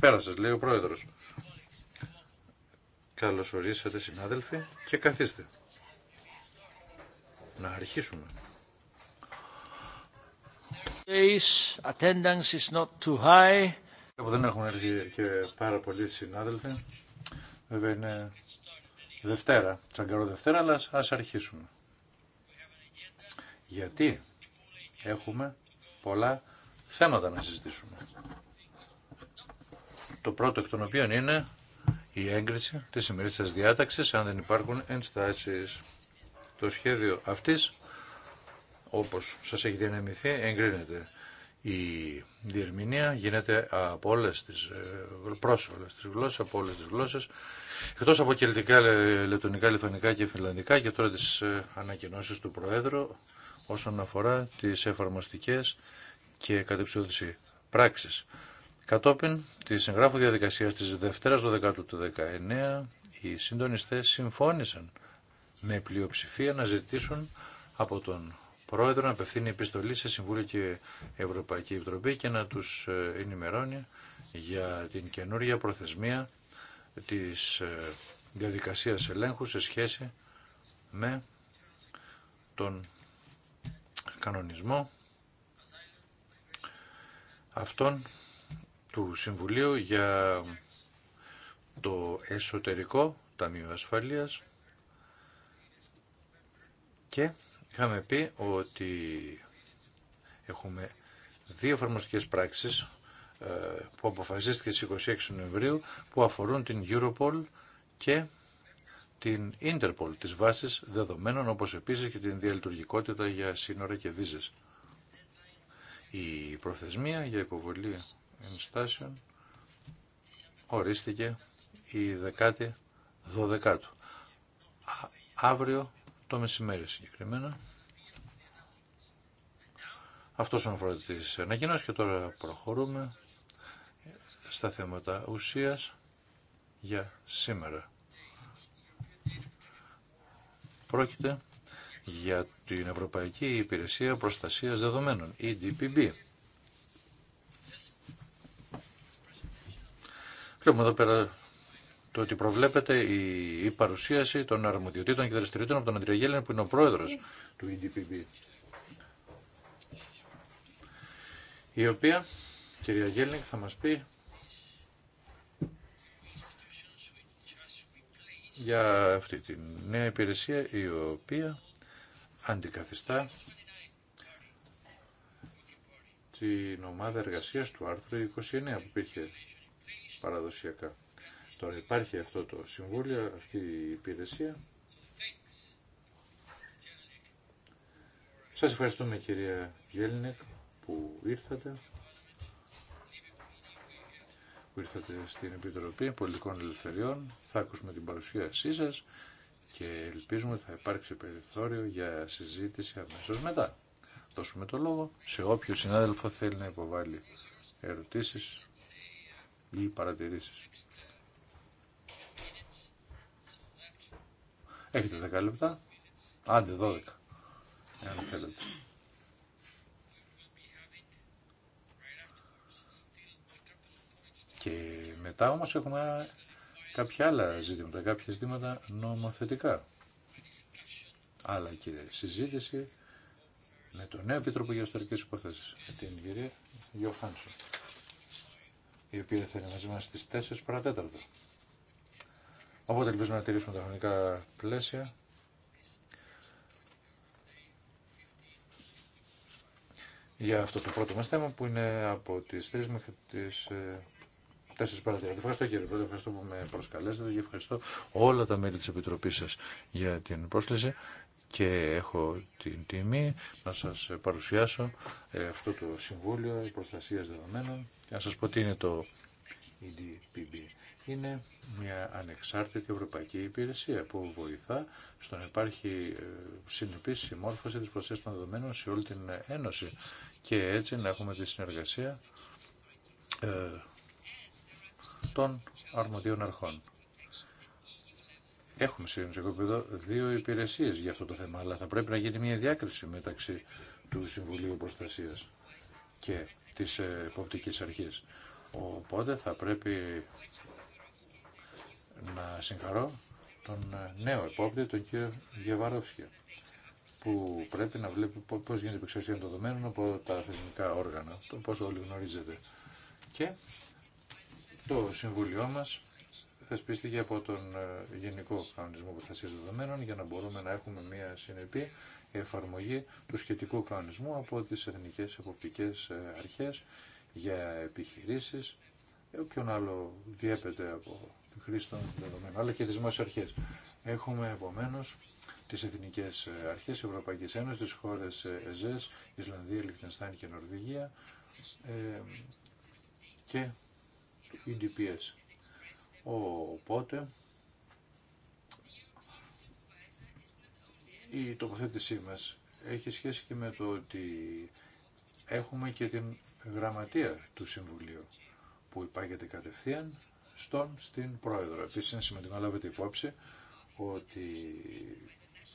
Καλησπέρα σα λέει ο Πρόεδρος. Καλώς ορίσατε συνάδελφοι και καθίστε. Να αρχίσουμε. δεν έχουν έρθει και πάρα πολλοί συνάδελφοι. Βέβαια είναι Δευτέρα, τσαγκαρό Δευτέρα, αλλά ας αρχίσουμε. Γιατί έχουμε πολλά θέματα να συζητήσουμε. Το πρώτο εκ των οποίων είναι η έγκριση της σημερινής σα διάταξης, αν δεν υπάρχουν ενστάσεις. Το σχέδιο αυτής, όπως σας έχει διανεμηθεί, εγκρίνεται. Η διερμηνία γίνεται από όλες τις, ε, προς όλες τις από όλες τις γλώσσες, εκτός από κελτικά, λετωνικά, λιθωνικά και φιλανδικά και τώρα τις ε, ανακοινώσεις του Προέδρου όσον αφορά τις εφαρμοστικές και κατεξοδότηση πράξεις. Κατόπιν τη εγγράφου διαδικασία τη Δευτέρα 12 του 19, οι συντονιστέ συμφώνησαν με πλειοψηφία να ζητήσουν από τον Πρόεδρο να απευθύνει επιστολή σε Συμβούλιο και Ευρωπαϊκή Επιτροπή και να του ε, ενημερώνει για την καινούργια προθεσμία της ε, διαδικασίας ελέγχου σε σχέση με τον κανονισμό αυτών του Συμβουλίου για το εσωτερικό Ταμείο Ασφαλείας και είχαμε πει ότι έχουμε δύο εφαρμοστικές πράξεις ε, που αποφασίστηκε στις 26 Νοεμβρίου που αφορούν την Europol και την Interpol της βάσης δεδομένων όπως επίσης και την διαλειτουργικότητα για σύνορα και βίζες. Η προθεσμία για υποβολή ενστάσεων ορίστηκε η δεκάτη δωδεκάτου. Αύριο το μεσημέρι συγκεκριμένα. Αυτό όσον αφορά τις και τώρα προχωρούμε στα θέματα ουσίας για σήμερα. Πρόκειται για την Ευρωπαϊκή Υπηρεσία Προστασίας Δεδομένων, EDPB. Βλέπουμε εδώ πέρα το ότι προβλέπεται η, η παρουσίαση των αρμοδιοτήτων και δραστηριοτήτων από τον Αντρία Γέλεν που είναι ο πρόεδρος του EDPB. Η οποία, κυρία Γέλνικ, θα μας πει για αυτή τη νέα υπηρεσία η οποία αντικαθιστά την ομάδα εργασίας του άρθρου 29 που υπήρχε παραδοσιακά. Τώρα υπάρχει αυτό το συμβούλιο, αυτή η υπηρεσία. Σας ευχαριστούμε κυρία Γέλνεκ που ήρθατε. Που ήρθατε στην Επιτροπή Πολιτικών Ελευθεριών. Θα ακούσουμε την παρουσίασή σας και ελπίζουμε ότι θα υπάρξει περιθώριο για συζήτηση αμέσως μετά. Δώσουμε το λόγο σε όποιον συνάδελφο θέλει να υποβάλει ερωτήσεις ή παρατηρήσεις. Έχετε 10 λεπτά. Άντε 12. Εάν θέλετε. Και μετά όμως έχουμε κάποια άλλα ζητήματα, κάποια ζητήματα νομοθετικά. Αλλά και συζήτηση με τον νέο Επίτροπο για Ιστορικές Υποθέσεις, την κυρία Γιωχάνσον η οποία θα είναι μαζί μα στι 4 παρατέταρτο. Οπότε ελπίζουμε να τηρήσουμε τα χρονικά πλαίσια. Για αυτό το πρώτο μα θέμα που είναι από τι 3 μέχρι τι 4 ε, παρατέταρτο. Ευχαριστώ κύριε Πρόεδρε, ευχαριστώ που με προσκαλέσατε και ευχαριστώ όλα τα μέλη τη Επιτροπή σα για την πρόσκληση και έχω την τιμή να σας παρουσιάσω ε, αυτό το Συμβούλιο Προστασίας Δεδομένων να σας πω τι είναι το EDPB. Είναι μια ανεξάρτητη ευρωπαϊκή υπηρεσία που βοηθά στο να υπάρχει ε, συνεπής συμμόρφωση της προστασίας των δεδομένων σε όλη την Ένωση και έτσι να έχουμε τη συνεργασία ε, των αρμοδίων αρχών. Έχουμε σε δύο υπηρεσίες για αυτό το θέμα, αλλά θα πρέπει να γίνει μια διάκριση μεταξύ του Συμβουλίου Προστασίας και της ε, εποπτικής αρχής. Οπότε θα πρέπει να συγχαρώ τον ε, νέο επόπτη, τον κύριο Γεβαρόφσκι, που πρέπει να βλέπει πώς γίνεται η επεξεργασία των δεδομένων από τα θεσμικά όργανα, το πώς όλοι γνωρίζετε. Και το Συμβουλίο μας θεσπίστηκε από τον ε, Γενικό Κανονισμό Προστασία Δεδομένων για να μπορούμε να έχουμε μια συνεπή εφαρμογή του σχετικού κανονισμού από τι εθνικέ εποπτικέ ε, αρχές για επιχειρήσεις όποιον άλλο διέπεται από τη χρήση των δεδομένων, αλλά και τι μας αρχές. Έχουμε επομένω τις εθνικές ε, αρχές Ευρωπαϊκής Ένωσης, τι χώρε ΕΖΕΣ, Ισλανδία, Λιχτενστάιν και Νορβηγία και EDPS. Οπότε η τοποθέτησή μας έχει σχέση και με το ότι έχουμε και την γραμματεία του Συμβουλίου που υπάγεται κατευθείαν στον στην Πρόεδρο. Επίσης είναι σημαντικό να λάβετε υπόψη ότι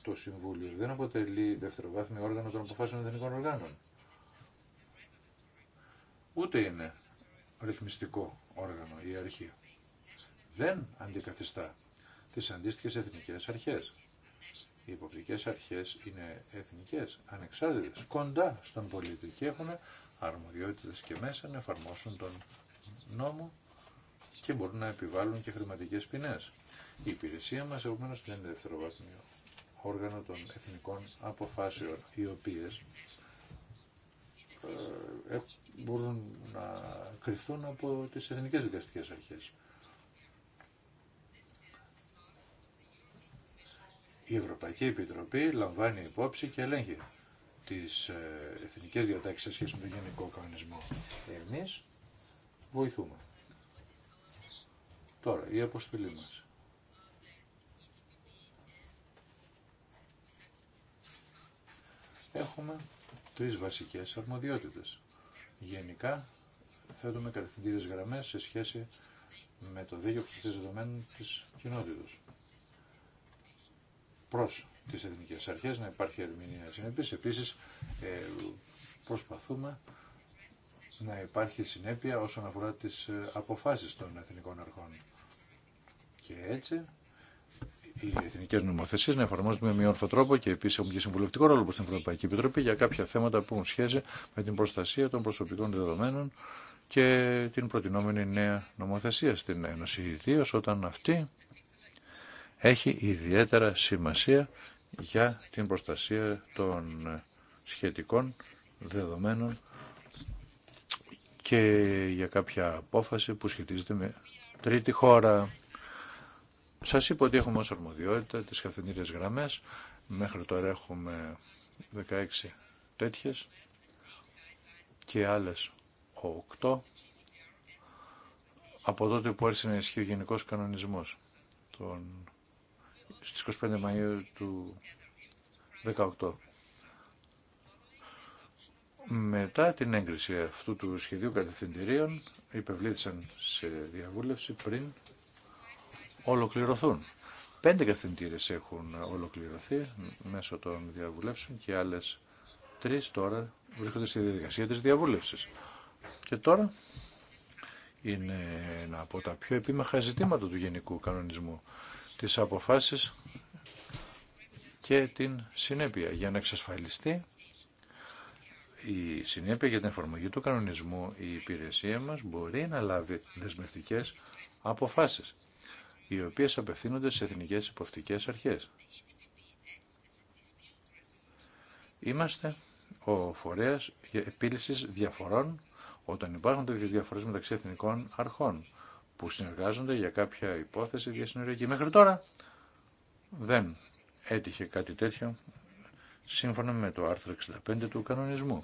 το Συμβούλιο δεν αποτελεί δευτεροβάθμιο όργανο των αποφάσεων εθνικών οργάνων. Ούτε είναι ρυθμιστικό όργανο ή αρχείο δεν αντικαθιστά τις αντίστοιχες εθνικές αρχές. Οι υποπτικές αρχές είναι εθνικές, ανεξάρτητες, κοντά στον πολίτη και έχουν αρμοδιότητες και μέσα να εφαρμόσουν τον νόμο και μπορούν να επιβάλλουν και χρηματικές ποινές. Η υπηρεσία μας επομένω δεν είναι δευτεροβάθμιο όργανο των εθνικών αποφάσεων, οι οποίες ε, μπορούν να κρυφθούν από τις εθνικές δικαστικές αρχές. η Ευρωπαϊκή Επιτροπή λαμβάνει υπόψη και ελέγχει τις ε, εθνικές διατάξεις σε σχέση με τον γενικό κανονισμό. Εμείς βοηθούμε. Τώρα, η αποστολή μας. Έχουμε τρεις βασικές αρμοδιότητες. Γενικά θέτουμε κατευθυντήριες γραμμές σε σχέση με το δίκαιο προστασίας δεδομένων της κοινότητας προς τις εθνικές αρχές, να υπάρχει ερμηνεία συνέπειας. Επίσης ε, προσπαθούμε να υπάρχει συνέπεια όσον αφορά τις ε, αποφάσεις των εθνικών αρχών. Και έτσι οι εθνικέ νομοθεσίε να εφαρμόζονται με μειώνφο τρόπο και επίση έχουμε και συμβουλευτικό ρόλο προ την Ευρωπαϊκή Επιτροπή για κάποια θέματα που έχουν σχέση με την προστασία των προσωπικών δεδομένων και την προτινόμενη νέα νομοθεσία στην Ένωση. Ιδίω όταν αυτή έχει ιδιαίτερα σημασία για την προστασία των σχετικών δεδομένων και για κάποια απόφαση που σχετίζεται με τρίτη χώρα. Σας είπα ότι έχουμε ως αρμοδιότητα τις καθημερινές γραμμές. Μέχρι τώρα έχουμε 16 τέτοιες και άλλες 8 από τότε που άρχισε να ισχύει ο Γενικός Κανονισμός των στις 25 Μαΐου του 18. Μετά την έγκριση αυτού του σχεδίου κατευθυντηρίων υπευλήθησαν σε διαβούλευση πριν ολοκληρωθούν. Πέντε κατευθυντήρες έχουν ολοκληρωθεί μέσω των διαβουλεύσεων και άλλες τρεις τώρα βρίσκονται στη διαδικασία της διαβούλευσης. Και τώρα είναι ένα από τα πιο επίμαχα ζητήματα του γενικού κανονισμού τις αποφάσεις και την συνέπεια για να εξασφαλιστεί η συνέπεια για την εφαρμογή του κανονισμού η υπηρεσία μας μπορεί να λάβει δεσμευτικές αποφάσεις οι οποίες απευθύνονται σε εθνικές υποφτικές αρχές. Είμαστε ο φορέας επίλυσης διαφορών όταν υπάρχουν τέτοιες διαφορές μεταξύ εθνικών αρχών που συνεργάζονται για κάποια υπόθεση διασυνοριακή. Μέχρι τώρα δεν έτυχε κάτι τέτοιο σύμφωνα με το άρθρο 65 του κανονισμού.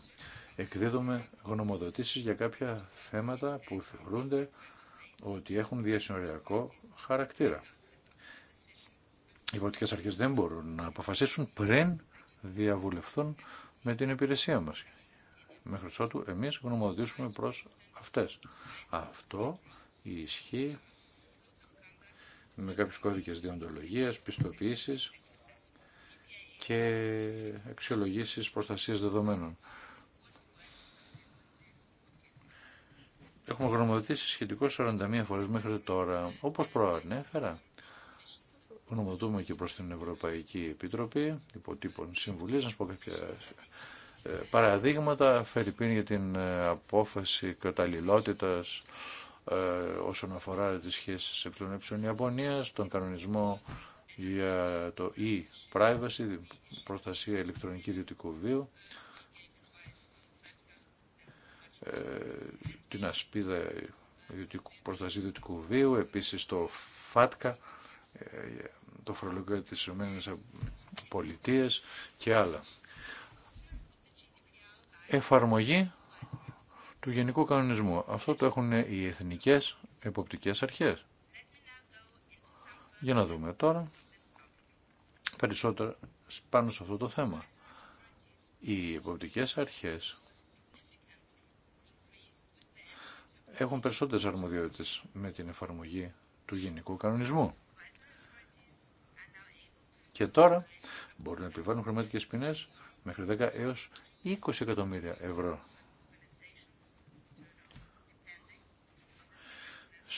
Εκδίδουμε γνωμοδοτήσεις για κάποια θέματα που θεωρούνται ότι έχουν διασυνοριακό χαρακτήρα. Οι πολιτικές αρχές δεν μπορούν να αποφασίσουν πριν διαβουλευθούν με την υπηρεσία μας. Μέχρι ότου εμείς γνωμοδοτήσουμε προς αυτές. Αυτό ισχύ με κάποιους κώδικες διοντολογίας, πιστοποιήσεις και αξιολογήσεις προστασίας δεδομένων. Έχουμε γνωμοδοτήσει σχετικό 41 φορές μέχρι τώρα. Όπως προανέφερα, γνωμοδοτούμε και προς την Ευρωπαϊκή Επιτροπή, υποτύπων συμβουλής, να σου πω κάποια ε, παραδείγματα, φερειπίν για την ε, απόφαση καταλληλότητας, ε, όσον αφορά τις σχέσεις ΕΕ Ιαπωνίας, τον κανονισμό για το e-privacy, προστασία ηλεκτρονική ιδιωτικού βίου, ε, την ασπίδα προστασία ιδιωτικού βίου, επίσης το FATCA, ε, το φορολογικό της Ηνωμένης Πολιτείας και άλλα. Εφαρμογή του Γενικού Κανονισμού. Αυτό το έχουν οι εθνικές εποπτικές αρχές. Για να δούμε τώρα περισσότερα πάνω σε αυτό το θέμα. Οι εποπτικές αρχές έχουν περισσότερες αρμοδιότητες με την εφαρμογή του Γενικού Κανονισμού. Και τώρα μπορούν να επιβάλλουν χρηματικές ποινές μέχρι 10 έως 20 εκατομμύρια ευρώ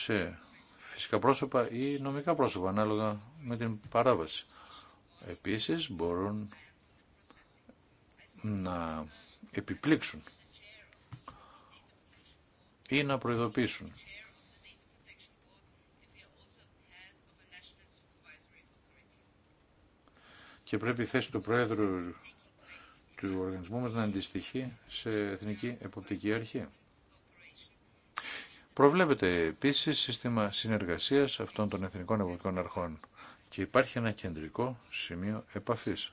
σε φυσικά πρόσωπα ή νομικά πρόσωπα ανάλογα με την παράβαση. Επίσης μπορούν να επιπλήξουν ή να προειδοποιήσουν. Και πρέπει η θέση του Πρόεδρου του οργανισμού μας να αντιστοιχεί σε Εθνική Εποπτική Αρχή. Προβλέπεται επίση σύστημα συνεργασίας αυτών των εθνικών ευρωπαϊκών αρχών και υπάρχει ένα κεντρικό σημείο επαφής.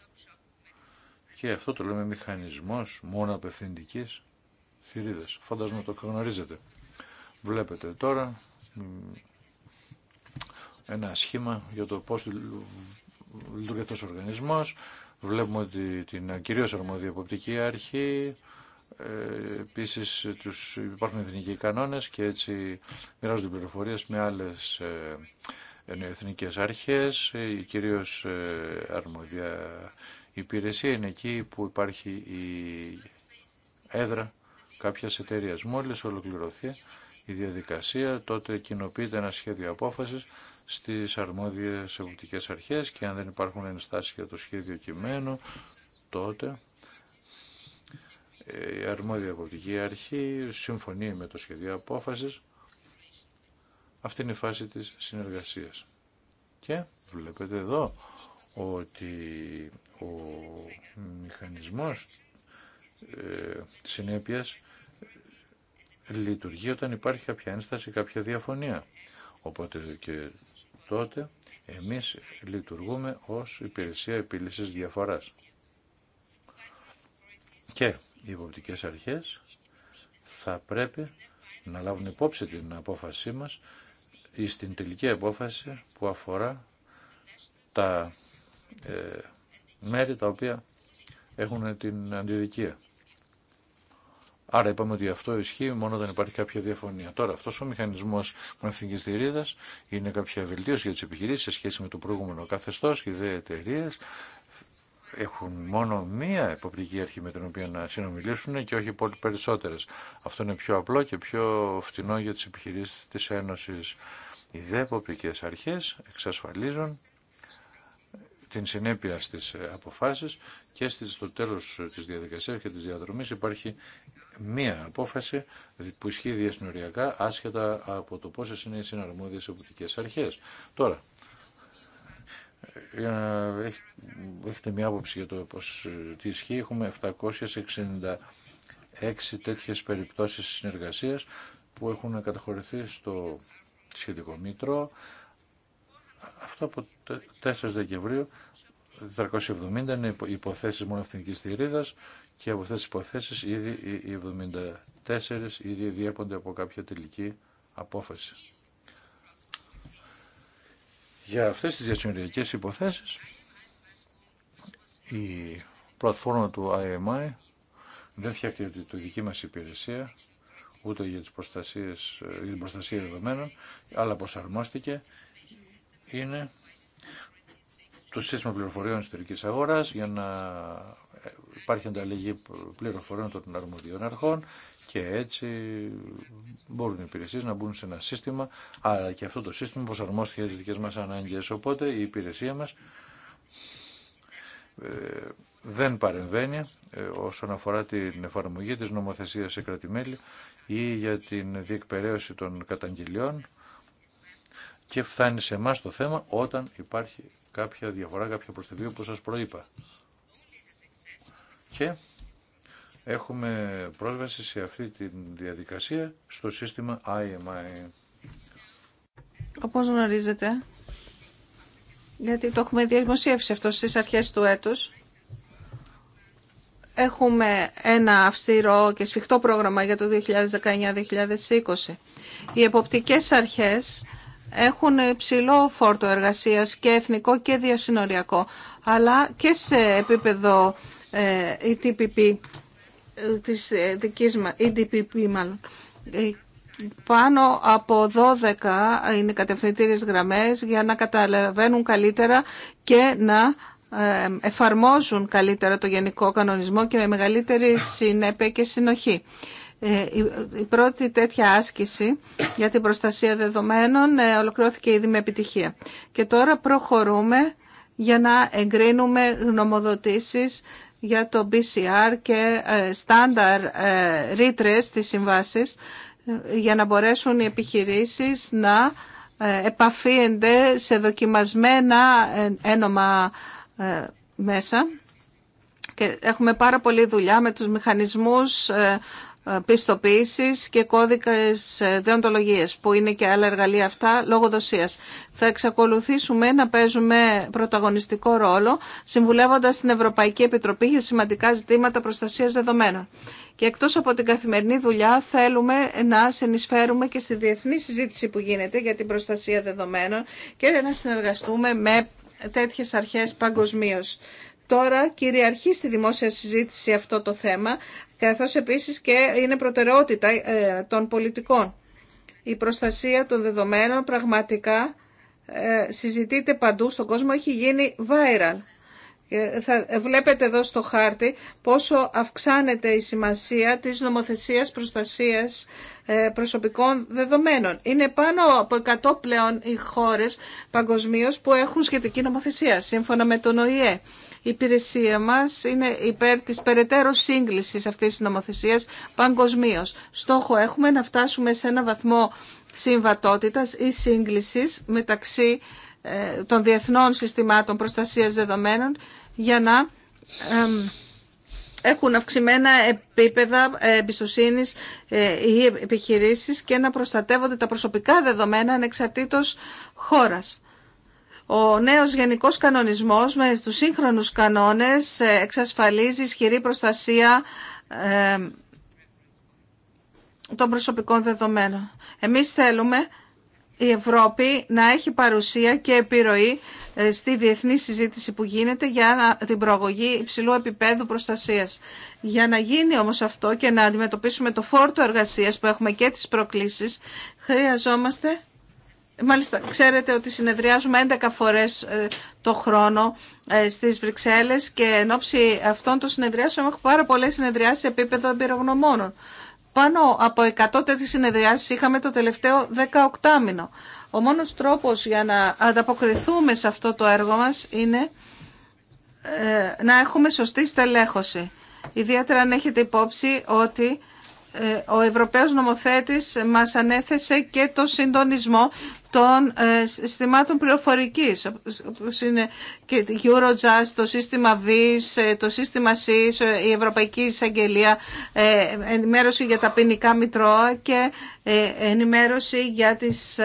Και αυτό το λέμε μηχανισμός μόνο απευθυντική θηρίδα. Φαντάζομαι το γνωρίζετε. Βλέπετε τώρα ένα σχήμα για το πώς λειτουργεί αυτός ο οργανισμός. Βλέπουμε ότι την κυρίως αρμόδια αρχή Επίση, υπάρχουν εθνικοί κανόνες και έτσι μοιράζονται πληροφορίε με άλλες ε, εθνικές αρχές. Η ε, κυρίως ε, αρμοδιά υπηρεσία είναι εκεί που υπάρχει η έδρα κάποια εταιρεία. Μόλις ολοκληρωθεί η διαδικασία, τότε κοινοποιείται ένα σχέδιο απόφασης στις αρμόδιες ευρωπαϊκές αρχές και αν δεν υπάρχουν ενστάσει για το σχέδιο κειμένου, τότε η αρμόδια αποπτική αρχή συμφωνεί με το σχεδίο απόφασης. Αυτή είναι η φάση της συνεργασίας. Και βλέπετε εδώ ότι ο μηχανισμός ε, συνέπειας λειτουργεί όταν υπάρχει κάποια ένσταση, κάποια διαφωνία. Οπότε και τότε εμείς λειτουργούμε ως υπηρεσία επίλυσης διαφοράς. Και οι υποπτικές αρχές θα πρέπει να λάβουν υπόψη την απόφασή μας ή στην τελική απόφαση που αφορά τα ε, μέρη τα οποία έχουν την αντιδικία. Άρα είπαμε ότι αυτό ισχύει μόνο όταν υπάρχει κάποια διαφωνία. Τώρα αυτός ο μηχανισμός εθνικής θηρίδας είναι κάποια βελτίωση για τις επιχειρήσεις σε σχέση με το προηγούμενο καθεστώς ιδέα εταιρείε έχουν μόνο μία εποπτική αρχή με την οποία να συνομιλήσουν και όχι πολύ περισσότερες. Αυτό είναι πιο απλό και πιο φτηνό για τι επιχειρήσει τη Ένωση. Οι δε εποπτικέ αρχέ, εξασφαλίζουν την συνέπεια στι αποφάσει και στο τέλο τη διαδικασία και τη διαδρομή υπάρχει μία απόφαση που ισχύει διασυνοριακά άσχετα από το πόσε είναι οι συναρμόδιε εποπτικέ αρχέ. Τώρα, για ε, να έχετε μια άποψη για το πώς, τι ισχύει, έχουμε 766 τέτοιες περιπτώσεις συνεργασίας που έχουν καταχωρηθεί στο σχετικό μήτρο. Αυτό από 4 Δεκεμβρίου 470 είναι υποθέσεις μόνο ευθυνικής θηρίδας και από αυτές τις υποθέσεις ήδη οι 74 ήδη διέπονται από κάποια τελική απόφαση. Για αυτές τις διασυνοριακές υποθέσεις η πλατφόρμα του IMI δεν φτιάχνει ότι το δική μας υπηρεσία ούτε για, τις προστασίες, για την προστασία δεδομένων, αλλά προσαρμόστηκε είναι το σύστημα πληροφοριών ιστορικής αγοράς για να υπάρχει ανταλλαγή πληροφοριών των αρμοδιών αρχών και έτσι μπορούν οι υπηρεσίε να μπουν σε ένα σύστημα, αλλά και αυτό το σύστημα προσαρμόστηκε για τι δικέ μα ανάγκε. Οπότε η υπηρεσία μα ε, δεν παρεμβαίνει ε, όσον αφορά την εφαρμογή της νομοθεσίας σε κρατημέλη ή για την διεκπαιρέωση των καταγγελιών και φτάνει σε εμά το θέμα όταν υπάρχει κάποια διαφορά, κάποια προστιβή όπως σας προείπα. Και έχουμε πρόσβαση σε αυτή τη διαδικασία στο σύστημα IMI. Όπως γνωρίζετε, γιατί το έχουμε δημοσίευσει αυτό στις αρχές του έτους, έχουμε ένα αυστηρό και σφιχτό πρόγραμμα για το 2019-2020. Οι εποπτικές αρχές έχουν υψηλό φόρτο εργασίας και εθνικό και διασυνοριακό, αλλά και σε επίπεδο ε, η TPP της ε, δικής μας, EDPP μάλλον. Ε, πάνω από 12 είναι κατευθυντήριες γραμμές για να καταλαβαίνουν καλύτερα και να ε, εφαρμόζουν καλύτερα το γενικό κανονισμό και με μεγαλύτερη συνέπεια και συνοχή. Η πρώτη τέτοια άσκηση για την προστασία δεδομένων ολοκληρώθηκε ήδη με επιτυχία. Και τώρα προχωρούμε για να εγκρίνουμε γνωμοδοτήσεις για το BCR και στάνταρ ε, ε, ρήτρε της συμβάσει, ε, για να μπορέσουν οι επιχειρήσεις να επαφίενται σε δοκιμασμένα ένομα μέσα. Και έχουμε πάρα πολλή δουλειά με τους μηχανισμούς ε, πιστοποίησης και κώδικες ε, δεοντολογίες που είναι και άλλα εργαλεία αυτά λόγω δοσίας. Θα εξακολουθήσουμε να παίζουμε πρωταγωνιστικό ρόλο συμβουλεύοντας την Ευρωπαϊκή Επιτροπή για σημαντικά ζητήματα προστασίας δεδομένων. Και εκτός από την καθημερινή δουλειά θέλουμε να συνεισφέρουμε και στη διεθνή συζήτηση που γίνεται για την προστασία δεδομένων και να συνεργαστούμε με τέτοιες αρχές παγκοσμίω. Τώρα κυριαρχεί στη δημόσια συζήτηση αυτό το θέμα, καθώς επίσης και είναι προτεραιότητα ε, των πολιτικών. Η προστασία των δεδομένων πραγματικά ε, συζητείται παντού στον κόσμο, έχει γίνει viral. Ε, θα βλέπετε εδώ στο χάρτη πόσο αυξάνεται η σημασία της νομοθεσίας προστασίας προσωπικών δεδομένων. Είναι πάνω από 100 πλέον οι χώρες παγκοσμίως που έχουν σχετική νομοθεσία, σύμφωνα με τον ΟΗΕ η υπηρεσία μας είναι υπέρ της περαιτέρω σύγκληση αυτής της νομοθεσίας παγκοσμίω. Στόχο έχουμε να φτάσουμε σε ένα βαθμό συμβατότητας ή σύγκληση μεταξύ ε, των διεθνών συστημάτων προστασίας δεδομένων για να έχουν αυξημένα επίπεδα ε, εμπιστοσύνη ή ε, επιχειρήσεις και να προστατεύονται τα προσωπικά δεδομένα ανεξαρτήτως χώρας. Ο νέος γενικός κανονισμός με τους σύγχρονους κανόνες εξασφαλίζει ισχυρή προστασία ε, των προσωπικών δεδομένων. Εμείς θέλουμε η Ευρώπη να έχει παρουσία και επιρροή ε, στη διεθνή συζήτηση που γίνεται για την προαγωγή υψηλού επίπεδου προστασίας. Για να γίνει όμως αυτό και να αντιμετωπίσουμε το φόρτο εργασίας που έχουμε και τις προκλήσεις, χρειαζόμαστε Μάλιστα, ξέρετε ότι συνεδριάζουμε 11 φορές ε, το χρόνο ε, στις Βρυξέλλες και εν ώψη αυτών των συνεδριάσεων έχουμε πάρα πολλές συνεδριάσεις σε επίπεδο εμπειρογνωμόνων. Πάνω από 100 τέτοιες συνεδριάσεις είχαμε το τελευταίο 18 μήνο. Ο μόνος τρόπος για να ανταποκριθούμε σε αυτό το έργο μας είναι ε, να έχουμε σωστή στελέχωση. Ιδιαίτερα αν έχετε υπόψη ότι ε, ο Ευρωπαίος νομοθέτης μας ανέθεσε και το συντονισμό των ε, συστημάτων πληροφορικής. Είναι και Eurojust, το σύστημα VIS, ε, το σύστημα SIS, η Ευρωπαϊκή Εισαγγελία, ενημέρωση για τα ποινικά μητρώα και ενημέρωση για τις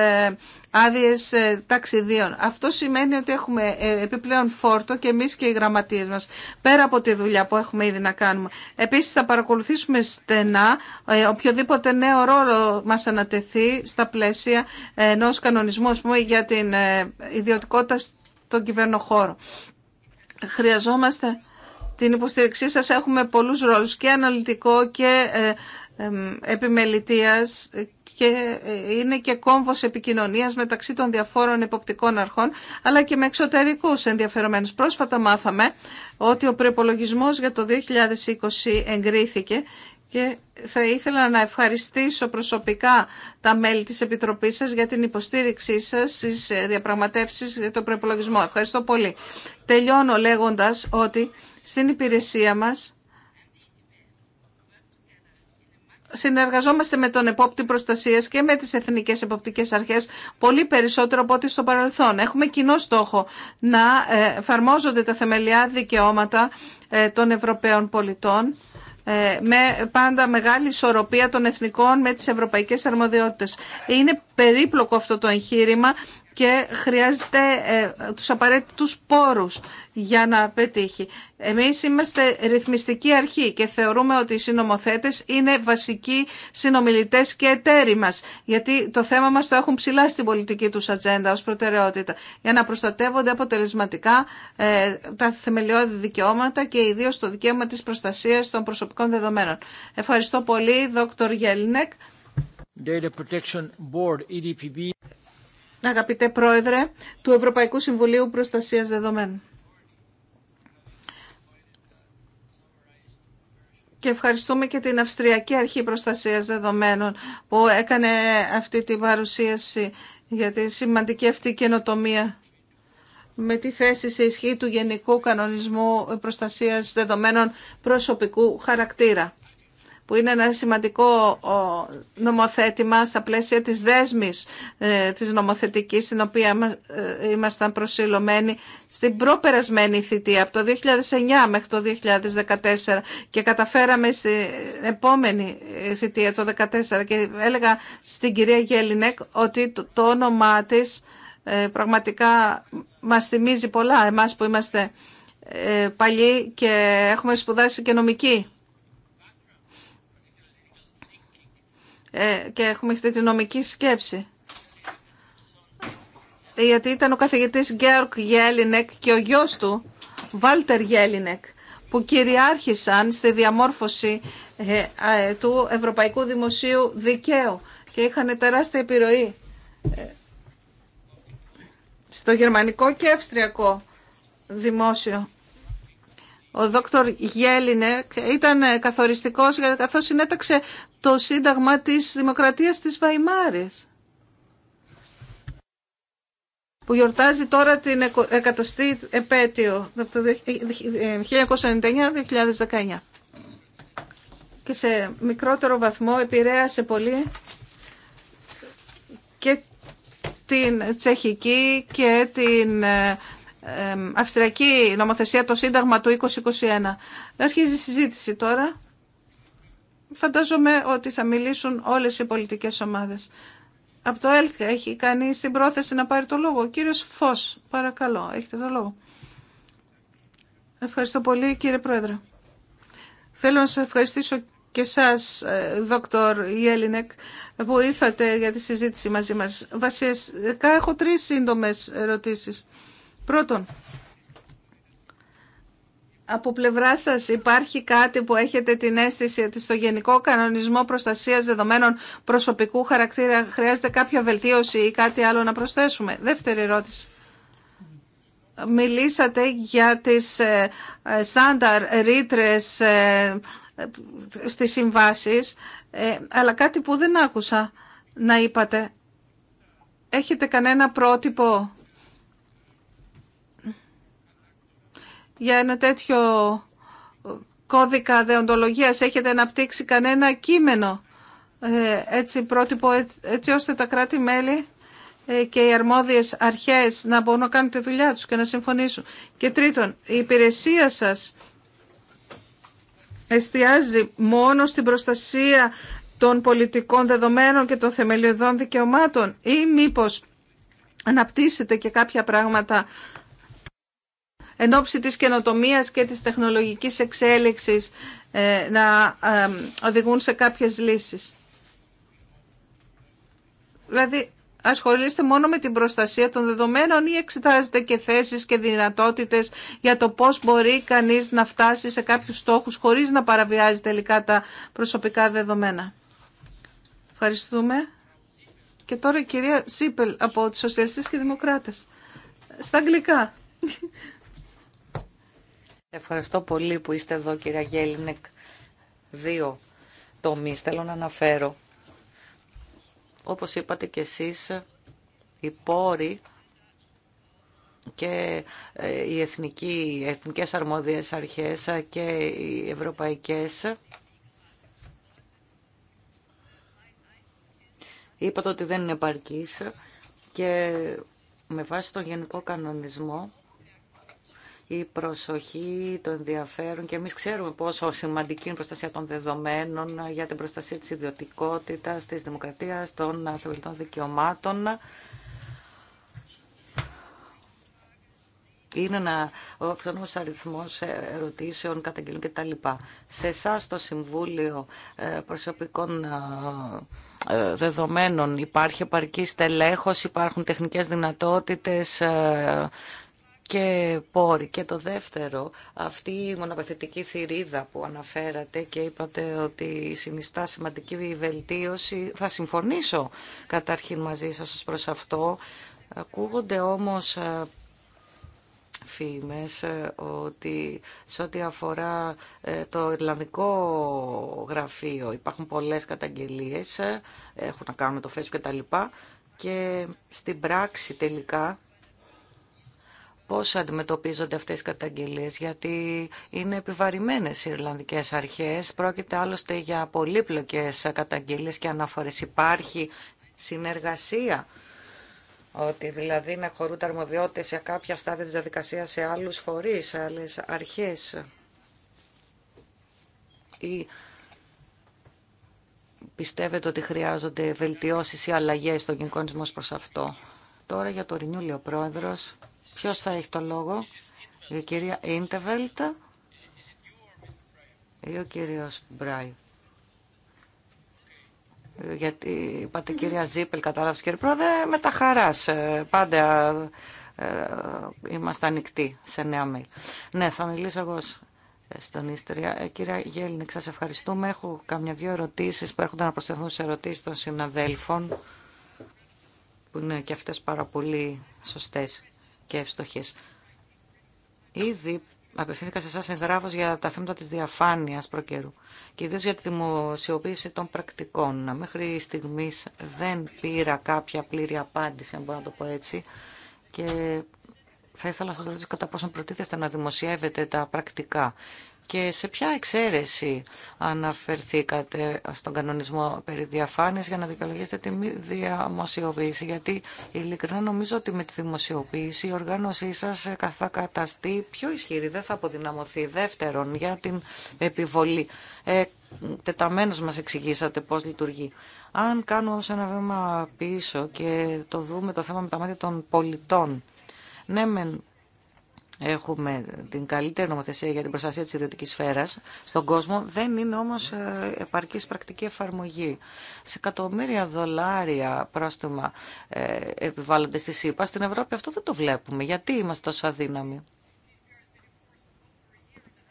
άδειε ε, ταξιδίων. Αυτό σημαίνει ότι έχουμε ε, επιπλέον φόρτο και εμεί και οι γραμματείε μα. πέρα από τη δουλειά που έχουμε ήδη να κάνουμε. Επίσης θα παρακολουθήσουμε στενά ε, οποιοδήποτε νέο ρόλο μα ανατεθεί στα πλαίσια ενό κανονισμού πούμε, για την ιδιωτικότητα στον χώρο. Χρειαζόμαστε την υποστήριξή σα Έχουμε πολλού ρόλου και αναλυτικό και επιμελητίας και ε, είναι και κόμβο επικοινωνία μεταξύ των διαφόρων εποπτικών αρχών αλλά και με εξωτερικούς ενδιαφερομένους. Πρόσφατα μάθαμε ότι ο προπολογισμό για το 2020 εγκρίθηκε και θα ήθελα να ευχαριστήσω προσωπικά τα μέλη της Επιτροπής σας για την υποστήριξή σας στις ε, διαπραγματεύσεις για τον προπολογισμό. Ευχαριστώ πολύ. Τελειώνω λέγοντας ότι στην υπηρεσία μας συνεργαζόμαστε με τον επόπτη προστασίας και με τις εθνικές εποπτικές αρχές πολύ περισσότερο από ό,τι στο παρελθόν. Έχουμε κοινό στόχο να ε, εφαρμόζονται τα θεμελιά δικαιώματα ε, των Ευρωπαίων πολιτών ε, με πάντα μεγάλη ισορροπία των εθνικών με τις ευρωπαϊκές αρμοδιότητες. Είναι περίπλοκο αυτό το εγχείρημα και χρειάζεται ε, τους απαραίτητους πόρους για να πετύχει. Εμείς είμαστε ρυθμιστική αρχή και θεωρούμε ότι οι συνομοθέτες είναι βασικοί συνομιλητές και εταίροι μας, γιατί το θέμα μας το έχουν ψηλά στην πολιτική τους ατζέντα ως προτεραιότητα, για να προστατεύονται αποτελεσματικά ε, τα θεμελιώδη δικαιώματα και ιδίως το δικαίωμα της προστασίας των προσωπικών δεδομένων. Ευχαριστώ πολύ, Δόκτωρ Γέλνεκ. Data Protection Board, EDPB αγαπητέ Πρόεδρε του Ευρωπαϊκού Συμβουλίου Προστασίας Δεδομένων. Και ευχαριστούμε και την Αυστριακή Αρχή Προστασίας Δεδομένων που έκανε αυτή τη παρουσίαση για τη σημαντική αυτή καινοτομία με τη θέση σε ισχύ του Γενικού Κανονισμού Προστασίας Δεδομένων Προσωπικού Χαρακτήρα που είναι ένα σημαντικό νομοθέτημα στα πλαίσια της δέσμης ε, της νομοθετικής, στην οποία ε, ήμασταν προσιλωμένοι στην προπερασμένη θητεία, από το 2009 μέχρι το 2014 και καταφέραμε στην επόμενη ε, θητεία, το 2014 και έλεγα στην κυρία Γέλινεκ ότι το όνομά της πραγματικά μας θυμίζει πολλά εμάς που είμαστε παλιοί και έχουμε σπουδάσει και νομική. Ε, και έχουμε αυτή τη νομική σκέψη. Γιατί ήταν ο καθηγητής Γκέρκ Γέλινεκ και ο γιος του, Βάλτερ Γέλινεκ, που κυριάρχησαν στη διαμόρφωση ε, ε, του Ευρωπαϊκού Δημοσίου Δικαίου και είχαν τεράστια επιρροή στο γερμανικό και αυστριακό δημόσιο ο δόκτωρ Γέλινεκ ήταν καθοριστικός καθώς συνέταξε το Σύνταγμα της Δημοκρατίας της Βαϊμάρης που γιορτάζει τώρα την εκατοστή επέτειο από το 1999-2019. Ε, ε, και σε μικρότερο βαθμό επηρέασε πολύ και την τσεχική και την ε, αυστριακή νομοθεσία, το Σύνταγμα του 2021. Αρχίζει η συζήτηση τώρα. Φαντάζομαι ότι θα μιλήσουν όλες οι πολιτικές ομάδες. Από το ΕΛΚ έχει κάνει στην πρόθεση να πάρει το λόγο. Ο κύριος Φως, παρακαλώ, έχετε το λόγο. Ευχαριστώ πολύ κύριε Πρόεδρε. Θέλω να σας ευχαριστήσω και εσάς, ε, δόκτωρ Γέλινεκ, που ήρθατε για τη συζήτηση μαζί μας. Βασικά έχω τρεις σύντομες ερωτήσεις. Πρώτον, από πλευρά σας υπάρχει κάτι που έχετε την αίσθηση ότι στο Γενικό Κανονισμό Προστασίας Δεδομένων Προσωπικού Χαρακτήρα χρειάζεται κάποια βελτίωση ή κάτι άλλο να προσθέσουμε. Δεύτερη ερώτηση. Μιλήσατε για τις ε, ε, στάνταρ ρήτρες ε, στις συμβάσεις, αλλά κάτι που δεν άκουσα να είπατε. Έχετε κανένα πρότυπο για ένα τέτοιο κώδικα δεοντολογίας έχετε αναπτύξει κανένα κείμενο ε, έτσι πρότυπο ε, έτσι ώστε τα κράτη-μέλη ε, και οι αρμόδιες αρχές να μπορούν να κάνουν τη δουλειά τους και να συμφωνήσουν. Και τρίτον, η υπηρεσία σας εστιάζει μόνο στην προστασία των πολιτικών δεδομένων και των θεμελιωδών δικαιωμάτων ή μήπως αναπτύσσετε και κάποια πράγματα εν ώψη της καινοτομίας και της τεχνολογικής εξέλιξης ε, να ε, οδηγούν σε κάποιες λύσεις. Δηλαδή, ασχολείστε μόνο με την προστασία των δεδομένων ή εξετάζετε και θέσεις και δυνατότητες για το πώς μπορεί κανείς να φτάσει σε κάποιους στόχους χωρίς να παραβιάζει τελικά τα προσωπικά δεδομένα. Ευχαριστούμε. Και τώρα η κυρία Σίπελ από τους Σοσιαλιστές και Δημοκράτες. Στα αγγλικά. Ευχαριστώ πολύ που είστε εδώ κυρία Γέλινεκ. Δύο τομεί θέλω να αναφέρω. Όπως είπατε και εσείς, οι πόροι και ε, οι εθνικοί, εθνικές αρμόδιες αρχές και οι ευρωπαϊκές είπατε ότι δεν είναι επαρκής και με βάση τον γενικό κανονισμό η προσοχή, το ενδιαφέρον και εμείς ξέρουμε πόσο σημαντική είναι η προστασία των δεδομένων για την προστασία της ιδιωτικότητας, της δημοκρατίας, των θεωρητών δικαιωμάτων. είναι ένα αυτόνομο αριθμό ερωτήσεων, καταγγελίων κτλ. Σε εσά το Συμβούλιο ε, Προσωπικών ε, ε, Δεδομένων υπάρχει επαρκή στελέχωση, υπάρχουν τεχνικές δυνατότητες και Και το δεύτερο, αυτή η μοναπαθητική θηρίδα που αναφέρατε και είπατε ότι συνιστά σημαντική βελτίωση, θα συμφωνήσω καταρχήν μαζί σας προς αυτό. Ακούγονται όμως ε, φήμες ε, ότι σε ό,τι αφορά ε, το Ιρλανδικό γραφείο υπάρχουν πολλές καταγγελίες, έχουν να κάνουν το Facebook και τα και στην πράξη τελικά πώς αντιμετωπίζονται αυτές οι καταγγελίες, γιατί είναι επιβαρημένες οι Ιρλανδικές αρχές. Πρόκειται άλλωστε για πολύπλοκες καταγγελίες και αναφορές. Υπάρχει συνεργασία, ότι δηλαδή να τα αρμοδιότητες σε κάποια στάδια της διαδικασία σε άλλους φορείς, σε άλλες αρχές. Ή πιστεύετε ότι χρειάζονται βελτιώσεις ή αλλαγές στον κοινωνισμό προς αυτό. Τώρα για το Ρινιούλιο Πρόεδρος. Ποιος θα έχει το λόγο, η κυρία Ιντεβέλτ ή ο κύριος Μπράι. Γιατί είπατε κυρία Ζίπελ, κατάλαβες κύριε Πρόεδρε, με τα χαράς. Ε, πάντα ε, ε, είμαστε ανοιχτοί σε νέα mail. Ναι, θα μιλήσω εγώ στον Ίστρια. Κυρία Γέλνικ, σας ευχαριστούμε. Έχω καμιά δύο ερωτήσεις που έρχονται να προσθεθούν σε ερωτήσεις των συναδέλφων, που είναι και αυτές πάρα πολύ σωστές και εύστοχε. Ήδη απευθύνθηκα σε εσά εγγράφο για τα θέματα τη διαφάνεια προκαιρού και ιδίω για τη δημοσιοποίηση των πρακτικών. Μέχρι στιγμή δεν πήρα κάποια πλήρη απάντηση, αν μπορώ να το πω έτσι, και θα ήθελα να σας ρωτήσω κατά πόσον προτίθεστε να δημοσιεύετε τα πρακτικά και σε ποια εξαίρεση αναφερθήκατε στον κανονισμό περί διαφάνειας για να δικαιολογήσετε τη μη διαμοσιοποίηση, Γιατί ειλικρινά νομίζω ότι με τη δημοσιοποίηση η οργάνωσή σας θα καταστεί πιο ισχυρή, δεν θα αποδυναμωθεί. Δεύτερον, για την επιβολή. Ε, τεταμένως μας εξηγήσατε πώς λειτουργεί. Αν κάνουμε όμω ένα βήμα πίσω και το δούμε το θέμα με τα μάτια των πολιτών, ναι, μεν έχουμε την καλύτερη νομοθεσία για την προστασία της ιδιωτικής σφαίρας στον κόσμο, δεν είναι όμως ε, επαρκής πρακτική εφαρμογή. Σε εκατομμύρια δολάρια πρόστιμα ε, επιβάλλονται στη ΣΥΠΑ, στην Ευρώπη αυτό δεν το βλέπουμε. Γιατί είμαστε τόσο αδύναμοι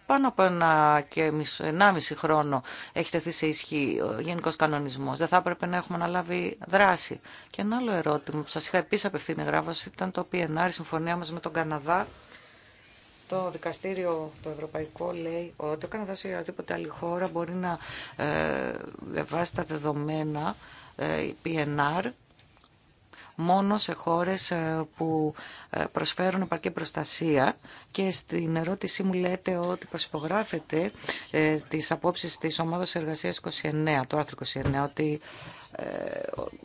πάνω από ένα και μισό, ενάμιση χρόνο έχει τεθεί σε ισχύ ο γενικός κανονισμός. Δεν θα έπρεπε να έχουμε αναλάβει δράση. Και ένα άλλο ερώτημα που σας είχα επίση απευθύνει γράφωση ήταν το PNR, η συμφωνία μας με τον Καναδά. Το δικαστήριο το ευρωπαϊκό λέει ότι ο Καναδάς ή οποιαδήποτε άλλη χώρα μπορεί να ε, βάσει τα δεδομένα ε, PNR μόνο σε χώρες ε, που ε, προσφέρουν επαρκή προστασία και στην ερώτησή μου λέτε ότι προσυπογράφεται ε, τις απόψεις της Ομάδας Εργασίας 29, το άρθρο 29, ότι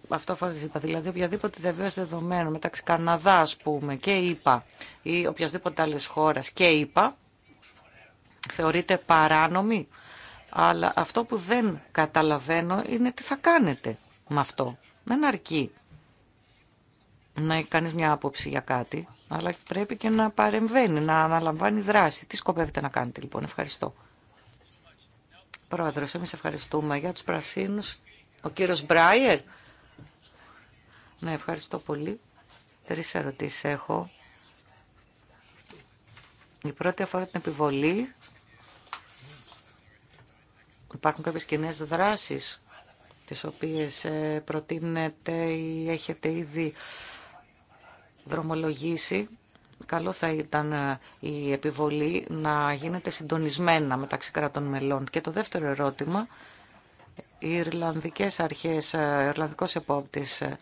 αυτό αφορά είπα. δηλαδή οποιαδήποτε διαβίωση δεδομένων μεταξύ Καναδά ας πούμε και ΕΠΑ ή οποιασδήποτε άλλη χώρας και ΕΠΑ θεωρείται παράνομη. Αλλά αυτό που δεν καταλαβαίνω είναι τι θα κάνετε με αυτό. Δεν αρκεί να έχει κανείς μια άποψη για κάτι, αλλά πρέπει και να παρεμβαίνει, να αναλαμβάνει δράση. Τι σκοπεύετε να κάνετε λοιπόν, ευχαριστώ. Πρόεδρο, εμεί ευχαριστούμε για του πράσινου. Ο κύριο Μπράιερ. Ναι, ευχαριστώ πολύ. Τρει ερωτήσει έχω. Η πρώτη αφορά την επιβολή. Υπάρχουν κάποιες κοινέ δράσεις τις οποίες ε, προτείνετε ή έχετε ήδη δρομολογήσει καλό θα ήταν ε, η επιβολή να γίνεται συντονισμένα μεταξύ κρατών μελών. Και το δεύτερο ερώτημα, οι Ιρλανδικές αρχές, ο ε, Ιρλανδικός επόπτης, ε,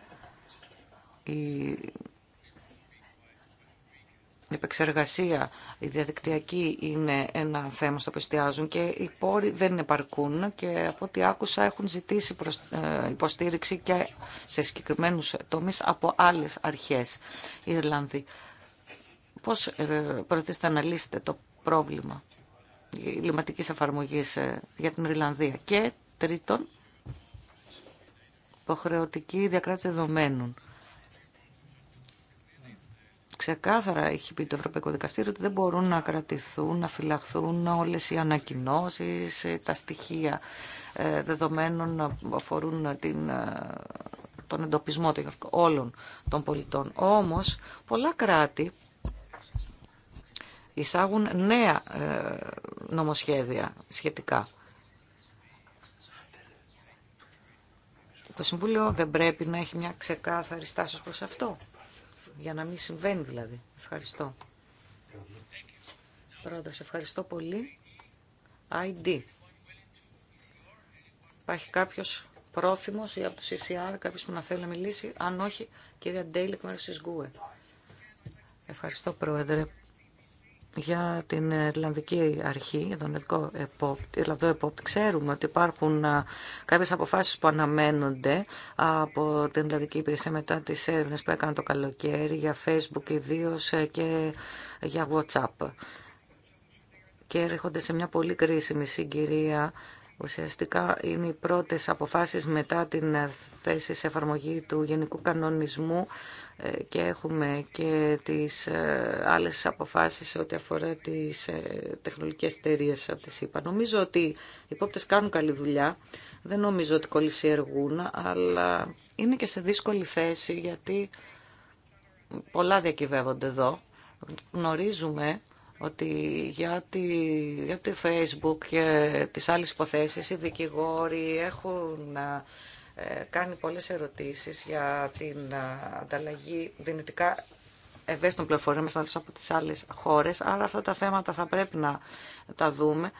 η επεξεργασία, η διαδικτυακή είναι ένα θέμα στο οποίο εστιάζουν και οι πόροι δεν επαρκούν και από ό,τι άκουσα έχουν ζητήσει ε, υποστήριξη και σε συγκεκριμένους τομείς από άλλες αρχές. Οι Ιρλανδοί, πώς ε, προτείνετε να λύσετε το πρόβλημα λιματικής εφαρμογής ε, για την Ιρλανδία. Και τρίτον, υποχρεωτική διακράτηση δεδομένων Ξεκάθαρα έχει πει το Ευρωπαϊκό Δικαστήριο ότι δεν μπορούν να κρατηθούν, να φυλαχθούν όλες οι ανακοινώσεις, τα στοιχεία ε, δεδομένων που αφορούν την, ε, τον εντοπισμό όλων των πολιτών. Όμως, πολλά κράτη εισάγουν νέα ε, νομοσχέδια σχετικά. Το Συμβούλιο δεν πρέπει να έχει μια ξεκάθαρη στάση προς αυτό για να μην συμβαίνει δηλαδή. Ευχαριστώ. Πρόεδρος, ευχαριστώ πολύ. ID. Υπάρχει κάποιο πρόθυμος ή από το CCR, κάποιος που να θέλει να μιλήσει. Αν όχι, κυρία Ντέιλεκ, μέρο τη Ευχαριστώ, Πρόεδρε για την Ιρλανδική Αρχή, για τον ελληνικό Επόπτη, Επόπτη. Ξέρουμε ότι υπάρχουν κάποιε αποφάσεις που αναμένονται από την Ιρλανδική Υπηρεσία μετά τι έρευνε που έκαναν το καλοκαίρι για Facebook ιδίω και για WhatsApp. Και έρχονται σε μια πολύ κρίσιμη συγκυρία Ουσιαστικά είναι οι πρώτες αποφάσεις μετά την θέση σε εφαρμογή του Γενικού Κανονισμού ε, και έχουμε και τις ε, άλλες αποφάσεις ό,τι αφορά τις ε, τεχνολογικές εταιρείε από τις ΕΠΑ. Νομίζω ότι οι υπόπτες κάνουν καλή δουλειά, δεν νομίζω ότι κολλησιεργούν, αλλά είναι και σε δύσκολη θέση γιατί πολλά διακυβεύονται εδώ. Γνωρίζουμε ότι για, τη, το Facebook και τις άλλες υποθέσεις οι δικηγόροι έχουν ε, κάνει πολλές ερωτήσεις για την ε, ανταλλαγή δυνητικά ευαίσθητων πληροφοριών μας από τις άλλες χώρες, άρα αυτά τα θέματα θα πρέπει να τα δούμε.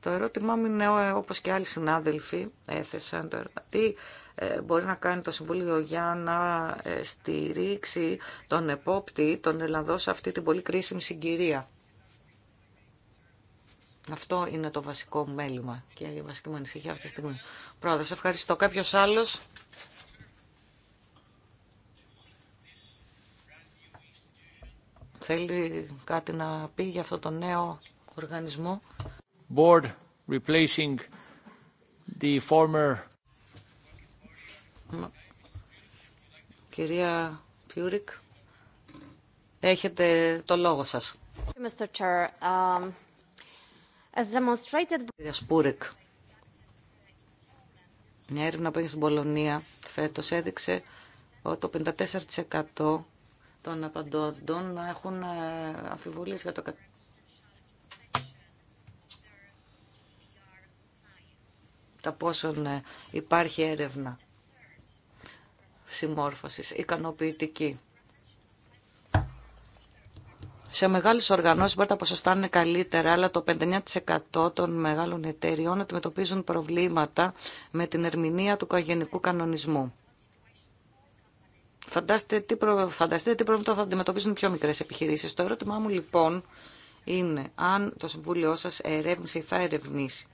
Το ερώτημά μου είναι, ε, όπως και άλλοι συνάδελφοι έθεσαν, το τι μπορεί να κάνει το Συμβούλιο για να στηρίξει τον επόπτη, τον Ελλανδό, σε αυτή την πολύ κρίσιμη συγκυρία. Αυτό είναι το βασικό μέλημα και η βασική μου ανησυχία αυτή τη στιγμή. Πρώτα, ευχαριστώ. κάποιο άλλος. Θέλει κάτι να πει για αυτό το νέο οργανισμό. Board replacing the former... Κυρία Πιούρικ, έχετε το λόγο σας. Mr. Chair, um... As demonstrated... Σπούρικ, Μια έρευνα που έγινε στην Πολωνία φέτος έδειξε ότι το 54% των απαντώντων έχουν ε, αμφιβολίες για το Τα πόσον ε, υπάρχει έρευνα συμμόρφωσης ικανοποιητική. Σε μεγάλες οργανώσεις μπορεί τα ποσοστά είναι καλύτερα, αλλά το 59% των μεγάλων εταιριών αντιμετωπίζουν προβλήματα με την ερμηνεία του καγενικού κανονισμού. Φαντάστε τι, Φανταστείτε τι προβλήματα θα αντιμετωπίζουν πιο μικρές επιχειρήσεις. Το ερώτημά μου λοιπόν είναι αν το Συμβούλιο σας ερεύνησε ή θα ερευνήσει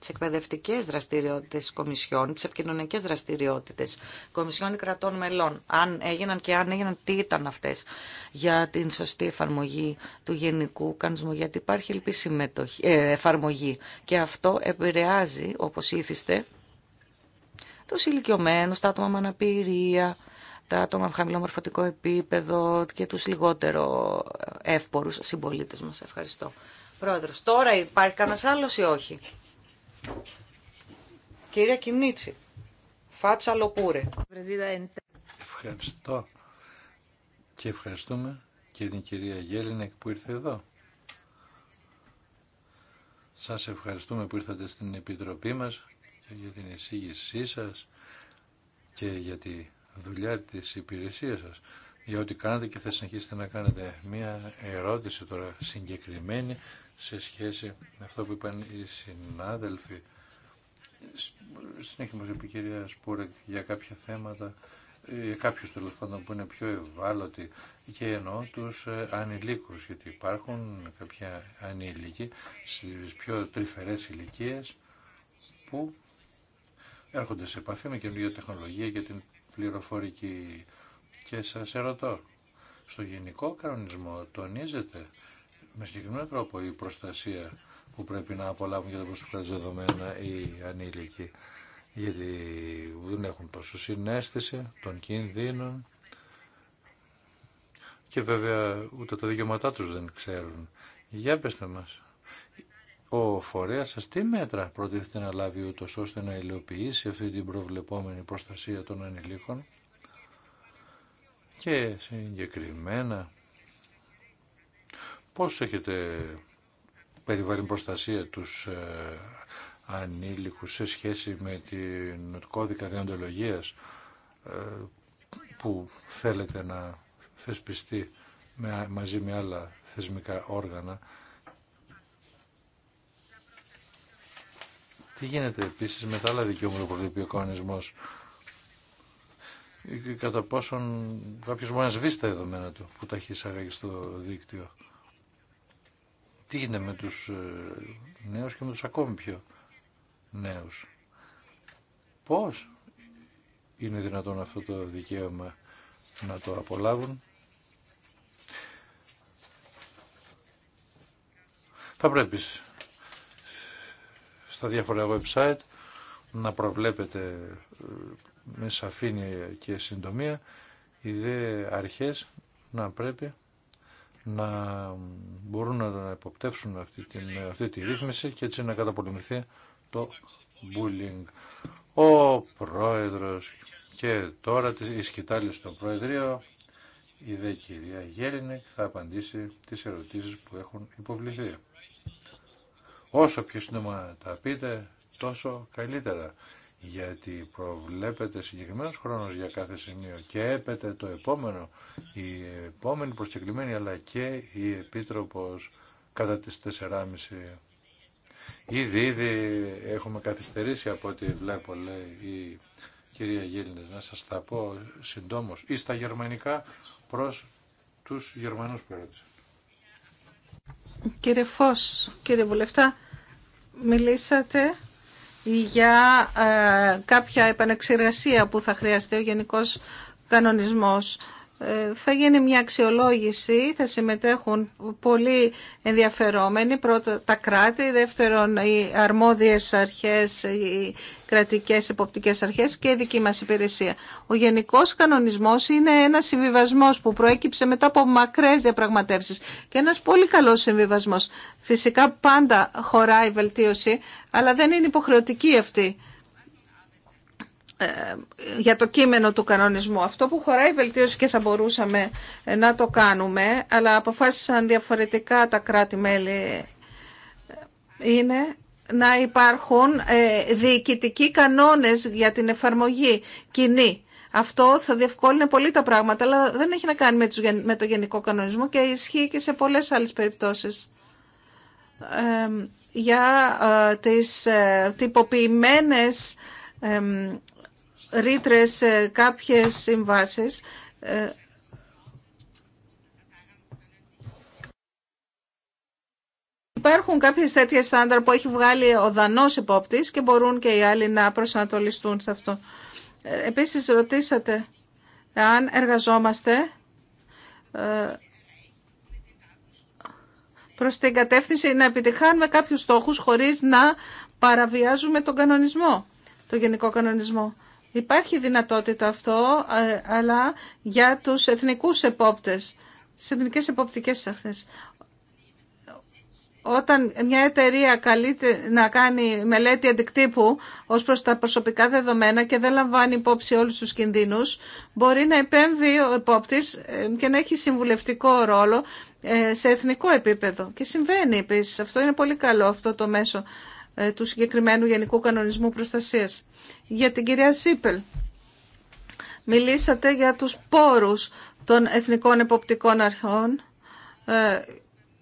τι εκπαιδευτικέ δραστηριότητε τη Κομισιόν, τις επικοινωνικές δραστηριότητες Κομισιόν Κρατών Μελών, αν έγιναν και αν έγιναν, τι ήταν αυτέ για την σωστή εφαρμογή του γενικού κανονισμού, γιατί υπάρχει ελπίση συμμετοχή, ε, εφαρμογή και αυτό επηρεάζει, όπω ήθιστε, του ηλικιωμένου, τα άτομα με αναπηρία, τα άτομα με χαμηλό μορφωτικό επίπεδο και τους λιγότερο ε, εύπορους συμπολίτες μας. Ευχαριστώ. Πρόεδρος, τώρα υπάρχει κανένα άλλο ή όχι. Κυρία Κινίτσι, Φάτσα Λοπούρε. Ευχαριστώ και ευχαριστούμε και την κυρία Γέλινεκ που ήρθε εδώ. Σας ευχαριστούμε που ήρθατε στην Επιτροπή μας και για την εισήγησή σας και για τη δουλειά της υπηρεσίας σας. Για ό,τι κάνατε και θα συνεχίσετε να κάνετε. Μία ερώτηση τώρα συγκεκριμένη σε σχέση με αυτό που είπαν οι συνάδελφοι. Συνέχεια μας είπε η κυρία Σπούρεκ για κάποια θέματα, ε, για κάποιους τέλος πάντων που είναι πιο ευάλωτοι και ενώ τους ε, ανηλίκους, γιατί υπάρχουν κάποια ανήλικοι στις πιο τρυφερές ηλικίε που έρχονται σε επαφή με καινούργια τεχνολογία και την πληροφορική. Και σας ερωτώ, στο γενικό κανονισμό τονίζεται με συγκεκριμένο τρόπο η προστασία που πρέπει να απολάβουν για τα προσωπικά δεδομένα οι ανήλικοι. Γιατί δεν έχουν τόσο συνέστηση των κινδύνων και βέβαια ούτε τα δικαιώματά τους δεν ξέρουν. Για πέστε μας. Ο φορέας σας τι μέτρα προτίθεται να λάβει ούτως ώστε να υλοποιήσει αυτή την προβλεπόμενη προστασία των ανηλίκων και συγκεκριμένα Πώς έχετε περιβάλλει προστασία τους ε, ανήλικους σε σχέση με την κώδικα διοντολογίας ε, που θέλετε να θεσπιστεί μαζί με άλλα θεσμικά όργανα. Τι γίνεται επίσης με τα άλλα δικαιώματα που βλέπει ο κανονισμός. Ε, κατά πόσον κάποιος μπορεί να σβήσει τα του που τα έχει εισαγάγει στο δίκτυο τι γίνεται με τους ε, νέους και με τους ακόμη πιο νέους. Πώς είναι δυνατόν αυτό το δικαίωμα να το απολάβουν. Θα πρέπει στα διάφορα website να προβλέπετε ε, με σαφήνεια και συντομία οι δε αρχές να πρέπει να μπορούν να υποπτεύσουν αυτή, την, αυτή τη ρύθμιση και έτσι να καταπολεμηθεί το bullying. Ο πρόεδρος και τώρα η σκητάλη στο Προεδρείο, η δε κυρία θα απαντήσει τις ερωτήσεις που έχουν υποβληθεί. Όσο πιο σύντομα τα πείτε, τόσο καλύτερα γιατί προβλέπεται συγκεκριμένος χρόνος για κάθε σημείο και έπεται το επόμενο, η επόμενη προσκεκλημένη αλλά και η Επίτροπος κατά τις 4.30. Ήδη, ήδη έχουμε καθυστερήσει από ό,τι βλέπω, λέει η κυρία Γίλνες, να σας τα πω συντόμως, ή στα γερμανικά προς τους Γερμανούς που ερώτησαν. Κύριε Φως, κύριε Βουλευτά, μιλήσατε για ε, κάποια επαναξεργασία που θα χρειαστεί ο Γενικός Κανονισμός ε, θα γίνει μια αξιολόγηση, θα συμμετέχουν πολύ ενδιαφερόμενοι, πρώτα τα κράτη, δεύτερον οι αρμόδιες αρχές, οι κρατικές εποπτικές αρχές και η δική μας υπηρεσία. Ο γενικός κανονισμός είναι ένας συμβιβασμός που προέκυψε μετά από μακρές διαπραγματεύσεις και ένας πολύ καλός συμβιβασμός. Φυσικά πάντα χωράει βελτίωση, αλλά δεν είναι υποχρεωτική αυτή. Ε, για το κείμενο του κανονισμού. Αυτό που χωράει βελτίωση και θα μπορούσαμε ε, να το κάνουμε, αλλά αποφάσισαν διαφορετικά τα κράτη-μέλη, ε, είναι να υπάρχουν διοικητικοί κανόνες για την εφαρμογή κοινή. Αυτό θα διευκόλυνε πολύ τα πράγματα, αλλά δεν έχει να κάνει με το γενικό κανονισμό και ισχύει και σε πολλές άλλες περιπτώσεις για τις τυποποιημένες ρήτρε ε, κάποιες συμβάσεις ε, Υπάρχουν κάποιε τέτοιε στάνταρ που έχει βγάλει ο Δανό υπόπτη και μπορούν και οι άλλοι να προσανατολιστούν σε αυτό. Ε, Επίση, ρωτήσατε αν εργαζόμαστε Προ την κατεύθυνση να επιτυχάνουμε κάποιους στόχους χωρίς να παραβιάζουμε τον κανονισμό, τον γενικό κανονισμό. Υπάρχει δυνατότητα αυτό, ε, αλλά για τους εθνικούς επόπτες, τις εθνικές εποπτικές αυτές. Όταν μια εταιρεία καλείται να κάνει μελέτη αντικτύπου ως προς τα προσωπικά δεδομένα και δεν λαμβάνει υπόψη όλους τους κινδύνους, μπορεί να επέμβει ο επόπτης ε, και να έχει συμβουλευτικό ρόλο ε, σε εθνικό επίπεδο. Και συμβαίνει επίσης. Αυτό είναι πολύ καλό αυτό το μέσο του συγκεκριμένου Γενικού Κανονισμού Προστασίας για την κυρία Σίπελ. Μιλήσατε για τους πόρους των Εθνικών Εποπτικών Αρχών ε,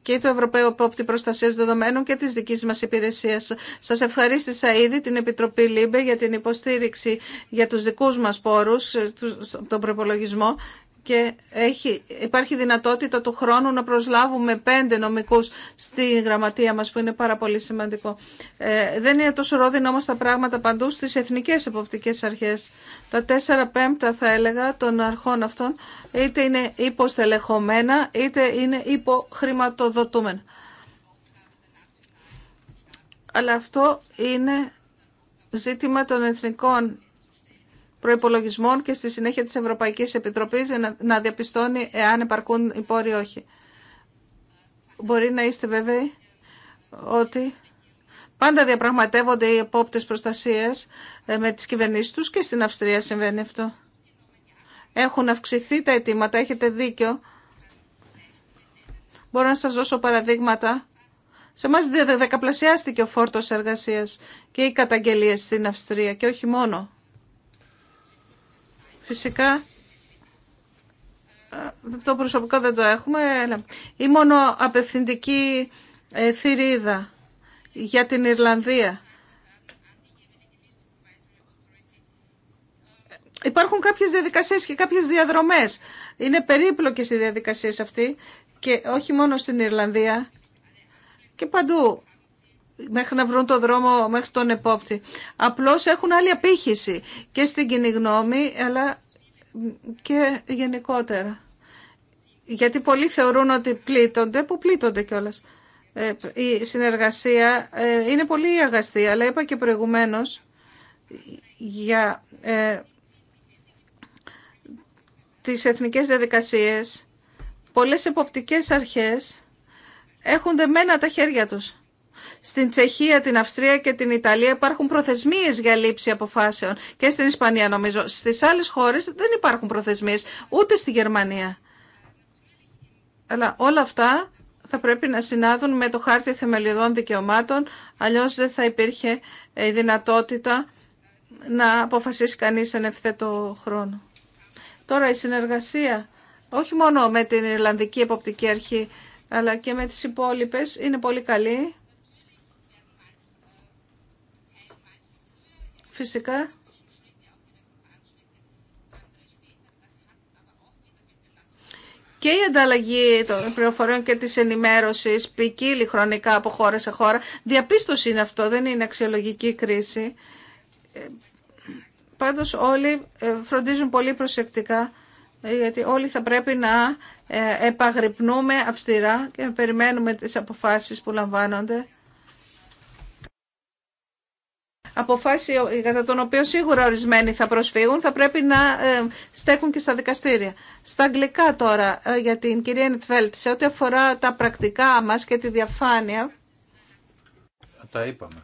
και του Ευρωπαίου Επόπτη Προστασίας Δεδομένων και της δικής μας υπηρεσίας. Σας ευχαρίστησα ήδη την Επιτροπή ΛΥΜΠΕ για την υποστήριξη για τους δικούς μας πόρους, ε, τον προπολογισμό και έχει, υπάρχει δυνατότητα του χρόνου να προσλάβουμε πέντε νομικούς στη γραμματεία μας που είναι πάρα πολύ σημαντικό. Ε, δεν είναι τόσο ρόδινο όμως τα πράγματα παντού στις εθνικές εποπτικές αρχές. Τα τέσσερα πέμπτα θα έλεγα των αρχών αυτών είτε είναι υποστελεχωμένα είτε είναι υποχρηματοδοτούμενα. Αλλά αυτό είναι ζήτημα των εθνικών Προπολογισμών και στη συνέχεια της Ευρωπαϊκής Επιτροπής να διαπιστώνει εάν επαρκούν οι πόροι ή όχι. Μπορεί να είστε βέβαιοι ότι πάντα διαπραγματεύονται οι επόπτες προστασίας ε, με τις κυβερνήσεις του και στην Αυστρία συμβαίνει αυτό. Έχουν αυξηθεί τα αιτήματα, έχετε δίκιο. Μπορώ να σας δώσω παραδείγματα. Σε εμάς δεκαπλασιάστηκε ο φόρτος εργασίας και οι καταγγελίες στην Αυστρία και όχι μόνο. Φυσικά ε, το προσωπικό δεν το έχουμε ή μόνο απευθυντική ε, θηρίδα για την Ιρλανδία. Υπάρχουν κάποιες διαδικασίες και κάποιες διαδρομές. Είναι περίπλοκες οι διαδικασίες αυτοί και όχι μόνο στην Ιρλανδία και παντού μέχρι να βρουν το δρόμο μέχρι τον επόπτη. Απλώς έχουν άλλη απήχηση και στην κοινή γνώμη αλλά και γενικότερα. Γιατί πολλοί θεωρούν ότι πλήττονται, που πλήττονται κιόλας. Ε, η συνεργασία ε, είναι πολύ αγαστή, αλλά είπα και προηγουμένως για ε, τις εθνικές διαδικασίες πολλές εποπτικές αρχές έχουν δεμένα τα χέρια τους. Στην Τσεχία, την Αυστρία και την Ιταλία υπάρχουν προθεσμίες για λήψη αποφάσεων και στην Ισπανία νομίζω. Στις άλλες χώρες δεν υπάρχουν προθεσμίες, ούτε στη Γερμανία. Αλλά όλα αυτά θα πρέπει να συνάδουν με το χάρτη θεμελιωδών δικαιωμάτων, αλλιώς δεν θα υπήρχε ε, η δυνατότητα να αποφασίσει κανεί εν ευθέτω χρόνο. Τώρα η συνεργασία, όχι μόνο με την Ιρλανδική Εποπτική Αρχή, αλλά και με τις υπόλοιπες, είναι πολύ καλή. Φυσικά και η ανταλλαγή των πληροφοριών και της ενημέρωσης ποικίλει χρονικά από χώρα σε χώρα. Διαπίστωση είναι αυτό, δεν είναι αξιολογική κρίση. Πάντως όλοι ε, φροντίζουν πολύ προσεκτικά, ε, γιατί όλοι θα πρέπει να ε, επαγρυπνούμε αυστηρά και να περιμένουμε τις αποφάσεις που λαμβάνονται αποφάσει κατά τον οποίο σίγουρα ορισμένοι θα προσφύγουν θα πρέπει να ε, στέκουν και στα δικαστήρια. Στα αγγλικά τώρα ε, για την κυρία Νιτφέλτ, σε ό,τι αφορά τα πρακτικά μας και τη διαφάνεια. Τα είπαμε.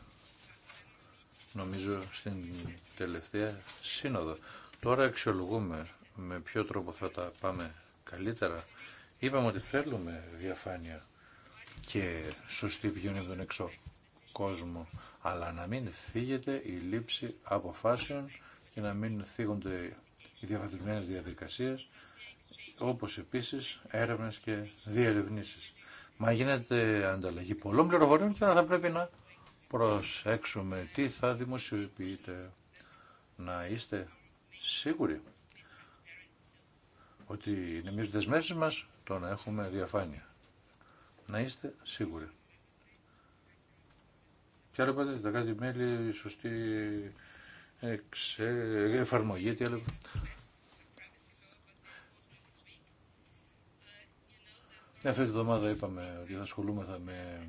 Νομίζω στην τελευταία σύνοδο. Τώρα αξιολογούμε με ποιο τρόπο θα τα πάμε καλύτερα. Είπαμε ότι θέλουμε διαφάνεια και σωστή βιώνει τον εξώ κόσμο αλλά να μην θίγεται η λήψη αποφάσεων και να μην θίγονται οι διαφαθμισμένες διαδικασίες, όπως επίσης έρευνες και διερευνήσεις. Μα γίνεται ανταλλαγή πολλών πληροφοριών και θα πρέπει να προσέξουμε τι θα δημοσιοποιείτε. Να είστε σίγουροι ότι είναι μία στις μας το να έχουμε διαφάνεια. Να είστε σίγουροι. Τι άλλο είπατε, τα κάτι μέλη, σωστή εφαρμογή, τι άλλο. Αυτή τη εβδομάδα είπαμε ότι θα ασχολούμεθα με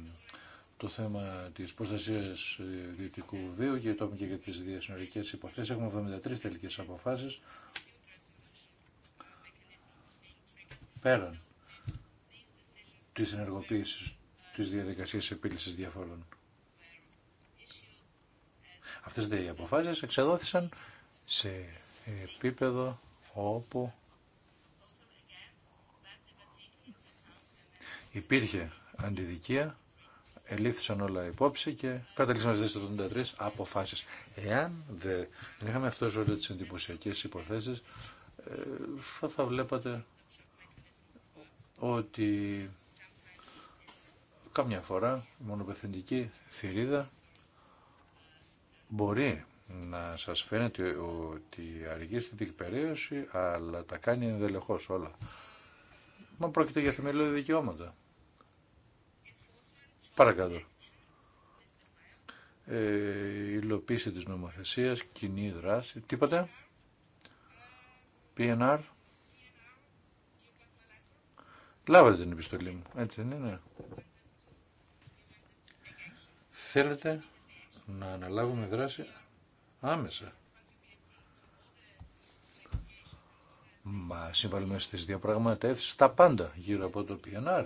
το θέμα της προστασίας ιδιωτικού βίου και το και για τις διασυνορικές υποθέσεις. Έχουμε 73 τελικές αποφάσεις. Πέραν της ενεργοποίησης της διαδικασίας επίλυσης διαφόρων. Αυτές οι αποφάσεις εξεδόθησαν σε επίπεδο όπου υπήρχε αντιδικία, ελήφθησαν όλα υπόψη και καταλήξαμε στις 73 αποφάσεις. Εάν δεν είχαμε αυτό όλες τις εντυπωσιακές υποθέσεις, θα, ε, θα βλέπατε ότι κάμια φορά η μονοπεθεντική θηρίδα Μπορεί να σας φαίνεται ότι αργεί την περίοση αλλά τα κάνει ενδελεχώς όλα. Μα πρόκειται για θεμελιώδη δικαιώματα. Παρακάτω. Ε, υλοποίηση της νομοθεσίας, κοινή δράση, τίποτα. PNR. Λάβατε την επιστολή μου, έτσι δεν είναι. Θέλετε να αναλάβουμε δράση άμεσα. Μα συμβαίνουμε στις διαπραγματεύσεις τα πάντα γύρω από το PNR.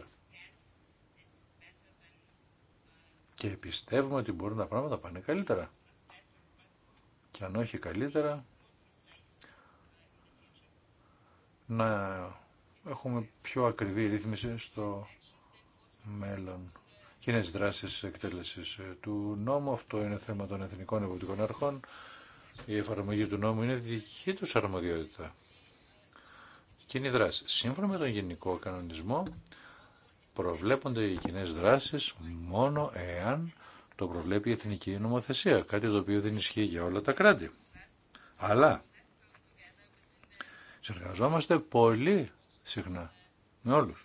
Και πιστεύουμε ότι μπορούν τα πράγματα να πάνε καλύτερα. Και αν όχι καλύτερα, να έχουμε πιο ακριβή ρύθμιση στο μέλλον κοινέ δράσει εκτέλεση του νόμου. Αυτό είναι θέμα των εθνικών ευρωπαϊκών αρχών. Η εφαρμογή του νόμου είναι δική του αρμοδιότητα. Κοινή δράση. Σύμφωνα με τον γενικό κανονισμό, προβλέπονται οι κοινέ δράσει μόνο εάν το προβλέπει η εθνική νομοθεσία. Κάτι το οποίο δεν ισχύει για όλα τα κράτη. Αλλά συνεργαζόμαστε πολύ συχνά με όλους.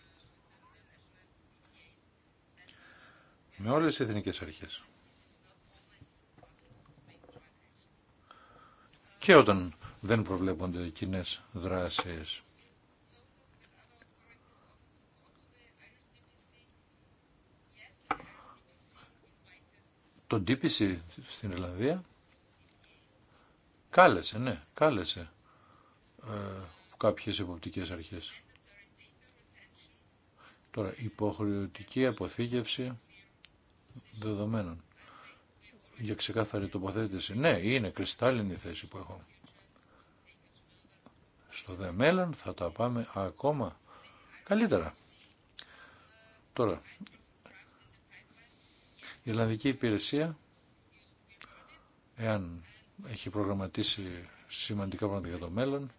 με όλες τις εθνικές αρχές. Και όταν δεν προβλέπονται κοινέ δράσεις. Το DPC στην Ιρλανδία κάλεσε, ναι, κάλεσε ε, κάποιες εποπτικές αρχές. Τώρα, υποχρεωτική αποθήκευση δεδομένων. Για ξεκάθαρη τοποθέτηση. Ναι, είναι κρυστάλλινη θέση που έχω. Στο δε μέλλον θα τα πάμε ακόμα καλύτερα. Τώρα, η Ιρλανδική Υπηρεσία, εάν έχει προγραμματίσει σημαντικά πράγματα για το μέλλον,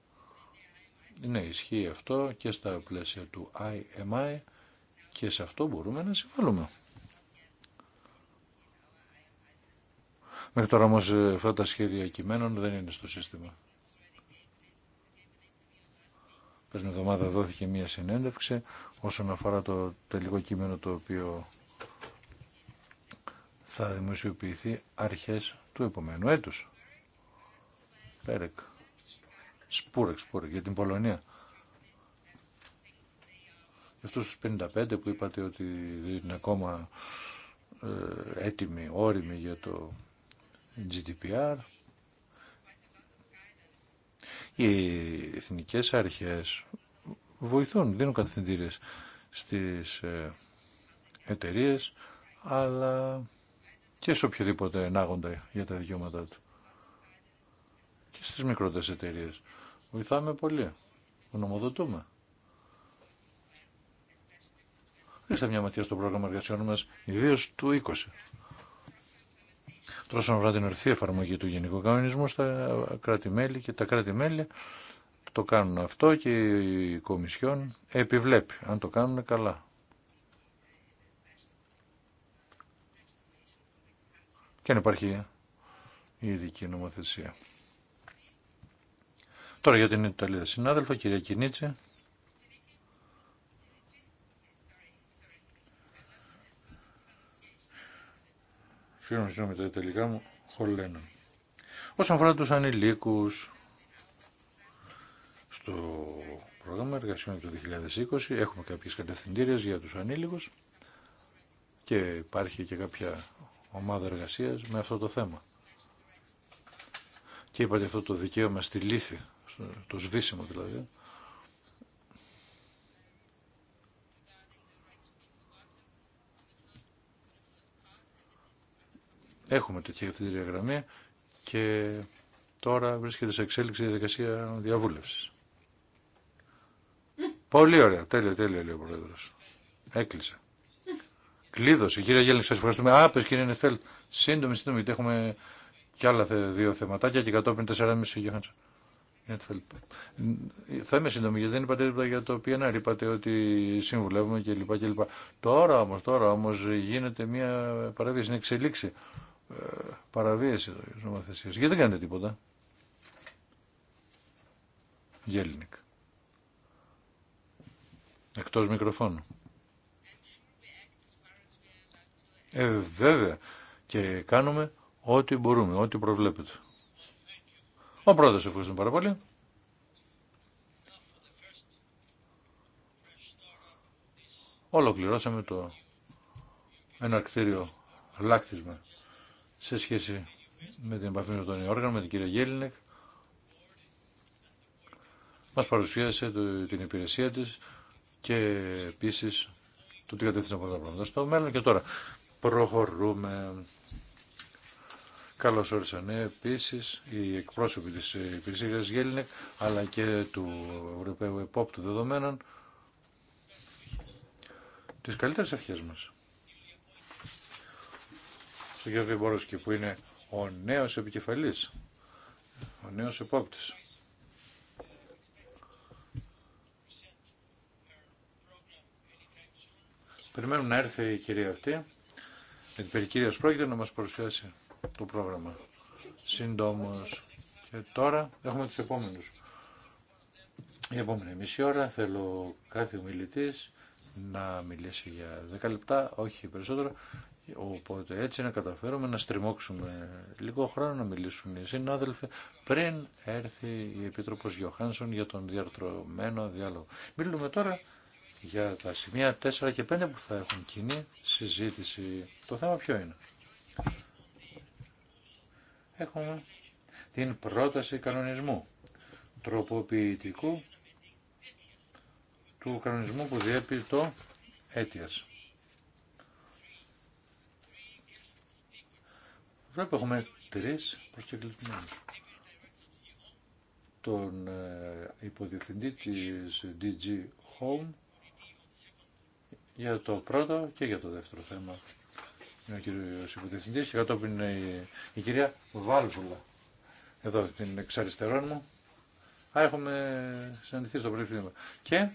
ναι, ισχύει αυτό και στα πλαίσια του IMI και σε αυτό μπορούμε να συμβάλλουμε. Μέχρι τώρα όμως ε, αυτά τα σχέδια κειμένων δεν είναι στο σύστημα. Πριν εβδομάδα δόθηκε μία συνέντευξη όσον αφορά το τελικό κείμενο το οποίο θα δημοσιοποιηθεί αρχές του επομένου έτους. Πέρεκ. Σπούρεκ, Σπούρεκ, για την Πολωνία. Αυτούς τους 55 που είπατε ότι είναι ακόμα ε, έτοιμοι, όριμοι για το GDPR. Οι εθνικές αρχές βοηθούν, δίνουν κατευθυντήρες στις ε, εταιρείε, αλλά και σε οποιοδήποτε ενάγοντα για τα δικαιώματά του. Και στις μικρότερες εταιρείε. Βοηθάμε πολύ. Ονομοδοτούμε. Ρίστε μια ματιά στο πρόγραμμα εργασιών μας, ιδίως του 20. Τώρα να αφορά την ορθή εφαρμογή του Γενικού Κανονισμού στα κράτη-μέλη και τα κράτη-μέλη το κάνουν αυτό και η Κομισιόν επιβλέπει αν το κάνουν καλά. Και αν υπάρχει η ειδική νομοθεσία. Τώρα για την Ιταλία συνάδελφα, κυρία Κινίτση. Συγγνώμη, συγγνώμη, τα τελικά μου χολένα. Όσον αφορά τους ανηλίκους, στο πρόγραμμα εργασιών του 2020 έχουμε κάποιες κατευθυντήριες για τους ανήλικους και υπάρχει και κάποια ομάδα εργασίας με αυτό το θέμα. Και υπάρχει αυτό το δικαίωμα στη λύθη, το σβήσιμο δηλαδή, Έχουμε τέτοια ευθυντήρια γραμμή και τώρα βρίσκεται σε εξέλιξη η διαδικασία διαβούλευσης. Πολύ ωραία. Τέλεια, τέλεια, λέει ο Πρόεδρος. Έκλεισε. Κλείδωσε. Κύριε Γέλνη, σας ευχαριστούμε. Α, πες κύριε Νεφέλτ. Σύντομη, σύντομη, γιατί έχουμε και άλλα δύο θεματάκια και κατόπιν 4,5 Θα είμαι σύντομη γιατί δεν είπατε τίποτα για το PNR, είπατε ότι συμβουλεύουμε κλπ. Τώρα όμως, τώρα όμως γίνεται μια παρέμβαση, είναι εξελίξη παραβίαση της νομοθεσίας. Γιατί δεν κάνετε τίποτα. Γέλνικ. Εκτός μικροφώνου. Ε, βέβαια. Και κάνουμε ό,τι μπορούμε, ό,τι προβλέπετε. Ο πρώτος ευχαριστούμε πάρα πολύ. Ολοκληρώσαμε το εναρκτήριο λάκτισμα σε σχέση με την επαφή με τον Ιόργανο, με την κυρία Γέλινεκ. Μας παρουσίασε την υπηρεσία της και επίσης το τι κατεύθυνε από τα πράγματα στο μέλλον και τώρα προχωρούμε. Καλώ όρισαν ναι, επίση οι εκπρόσωποι της υπηρεσίας Γέλινεκ αλλά και του Ευρωπαίου του Δεδομένων τις καλύτερες αρχές μας του κ. και που είναι ο νέος επικεφαλής, ο νέος επόπτης. Περιμένουμε να έρθει η κυρία αυτή, με την περικυρία πρόκειται να μας παρουσιάσει το πρόγραμμα. Σύντομος Και τώρα έχουμε τους επόμενους. Η επόμενη μισή ώρα θέλω κάθε ομιλητής να μιλήσει για 10 λεπτά, όχι περισσότερο, Οπότε έτσι να καταφέρουμε να στριμώξουμε λίγο χρόνο να μιλήσουν οι συνάδελφοι πριν έρθει η Επίτροπος Γιωχάνσον για τον διαρθρωμένο διάλογο. Μιλούμε τώρα για τα σημεία 4 και 5 που θα έχουν κοινή συζήτηση. Το θέμα ποιο είναι. Έχουμε την πρόταση κανονισμού τροποποιητικού του κανονισμού που διέπει το αίτιας. Βλέπω έχουμε τρεις προσκεκλισμένους. Τον ε, υποδιευθυντή της DG Home για το πρώτο και για το δεύτερο θέμα. Είναι ο κύριος υποδιευθυντής και κατόπιν είναι η, η κυρία Βάλβουλα. Εδώ την εξαριστερών μου. Α, έχουμε συναντηθεί στο πρωί Και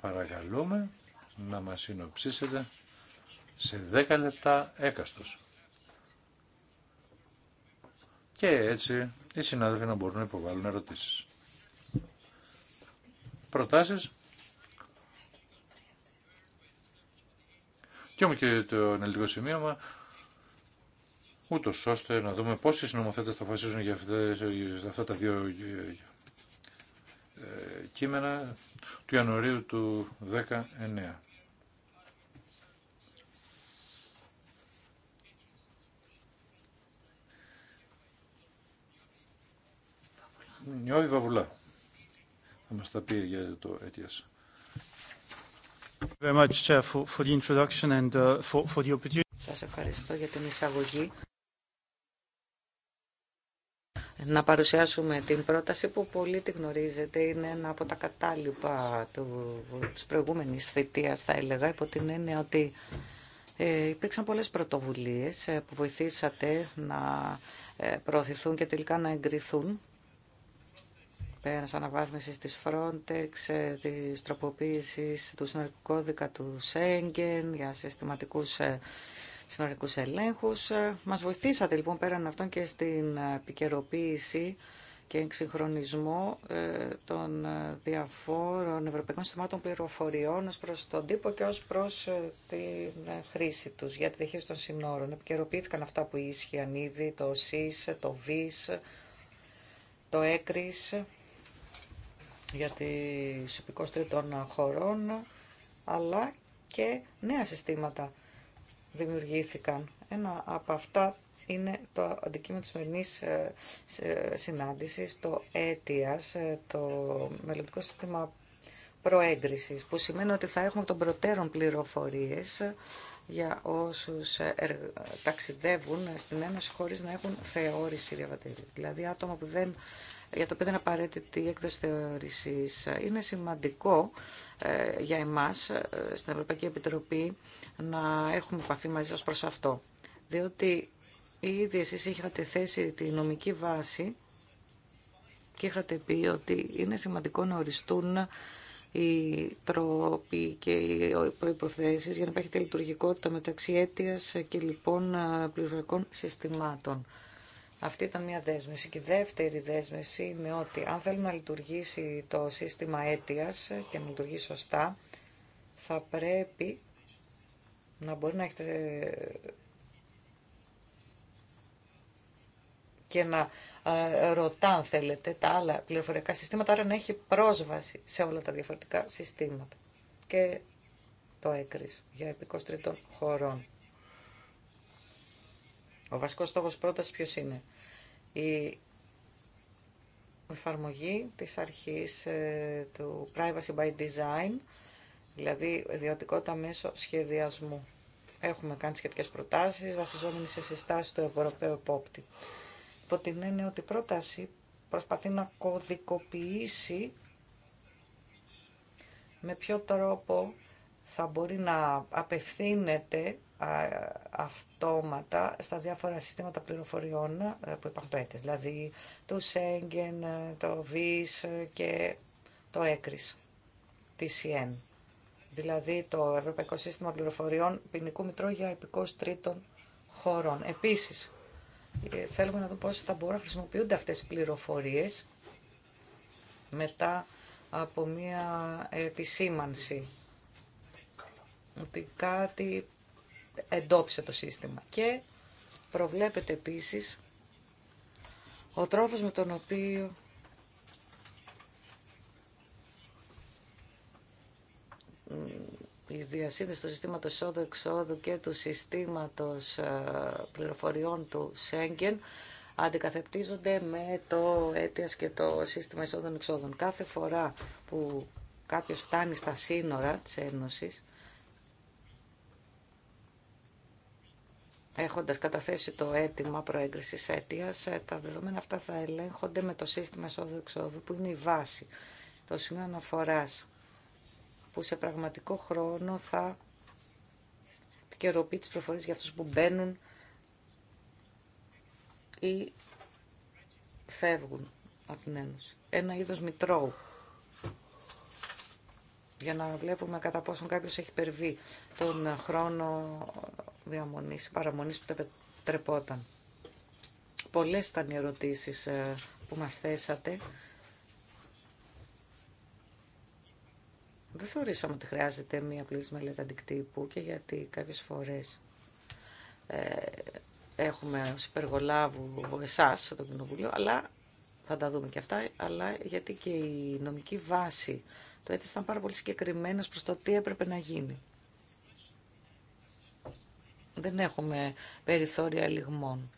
παρακαλούμε να μας συνοψίσετε σε 10 λεπτά έκαστος και έτσι οι συνάδελφοι να μπορούν να υποβάλουν ερωτήσεις. Προτάσεις. Και όμως και το αναλυτικό σημείωμα, ούτω ώστε να δούμε πόσοι συνομοθέτες θα αποφασίζουν για, για αυτά τα δύο ε, ε, κείμενα του Ιανουαρίου του 19. Νιώδη Βαβουλά θα μας τα πει για το αιτίας. Uh, Σας ευχαριστώ για την εισαγωγή. Να παρουσιάσουμε την πρόταση που πολύ τη γνωρίζετε. Είναι ένα από τα κατάλοιπα του, της προηγούμενης θητείας, θα έλεγα, υπό την έννοια ότι ε, υπήρξαν πολλές πρωτοβουλίες ε, που βοηθήσατε να ε, προωθηθούν και τελικά να εγκριθούν πέρας αναβάθμισης της Frontex, ε, της τροποποίησης του συνορικού κώδικα του Σέγγεν για συστηματικούς ε, συνορικούς ελέγχους. Ε, μας βοηθήσατε λοιπόν πέραν αυτών και στην επικαιροποίηση και εξυγχρονισμό των διαφόρων ευρωπαϊκών συστημάτων πληροφοριών ως προς τον τύπο και ως προς την χρήση τους για τη διαχείριση των συνόρων. Επικαιροποιήθηκαν αυτά που ίσχυαν ήδη, το ΣΥΣ, το ΒΙΣ, το ΕΚΡΙΣ για τις υπηκός τρίτων χωρών, αλλά και νέα συστήματα δημιουργήθηκαν. Ένα από αυτά είναι το αντικείμενο της σημερινής ε, συνάντησης, το έτιας, ε, το μελλοντικό σύστημα προέγκρισης, που σημαίνει ότι θα έχουμε τον προτέρων πληροφορίες για όσους ε, ταξιδεύουν στην Ένωση χωρίς να έχουν θεώρηση διαβατήρια. Δηλαδή άτομα που δεν για το οποίο δεν είναι απαραίτητη η έκδοση θεωρησή. Είναι σημαντικό ε, για εμά ε, στην Ευρωπαϊκή Επιτροπή να έχουμε επαφή μαζί σα προ αυτό. Διότι ήδη εσεί είχατε θέσει τη νομική βάση και είχατε πει ότι είναι σημαντικό να οριστούν οι τρόποι και οι προποθέσει για να υπάρχει τη λειτουργικότητα μεταξύ αίτια και λοιπόν ε, πληροφορικών συστημάτων. Αυτή ήταν μια δέσμευση. Και η δεύτερη δέσμευση είναι ότι αν θέλουμε να λειτουργήσει το σύστημα αίτιας και να λειτουργεί σωστά, θα πρέπει να μπορεί να έχετε και να ε, ρωτά, αν θέλετε, τα άλλα πληροφορικά συστήματα, άρα να έχει πρόσβαση σε όλα τα διαφορετικά συστήματα. Και το έκρης για επικοστριτών χωρών. Ο βασικός στόχος πρόταση ποιος είναι. Η εφαρμογή της αρχής ε, του privacy by design, δηλαδή ιδιωτικότητα μέσω σχεδιασμού. Έχουμε κάνει σχετικές προτάσεις βασιζόμενοι σε συστάσεις του Ευρωπαίου Επόπτη. Υπό την έννοια ότι η πρόταση προσπαθεί να κωδικοποιήσει με ποιο τρόπο θα μπορεί να απευθύνεται αυτόματα στα διάφορα συστήματα πληροφοριών ε, που υπάρχουν το δηλαδή το Σέγγεν, ε, το ΒΙΣ και το ΕΚΡΙΣ, TCN, δηλαδή το Ευρωπαϊκό Σύστημα Πληροφοριών Ποινικού Μητρώου για Επικός Τρίτων Χωρών. Επίσης, ε, θέλουμε να δούμε πώς θα μπορούν να χρησιμοποιούνται αυτές οι πληροφορίες μετά από μία επισήμανση ότι κάτι εντόπισε το σύστημα. Και προβλέπεται επίσης ο τρόπος με τον οποίο η διασύνδεση του συστήματος εισόδου-εξόδου και του συστήματος ε, πληροφοριών του Σέγγεν αντικαθεπτίζονται με το αίτιας και το σύστημα εισόδων-εξόδων. Κάθε φορά που κάποιος φτάνει στα σύνορα της Ένωσης, έχοντας καταθέσει το αίτημα προέγκρισης αίτιας, ε, τα δεδομένα αυτά θα ελέγχονται με το σύστημα εισόδου-εξόδου που είναι η βάση, το σημείο αναφοράς, που σε πραγματικό χρόνο θα επικαιροποιεί τις προφορές για αυτούς που μπαίνουν ή φεύγουν από την Ένωση. Ένα είδος μητρώου για να βλέπουμε κατά πόσον κάποιος έχει περβεί τον χρόνο διαμονής, παραμονής που τα τρεπόταν. Πολλές ήταν οι ερωτήσεις ε, που μας θέσατε. Δεν θεωρήσαμε ότι χρειάζεται μία πλήρης μελέτη αντικτύπου και γιατί κάποιες φορές ε, έχουμε ως υπεργολάβου εσάς στο Κοινοβουλίο, αλλά θα τα δούμε και αυτά, αλλά γιατί και η νομική βάση το έτσι ήταν πάρα πολύ συγκεκριμένος προς το τι έπρεπε να γίνει. Δεν έχουμε περιθώρια λιγμών.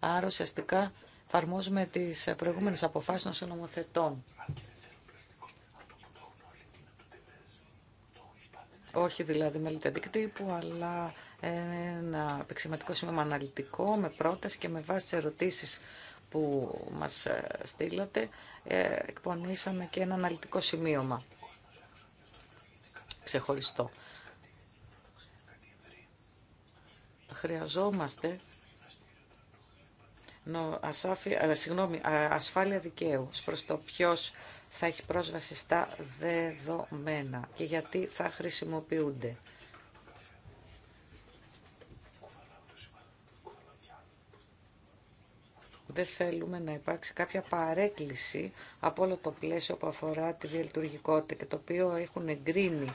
Άρα ουσιαστικά εφαρμόζουμε τις προηγούμενες αποφάσεις των συνομοθετών. Όχι δηλαδή μελέτη αντικτύπου, αλλά ένα επεξηματικό σημείο αναλυτικό με πρόταση και με βάση τις ερωτήσεις που μας ε, στείλατε, ε, εκπονήσαμε και ένα αναλυτικό σημείωμα ξεχωριστό. Χρειαζόμαστε ε, ασφάλεια δικαίου προς το ποιος θα έχει πρόσβαση στα δεδομένα και γιατί θα χρησιμοποιούνται. Δεν θέλουμε να υπάρξει κάποια παρέκκληση από όλο το πλαίσιο που αφορά τη διαλειτουργικότητα και το οποίο έχουν εγκρίνει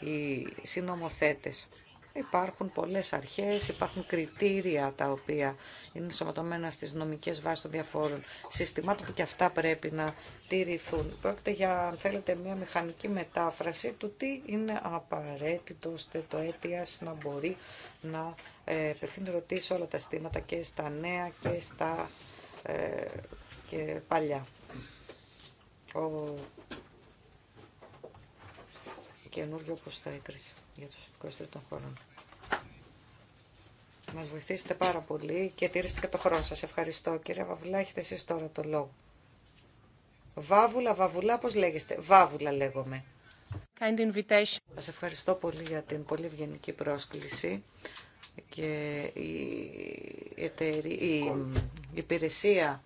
οι συνομοθέτες. Υπάρχουν πολλές αρχές, υπάρχουν κριτήρια τα οποία είναι σωματωμένα στις νομικές βάσεις των διαφόρων συστημάτων που και αυτά πρέπει να τηρηθούν. Πρόκειται για, αν θέλετε, μια μηχανική μετάφραση του τι είναι απαραίτητο ώστε το αίτιας να μπορεί να ρωτή ε, ρωτήσει όλα τα συστήματα και στα νέα και στα ε, και παλιά. Ο Καινούργιο όπως το έκρισε για τους 23 των χωρών. Μας βοηθήσετε πάρα πολύ και τηρήσετε και το χρόνο σας. Ευχαριστώ κύριε Βαβουλά, έχετε εσείς τώρα το λόγο. Βάβουλα, Βαβουλά, πώς λέγεστε. Βάβουλα λέγομαι. Kind invitation. Σας ευχαριστώ πολύ για την πολύ ευγενική πρόσκληση και η, εταιρεία, η υπηρεσία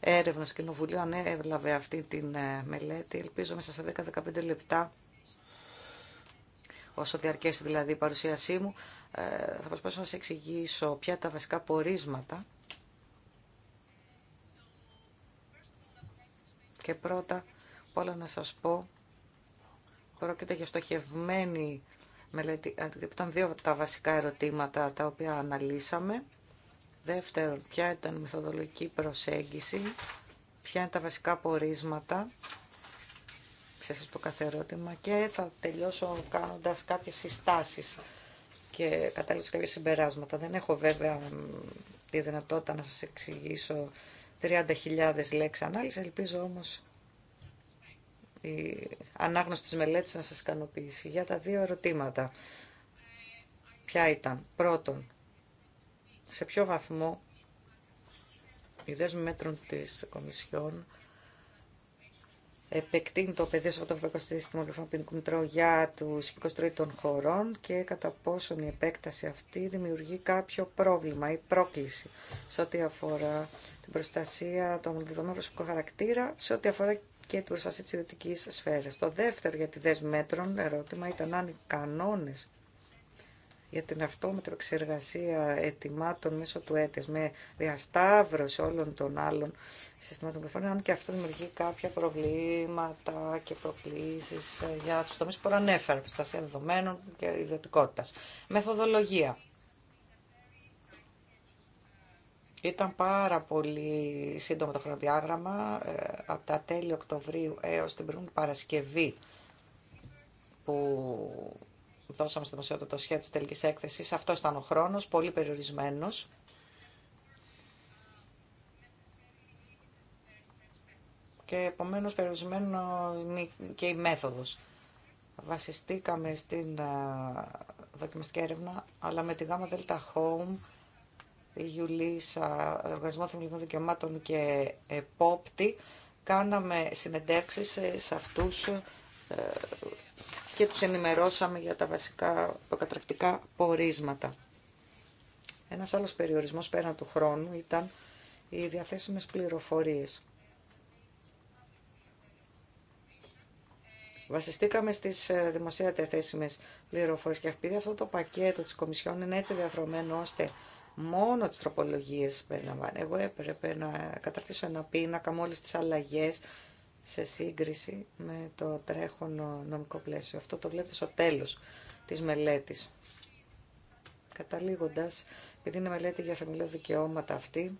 έρευνας κοινοβουλίου ανέλαβε αυτή την ε, μελέτη. Ελπίζω μέσα σε 10-15 λεπτά όσο διαρκέσει δηλαδή η παρουσίασή μου, ε, θα προσπαθήσω να σας εξηγήσω ποια τα βασικά πορίσματα. Και πρώτα απ' να σας πω, πρόκειται για στοχευμένη μελέτη, ε, δηλαδή ήταν δύο τα βασικά ερωτήματα τα οποία αναλύσαμε. Δεύτερον, ποια ήταν η μεθοδολογική προσέγγιση, ποια είναι τα βασικά πορίσματα σας το κάθε ερώτημα και θα τελειώσω κάνοντας κάποιες συστάσεις και κατάλληλες κάποια συμπεράσματα. Δεν έχω βέβαια τη δυνατότητα να σας εξηγήσω 30.000 λέξεις ανάλυση, ελπίζω όμως η ανάγνωση της μελέτης να σας ικανοποιήσει. Για τα δύο ερωτήματα, ποια ήταν. Πρώτον, σε ποιο βαθμό οι δέσμοι μέτρων της Κομισιόν επεκτείνει το πεδίο σε αυτό το Ευρωπαϊκό Σύστημα Γλυφαπίνικου Μητρώου για του των χωρών και κατά πόσον η επέκταση αυτή δημιουργεί κάποιο πρόβλημα ή πρόκληση σε ό,τι αφορά την προστασία των δεδομένων προσωπικού χαρακτήρα, σε ό,τι αφορά και την προστασία τη ιδιωτική σφαίρα. Το δεύτερο για τη δέσμη μέτρων ερώτημα ήταν αν οι κανόνε για την αυτόματη εξεργασία ετοιμάτων μέσω του έτες με διασταύρωση όλων των άλλων συστημάτων πληροφοριών, αν και αυτό δημιουργεί κάποια προβλήματα και προκλήσεις ε, για τους τομείς που προανέφερα, προστασία δεδομένων και ιδιωτικότητα. Μεθοδολογία. Ήταν πάρα πολύ σύντομο το χρονοδιάγραμμα, ε, από τα τέλη Οκτωβρίου έως την προηγούμενη Παρασκευή που δώσαμε στη δημοσιότητα το σχέδιο της τελικής έκθεσης. Αυτό ήταν ο χρόνος, πολύ περιορισμένος. Και επομένως περιορισμένο και η μέθοδος. Βασιστήκαμε στην δοκιμαστική έρευνα, αλλά με τη γάμα Δελτα Home, η ο Οργανισμό Θεμελιωδών Δικαιωμάτων και Επόπτη, κάναμε συνεντεύξεις σε αυτούς ε, και τους ενημερώσαμε για τα βασικά προκατρακτικά πορίσματα. Ένας άλλος περιορισμός πέραν του χρόνου ήταν οι διαθέσιμες πληροφορίες. Βασιστήκαμε στις ε, δημοσία διαθέσιμες πληροφορίες και επειδή αυτό το πακέτο της Κομισιόν είναι έτσι διαδρομένο ώστε μόνο τις τροπολογίες περιλαμβάνει. Εγώ έπρεπε να καταρτήσω ένα πίνακα με όλες τις αλλαγές σε σύγκριση με το τρέχον νομικό πλαίσιο. Αυτό το βλέπετε στο τέλος της μελέτης. Καταλήγοντας, επειδή είναι μελέτη για θεμελιώδη δικαιώματα αυτή,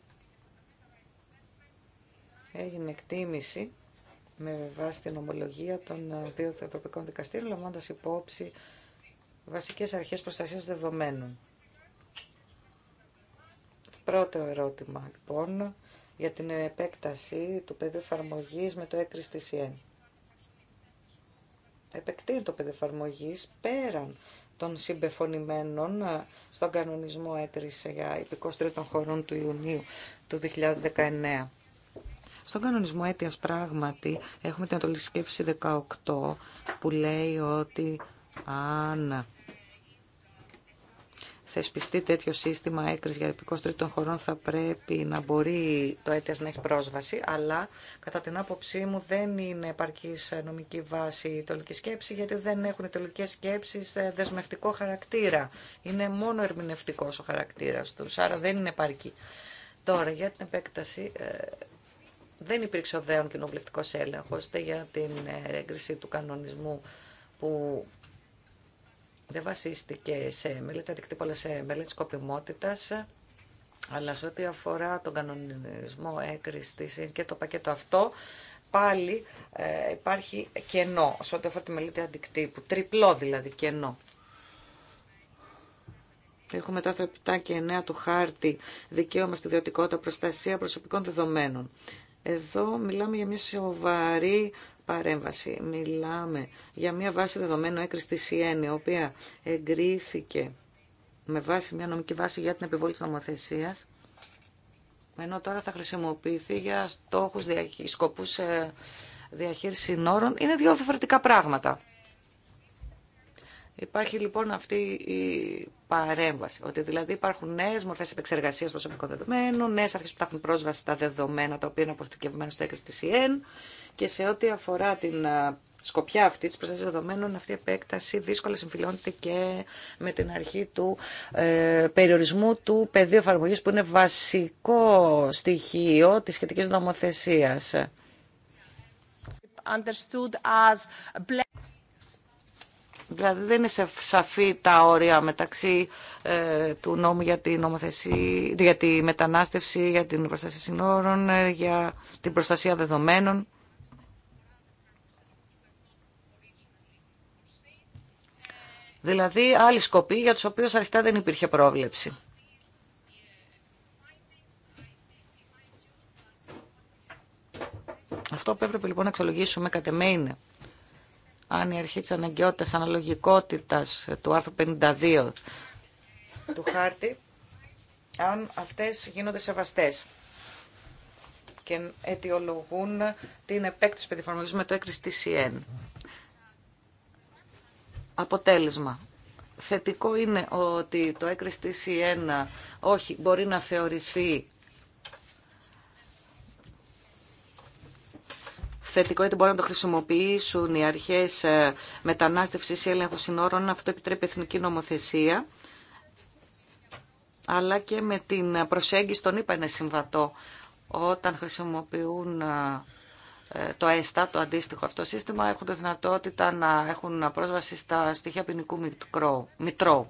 έγινε εκτίμηση με βάση την ομολογία των δύο Ευρωπαϊκών Δικαστήριων, λαμβάνοντας υπόψη βασικές αρχές προστασίας δεδομένων. Πρώτο ερώτημα, λοιπόν, για την επέκταση του πεδίου εφαρμογή με το έκρηστη Επεκτείνει το πεδίο πέραν των συμπεφωνημένων ε, στον κανονισμό έκρηση για υπηκός τρίτων χωρών του Ιουνίου του 2019. Στον κανονισμό αίτιας πράγματι έχουμε την Ατολική Σκέψη 18 που λέει ότι αν θεσπιστεί τέτοιο σύστημα έκρηση για επικό τρίτων χωρών θα πρέπει να μπορεί το αίτιας να έχει πρόσβαση, αλλά κατά την άποψή μου δεν είναι επαρκή νομική βάση η τολική σκέψη, γιατί δεν έχουν οι τολικές σκέψεις δεσμευτικό χαρακτήρα. Είναι μόνο ερμηνευτικό ο χαρακτήρα του. άρα δεν είναι επαρκή. Τώρα, για την επέκταση, ε, δεν υπήρξε ο δέον έλεγχο, έλεγχος, για την ε, έγκριση του κανονισμού που δεν βασίστηκε σε μελέτη αντικτύπου, αλλά σε μελέτη σκοπιμότητας, αλλά σε ό,τι αφορά τον κανονισμό έκρησης και το πακέτο αυτό, πάλι ε, υπάρχει κενό σε ό,τι αφορά τη μελέτη αντικτύπου, τριπλό δηλαδή κενό. Έχουμε τα 7 και 9 του χάρτη, δικαίωμα στη ιδιωτικότητα, προστασία προσωπικών δεδομένων. Εδώ μιλάμε για μια σοβαρή παρέμβαση. Μιλάμε για μια βάση δεδομένου έκρηση της ΣΥΕΝΗ, η οποία εγκρίθηκε με βάση μια νομική βάση για την επιβολή της νομοθεσίας, ενώ τώρα θα χρησιμοποιηθεί για στόχους, σκοπούς ε, διαχείρισης συνόρων. Είναι δύο διαφορετικά πράγματα. Υπάρχει λοιπόν αυτή η παρέμβαση, ότι δηλαδή υπάρχουν νέε μορφέ επεξεργασία προσωπικών δεδομένων, νέε αρχέ που τα έχουν πρόσβαση στα δεδομένα τα οποία είναι αποθηκευμένα στο έκθεση και σε ό,τι αφορά την σκοπιά αυτή τη προστασία δεδομένων, αυτή η επέκταση δύσκολα συμφιλώνεται και με την αρχή του ε, περιορισμού του πεδίου εφαρμογή που είναι βασικό στοιχείο τη σχετική νομοθεσία. Δηλαδή δεν είναι σαφή τα όρια μεταξύ ε, του νόμου για, νομοθεσία, για τη μετανάστευση, για την προστασία συνόρων, ε, για την προστασία δεδομένων. Δηλαδή άλλη σκοποί για τους οποίους αρχικά δεν υπήρχε πρόβλεψη. Αυτό που έπρεπε λοιπόν να εξολογήσουμε κατ' αν η αρχή της αναγκαιότητας αναλογικότητας του άρθρου 52 του χάρτη, αν αυτές γίνονται σεβαστές και αιτιολογούν την επέκτηση που παιδιφαρμολισμού με το έκριση Αποτέλεσμα. Θετικό είναι ότι το έκριση όχι μπορεί να θεωρηθεί θετικό γιατί μπορούν να το χρησιμοποιήσουν οι αρχές ε, μετανάστευση ή έλεγχου συνόρων. Αυτό επιτρέπει εθνική νομοθεσία αλλά και με την προσέγγιση των ΗΠΑ είναι συμβατό όταν χρησιμοποιούν ε, ε, το ΕΣΤΑ, το αντίστοιχο αυτό σύστημα, έχουν τη δυνατότητα να έχουν πρόσβαση στα στοιχεία ποινικού μητρώου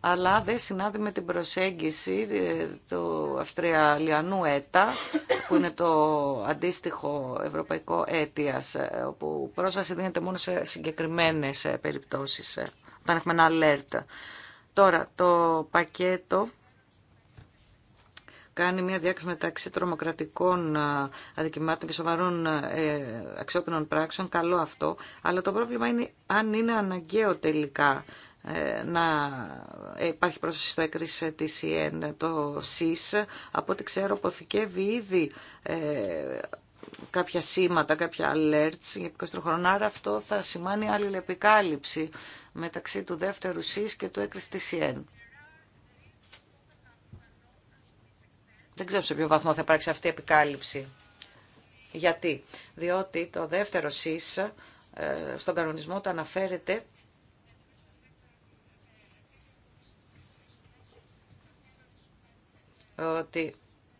αλλά δεν συνάδει με την προσέγγιση ε, του Αυστριαλιανού ΕΤΑ, που είναι το αντίστοιχο ευρωπαϊκό αίτιας, ε, όπου πρόσβαση δίνεται μόνο σε συγκεκριμένες ε, περιπτώσεις, όταν έχουμε ένα alert. Τώρα, το πακέτο κάνει μια διάκριση μεταξύ τρομοκρατικών αδικημάτων και σοβαρών αξιόπινων πράξεων. Καλό αυτό. Αλλά το πρόβλημα είναι αν είναι αναγκαίο τελικά ε, να υπάρχει πρόσβαση στο έκρηση της ΙΕΝ το ΣΥΣ. Από ό,τι ξέρω, αποθηκεύει ήδη ε, κάποια σήματα, κάποια alerts για 20 χρονών. Άρα αυτό θα σημάνει άλλη μεταξύ του δεύτερου ΣΥΣ και του έκρηση της ΙΕΝ. Δεν ξέρω σε ποιο βαθμό θα υπάρξει αυτή η επικάλυψη. Γιατί. Διότι το δεύτερο ΣΥΣ ε, στον κανονισμό το αναφέρεται ότι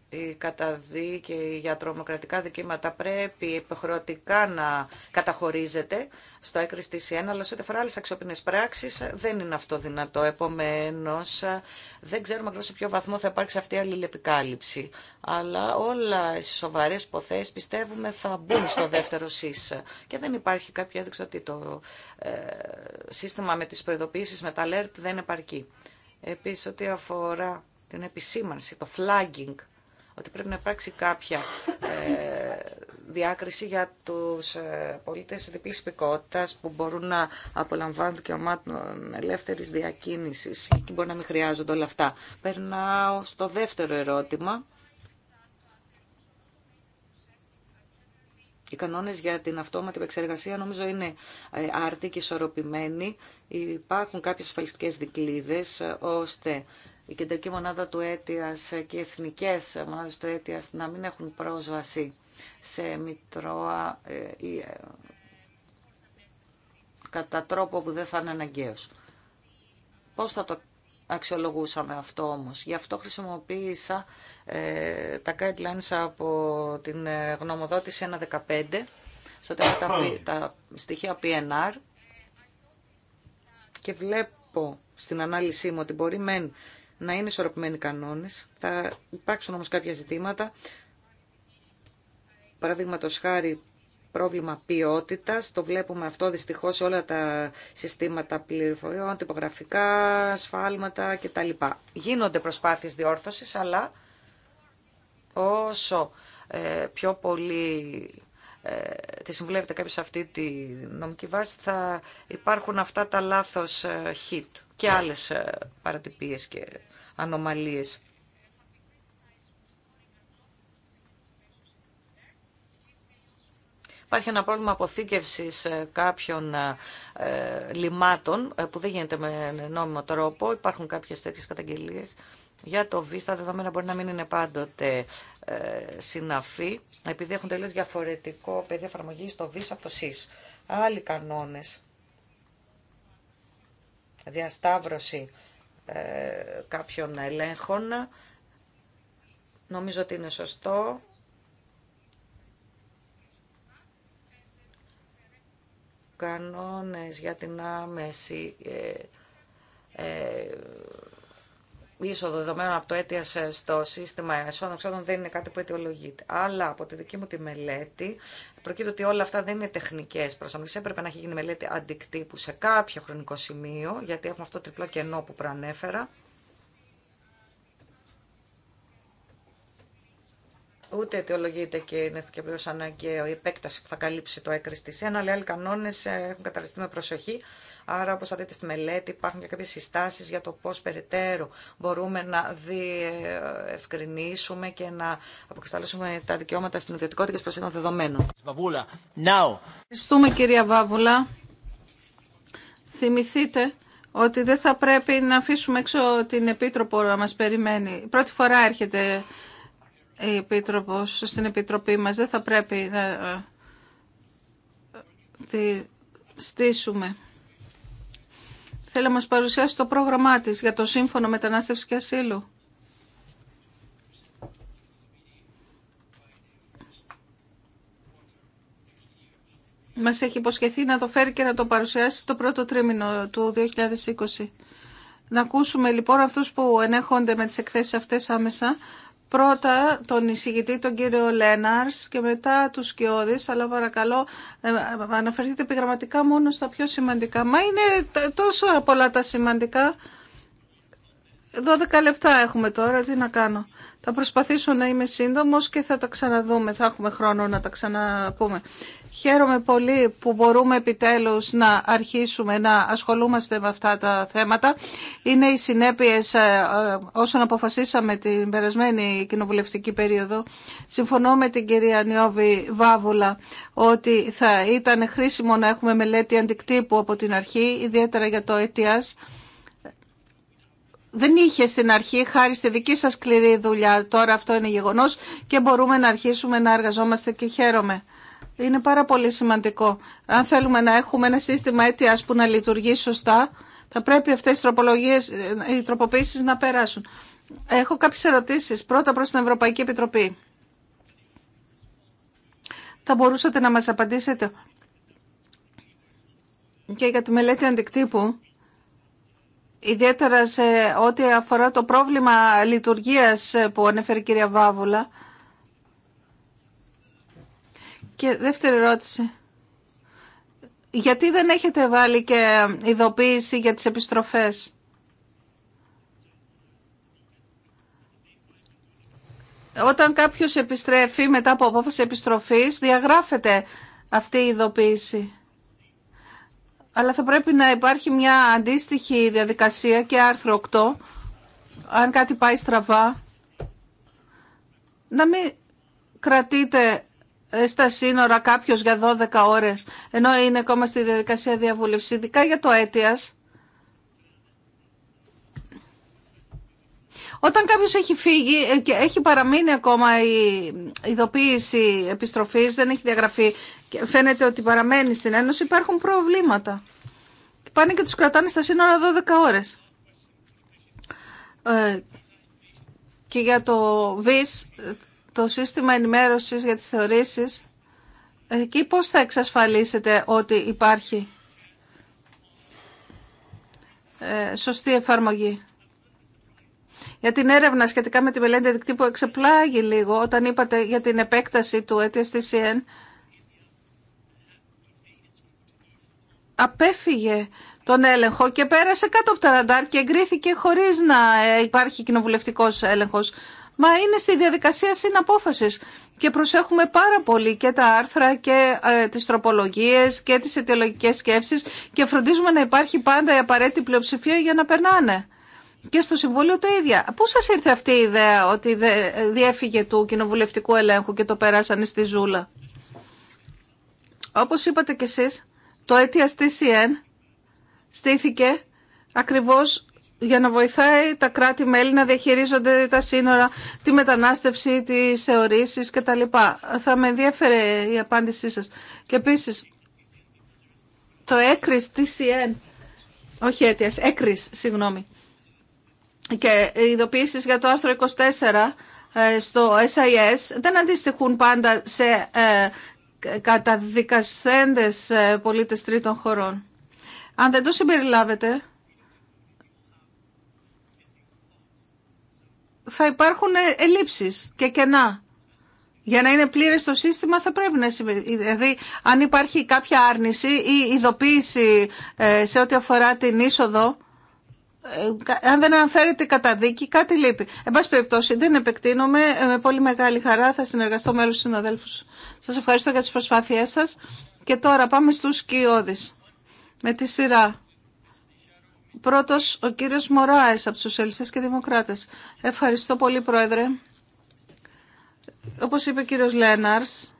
η καταδίκη για τρομοκρατικά δικήματα πρέπει υποχρεωτικά να καταχωρίζεται στο έκρηστη ΣΥΕΝ, αλλά σε ό,τι αφορά άλλε αξιόπινε πράξει δεν είναι αυτό δυνατό. Επομένω, δεν ξέρουμε ακριβώ σε ποιο βαθμό θα υπάρξει αυτή η αλληλεπικάλυψη. Αλλά όλα οι σοβαρέ υποθέσει πιστεύουμε θα μπουν στο δεύτερο ΣΥΣ. Και δεν υπάρχει κάποια έδειξη ότι το ε, σύστημα με τι προειδοποιήσει, με τα alert δεν επαρκεί. Επίση, ό,τι αφορά την επισήμανση, το flagging, ότι πρέπει να υπάρξει κάποια ε, διάκριση για τους ε, πολίτες διπλής υπηκότητας που μπορούν να απολαμβάνουν δικαιωμάτων ελεύθερης διακίνησης και μπορεί να μην χρειάζονται όλα αυτά. Περνάω στο δεύτερο ερώτημα. Οι κανόνε για την αυτόματη επεξεργασία νομίζω είναι ε, άρτη και ισορροπημένοι. Υπάρχουν κάποιε ασφαλιστικέ δικλείδε ε, ώστε η κεντρική μονάδα του αίτιας και οι εθνικές μονάδες του αίτιας να μην έχουν πρόσβαση σε μητρώα ε, ε, κατά τρόπο που δεν θα είναι αναγκαίος. Πώς θα το αξιολογούσαμε αυτό όμως. Γι' αυτό χρησιμοποίησα ε, τα guidelines από την γνωμοδότηση 1.15 στο τέλος τα, τα στοιχεία PNR και βλέπω στην ανάλυση μου ότι μπορεί μεν να είναι ισορροπημένοι οι κανόνες. Θα υπάρξουν όμως κάποια ζητήματα. Παραδείγματο χάρη πρόβλημα ποιότητα, Το βλέπουμε αυτό δυστυχώς σε όλα τα συστήματα πληροφοριών, τυπογραφικά, σφάλματα κτλ. Γίνονται προσπάθειες διόρθωσης, αλλά όσο ε, πιο πολύ ε, τη συμβουλεύεται κάποιο σε αυτή τη νομική βάση, θα υπάρχουν αυτά τα λάθο ε, hit και άλλες ε, παρατυπίες και ανομαλίε. Υπάρχει ένα πρόβλημα αποθήκευσης κάποιων λιμάτων που δεν γίνεται με νόμιμο τρόπο. Υπάρχουν κάποιες τέτοιες καταγγελίες. Για το ΒΙΣ τα δεδομένα μπορεί να μην είναι πάντοτε ε, συναφή, επειδή έχουν τελείως διαφορετικό πεδίο εφαρμογή στο ΒΙΣ από το ΣΥΣ. Άλλοι κανόνες, διασταύρωση ε, κάποιων ελέγχων, νομίζω ότι είναι σωστό. Κανόνες για την άμεση ε, ε, είσοδο δεδομένων από το αίτια ε, στο σύστημα εσόδων-εξόδων δεν είναι κάτι που αιτιολογείται. Αλλά από τη δική μου τη μελέτη προκύπτει ότι όλα αυτά δεν είναι τεχνικέ προσαρμογέ. Έπρεπε να έχει γίνει μελέτη αντικτύπου σε κάποιο χρονικό σημείο, γιατί έχουμε αυτό το τριπλό κενό που προανέφερα. Ούτε αιτιολογείται και είναι και πλήρω αναγκαίο η επέκταση που θα καλύψει το έκρηστη σένα, αλλά οι άλλοι κανόνε ε, έχουν καταρριστεί με προσοχή Άρα, όπω θα δείτε στη μελέτη, υπάρχουν και κάποιες συστάσεις για το πώ περαιτέρω μπορούμε να διευκρινίσουμε και να αποκρισταλώσουμε τα δικαιώματα στην ιδιωτικότητα και στις των δεδομένων. Βαβούλα, now. Ευχαριστούμε κυρία Βάβουλα. Θυμηθείτε ότι δεν θα πρέπει να αφήσουμε έξω την Επίτροπο να μας περιμένει. Πρώτη φορά έρχεται η Επίτροπο στην Επιτροπή μας. Δεν θα πρέπει να ε, τη στήσουμε θέλει να μας παρουσιάσει το πρόγραμμά της για το Σύμφωνο Μετανάστευσης και Ασύλου. Μας έχει υποσχεθεί να το φέρει και να το παρουσιάσει το πρώτο τρίμηνο του 2020. Να ακούσουμε λοιπόν αυτούς που ενέχονται με τις εκθέσεις αυτές άμεσα πρώτα τον εισηγητή, τον κύριο Λέναρς και μετά του Σκιώδης, αλλά παρακαλώ ε, αναφερθείτε επιγραμματικά μόνο στα πιο σημαντικά. Μα είναι τόσο πολλά τα σημαντικά. 12 λεπτά έχουμε τώρα, τι να κάνω. Θα προσπαθήσω να είμαι σύντομος και θα τα ξαναδούμε, θα έχουμε χρόνο να τα ξαναπούμε. Χαίρομαι πολύ που μπορούμε επιτέλους να αρχίσουμε να ασχολούμαστε με αυτά τα θέματα. Είναι οι συνέπειες ε, ε, όσων αποφασίσαμε την περασμένη κοινοβουλευτική περίοδο. Συμφωνώ με την κυρία Νιώβη Βάβουλα ότι θα ήταν χρήσιμο να έχουμε μελέτη αντικτύπου από την αρχή, ιδιαίτερα για το ETIAS δεν είχε στην αρχή χάρη στη δική σας σκληρή δουλειά. Τώρα αυτό είναι γεγονός και μπορούμε να αρχίσουμε να εργαζόμαστε και χαίρομαι. Είναι πάρα πολύ σημαντικό. Αν θέλουμε να έχουμε ένα σύστημα αίτιας που να λειτουργεί σωστά, θα πρέπει αυτές οι, τροπολογίες, ε, οι τροποποίησεις να περάσουν. Έχω κάποιες ερωτήσεις. Πρώτα προς την Ευρωπαϊκή Επιτροπή. Θα μπορούσατε να μας απαντήσετε και για τη μελέτη αντικτύπου ιδιαίτερα σε ό,τι αφορά το πρόβλημα λειτουργίας που ανέφερε η κυρία Βάβουλα. Και δεύτερη ερώτηση. Γιατί δεν έχετε βάλει και ειδοποίηση για τις επιστροφές. Όταν κάποιος επιστρέφει μετά από απόφαση επιστροφής, διαγράφεται αυτή η ειδοποίηση αλλά θα πρέπει να υπάρχει μια αντίστοιχη διαδικασία και άρθρο 8, αν κάτι πάει στραβά, να μην κρατείτε στα σύνορα κάποιος για 12 ώρες, ενώ είναι ακόμα στη διαδικασία διαβούλευση, ειδικά για το αίτιας, Όταν κάποιο έχει φύγει ε, και έχει παραμείνει ακόμα η ειδοποίηση επιστροφής, δεν έχει διαγραφεί και φαίνεται ότι παραμένει στην Ένωση, υπάρχουν προβλήματα. Πάνε και τους κρατάνε στα σύνορα 12 ώρες. Ε, και για το ΒΙΣ, το σύστημα ενημέρωσης για τις θεωρήσεις, εκεί πώς θα εξασφαλίσετε ότι υπάρχει ε, σωστή εφαρμογή για την έρευνα σχετικά με τη μελέτη που εξεπλάγει λίγο όταν είπατε για την επέκταση του ETSTCN. Απέφυγε τον έλεγχο και πέρασε κάτω από τα ραντάρ και εγκρίθηκε χωρίς να ε, υπάρχει κοινοβουλευτικός έλεγχος. Μα είναι στη διαδικασία συναπόφασης και προσέχουμε πάρα πολύ και τα άρθρα και ε, τις τροπολογίες και τις αιτιολογικές σκέψεις και φροντίζουμε να υπάρχει πάντα η απαραίτητη πλειοψηφία για να περνάνε και στο Συμβούλιο τα ίδια. Πώς σας ήρθε αυτή η ιδέα ότι διέφυγε του κοινοβουλευτικού ελέγχου και το περάσανε στη ζούλα. Όπως είπατε κι εσείς, το αίτια TCN στήθηκε ακριβώς για να βοηθάει τα κράτη-μέλη να διαχειρίζονται τα σύνορα, τη μετανάστευση, τις θεωρήσεις κτλ. Θα με ενδιαφέρε η απάντησή σας. Και επίσης, το έκρις TCN, όχι αίτιας, έκρις, συγγνώμη, και οι ειδοποιήσεις για το άρθρο 24 ε, στο SIS δεν αντιστοιχούν πάντα σε ε, καταδικασθέντες ε, πολίτες τρίτων χωρών. Αν δεν το συμπεριλάβετε, θα υπάρχουν ελλείψεις και κενά. Για να είναι πλήρες το σύστημα θα πρέπει να συμπεριλάβει. Δηλαδή, αν υπάρχει κάποια άρνηση ή ειδοποίηση σε ό,τι αφορά την είσοδο, ε, αν δεν αναφέρεται καταδίκη καταδίκη, κάτι λείπει. Εν πάση περιπτώσει, δεν επεκτείνομαι. Ε, με πολύ μεγάλη χαρά θα συνεργαστώ με όλου τους συναδέλφου. Σας ευχαριστώ για τις προσπάθειές σας. Και τώρα πάμε στους κοιόδη. Με τη σειρά. Πρώτος, ο κύριος Μωράε από τους Σοσιαλιστέ και Δημοκράτες. Ευχαριστώ πολύ, Πρόεδρε. Όπω είπε ο κύριος Λέναρς,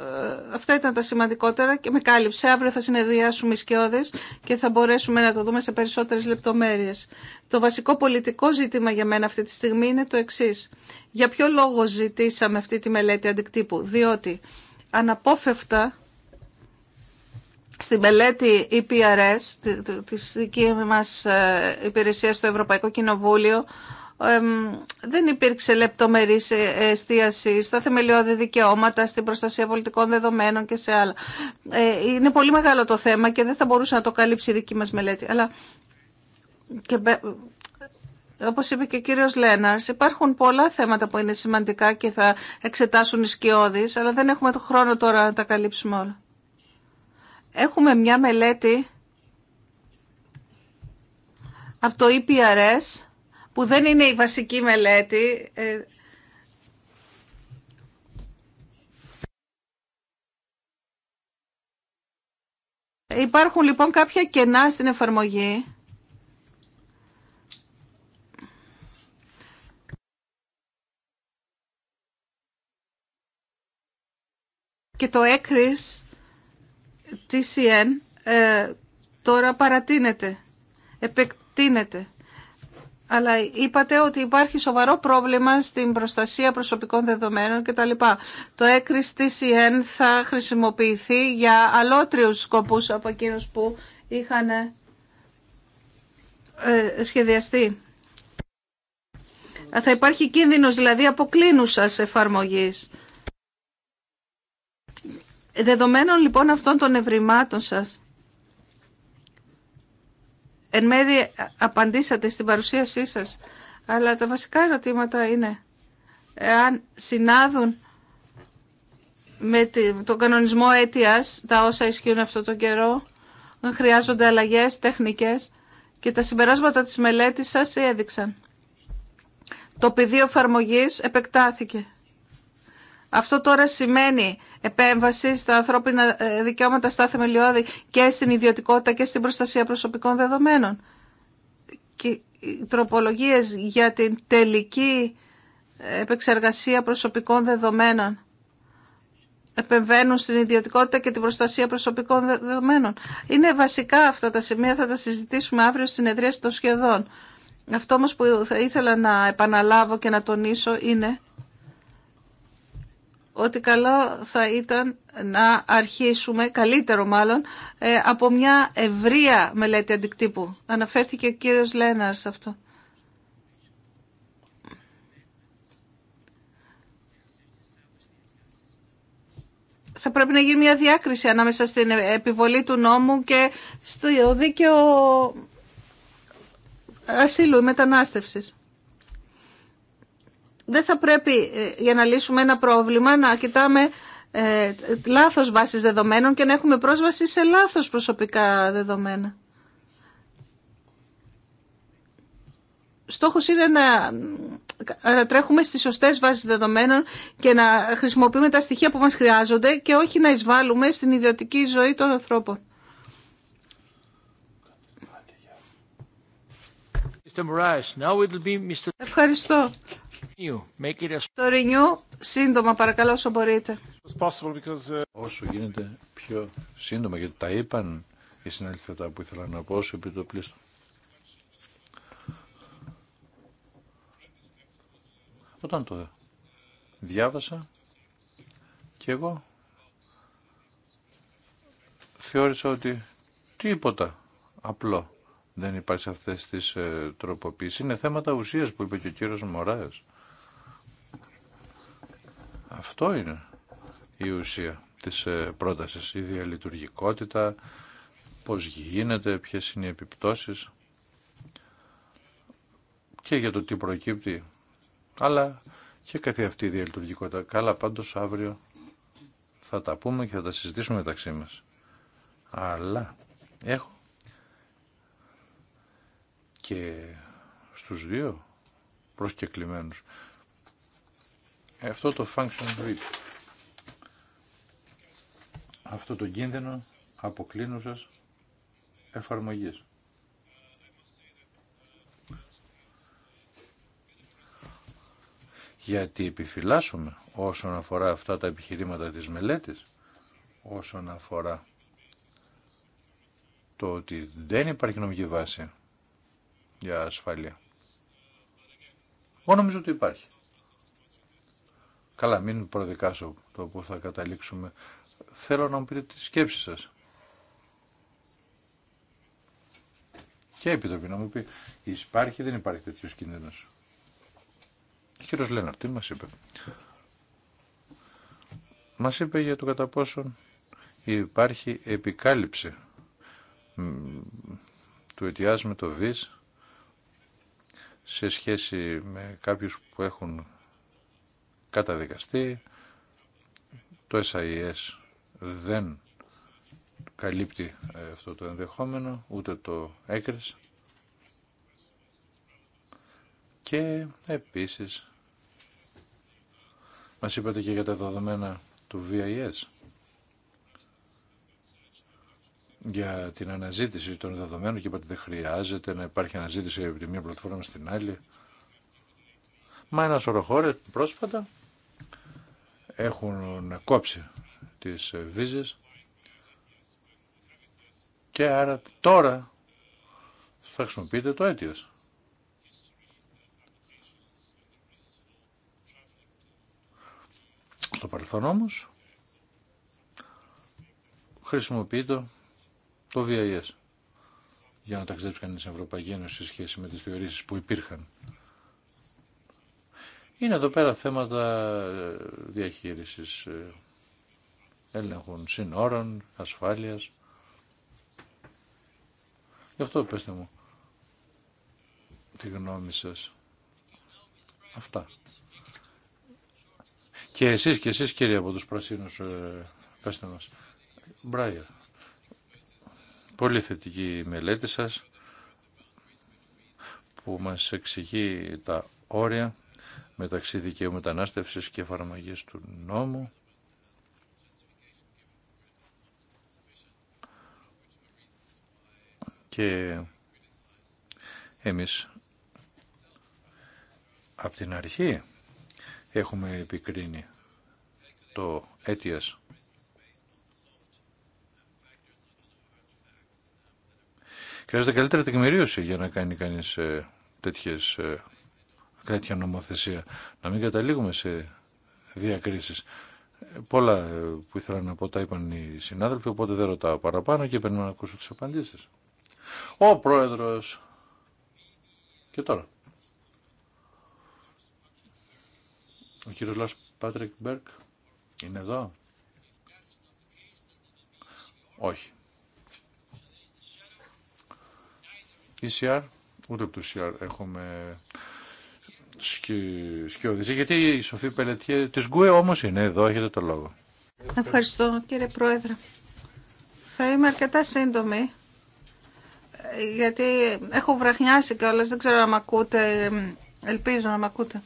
ε, αυτά ήταν τα σημαντικότερα και με κάλυψε. Αύριο θα συνεδριάσουμε σκιώδε και θα μπορέσουμε να το δούμε σε περισσότερες λεπτομέρειες. Το βασικό πολιτικό ζήτημα για μένα αυτή τη στιγμή είναι το εξή. Για ποιο λόγο ζητήσαμε αυτή τη μελέτη αντικτύπου. Διότι αναπόφευκτα στη μελέτη EPRS της δική μα ε, υπηρεσία στο Ευρωπαϊκό Κοινοβούλιο δεν υπήρξε λεπτομερή ε, εστίαση στα θεμελιώδη δικαιώματα, στην προστασία πολιτικών δεδομένων και σε άλλα. Ε, είναι πολύ μεγάλο το θέμα και δεν θα μπορούσε να το καλύψει η δική μας μελέτη. Αλλά και, όπως είπε και ο κύριος Λέναρς, υπάρχουν πολλά θέματα που είναι σημαντικά και θα εξετάσουν οι σκιώδεις, αλλά δεν έχουμε το χρόνο τώρα να τα καλύψουμε όλα. Έχουμε μια μελέτη από το EPRS, που δεν είναι η βασική μελέτη, ε, Υπάρχουν λοιπόν κάποια κενά στην εφαρμογή. Και το έκρις TCN ε, τώρα παρατείνεται, επεκτείνεται αλλά είπατε ότι υπάρχει σοβαρό πρόβλημα στην προστασία προσωπικών δεδομένων κτλ. Το έκρης TCN θα χρησιμοποιηθεί για αλότριους σκοπούς από εκείνους που είχαν ε, σχεδιαστεί. Θα υπάρχει κίνδυνος δηλαδή αποκλίνουσας εφαρμογής. Δεδομένων λοιπόν αυτών των ευρημάτων σας, εν μέρη απαντήσατε στην παρουσίασή σας, αλλά τα βασικά ερωτήματα είναι εάν συνάδουν με τον κανονισμό αίτιας τα όσα ισχύουν αυτό τον καιρό, αν χρειάζονται αλλαγές τεχνικές και τα συμπεράσματα της μελέτης σας έδειξαν. Το πεδίο εφαρμογή επεκτάθηκε. Αυτό τώρα σημαίνει επέμβαση στα ανθρώπινα ε, δικαιώματα, στα θεμελιώδη και στην ιδιωτικότητα και στην προστασία προσωπικών δεδομένων. Και οι τροπολογίες για την τελική επεξεργασία προσωπικών δεδομένων επεμβαίνουν στην ιδιωτικότητα και την προστασία προσωπικών δεδομένων. Είναι βασικά αυτά τα σημεία, θα τα συζητήσουμε αύριο στην εδρία των σχεδών. Αυτό όμως που ήθελα να επαναλάβω και να τονίσω είναι ότι καλό θα ήταν να αρχίσουμε, καλύτερο μάλλον, ε, από μια ευρεία μελέτη αντικτύπου. Αναφέρθηκε ο κύριος Λέναρ αυτό. Θα πρέπει να γίνει μια διάκριση ανάμεσα στην επιβολή του νόμου και στο δίκαιο ασύλου ή μετανάστευσης δεν θα πρέπει ε, για να λύσουμε ένα πρόβλημα να κοιτάμε ε, λάθος βάσεις δεδομένων και να έχουμε πρόσβαση σε λάθος προσωπικά δεδομένα. Στόχος είναι να, να τρέχουμε στις σωστές βάσεις δεδομένων και να χρησιμοποιούμε τα στοιχεία που μας χρειάζονται και όχι να εισβάλλουμε στην ιδιωτική ζωή των ανθρώπων. Ευχαριστώ. Το Renew, σύντομα παρακαλώ όσο μπορείτε. Όσο γίνεται πιο σύντομα, γιατί τα είπαν οι συνάδελφοι που ήθελα να πω, όσο το πλήστο. Όταν το διάβασα και εγώ θεώρησα ότι τίποτα απλό δεν υπάρχει σε αυτές τις ε, τροποποίησεις. Είναι θέματα ουσίας που είπε και ο κύριος Μωράς. Αυτό είναι η ουσία της ε, πρότασης, η διαλειτουργικότητα, πώς γίνεται, ποιες είναι οι επιπτώσεις και για το τι προκύπτει, αλλά και καθ' αυτή η διαλειτουργικότητα. Καλά πάντως αύριο θα τα πούμε και θα τα συζητήσουμε μεταξύ μας. Αλλά έχω και στους δύο προσκεκλημένους αυτό το function grid. Αυτό το κίνδυνο αποκλίνουσας εφαρμογής. Γιατί επιφυλάσσουμε όσον αφορά αυτά τα επιχειρήματα της μελέτης, όσον αφορά το ότι δεν υπάρχει νομική βάση για ασφάλεια. Εγώ νομίζω ότι υπάρχει. Καλά, μην προδικάσω το που θα καταλήξουμε. Θέλω να μου πείτε τη σκέψη σας. Και επιτροπή να μου πει, υπάρχει ή δεν υπάρχει τέτοιο κίνδυνο. Κύριο Λέναρτ, τι μα είπε. Μα είπε για το κατά πόσον υπάρχει επικάλυψη του αιτιάς με το ΒΙΣ σε σχέση με κάποιους που έχουν καταδικαστεί. Το SIS δεν καλύπτει ε, αυτό το ενδεχόμενο, ούτε το έκρισε Και επίσης μας είπατε και για τα δεδομένα του VIS για την αναζήτηση των δεδομένων και είπατε δεν χρειάζεται να υπάρχει αναζήτηση από τη μία πλατφόρμα στην άλλη. Μα ένα σωρό χώρες πρόσφατα έχουν κόψει τις βίζες και άρα τώρα θα χρησιμοποιείτε το αίτιος. Στο παρελθόν όμως χρησιμοποιείται το, το VIS για να ταξιδέψει κανείς στην Ευρωπαϊκή Ένωση σε σχέση με τις θεωρήσεις που υπήρχαν είναι εδώ πέρα θέματα ε, διαχείρισης ε, έλεγχων συνόρων, ασφάλειας. Γι' αυτό πέστε μου τη γνώμη σας. Αυτά. Και εσείς και εσείς κύριε από τους Πρασίνους, ε, πέστε μας. Μπράια. Πολύ θετική η μελέτη σας που μας εξηγεί τα όρια μεταξύ δικαίου μετανάστευσης και εφαρμογής του νόμου. Και εμείς από την αρχή έχουμε επικρίνει το αίτιας Χρειάζεται καλύτερη τεκμηρίωση για να κάνει κανείς ε, τέτοιες ε, κάποια νομοθεσία. Να μην καταλήγουμε σε διακρίσεις. Πολλά ε, που ήθελα να πω τα είπαν οι συνάδελφοι, οπότε δεν ρωτάω παραπάνω και παίρνω να ακούσω τις απαντήσεις. Ο Πρόεδρος. Και τώρα. Ο κύριος Λάς Πάτρικ Μπέρκ είναι εδώ. Όχι. ECR, ούτε από το ECR έχουμε σκιώδηση, γιατί η Σοφή Πελετιέ της Γκουέ όμως είναι εδώ, έχετε το λόγο. Ευχαριστώ κύριε Πρόεδρε. Θα είμαι αρκετά σύντομη, γιατί έχω βραχνιάσει όλες, δεν ξέρω να με ακούτε, ελπίζω να με ακούτε.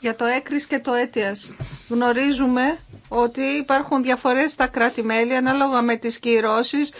Για το έκρης και το αίτιας. Γνωρίζουμε ότι υπάρχουν διαφορές στα κράτη-μέλη ανάλογα με τις κυρώσεις,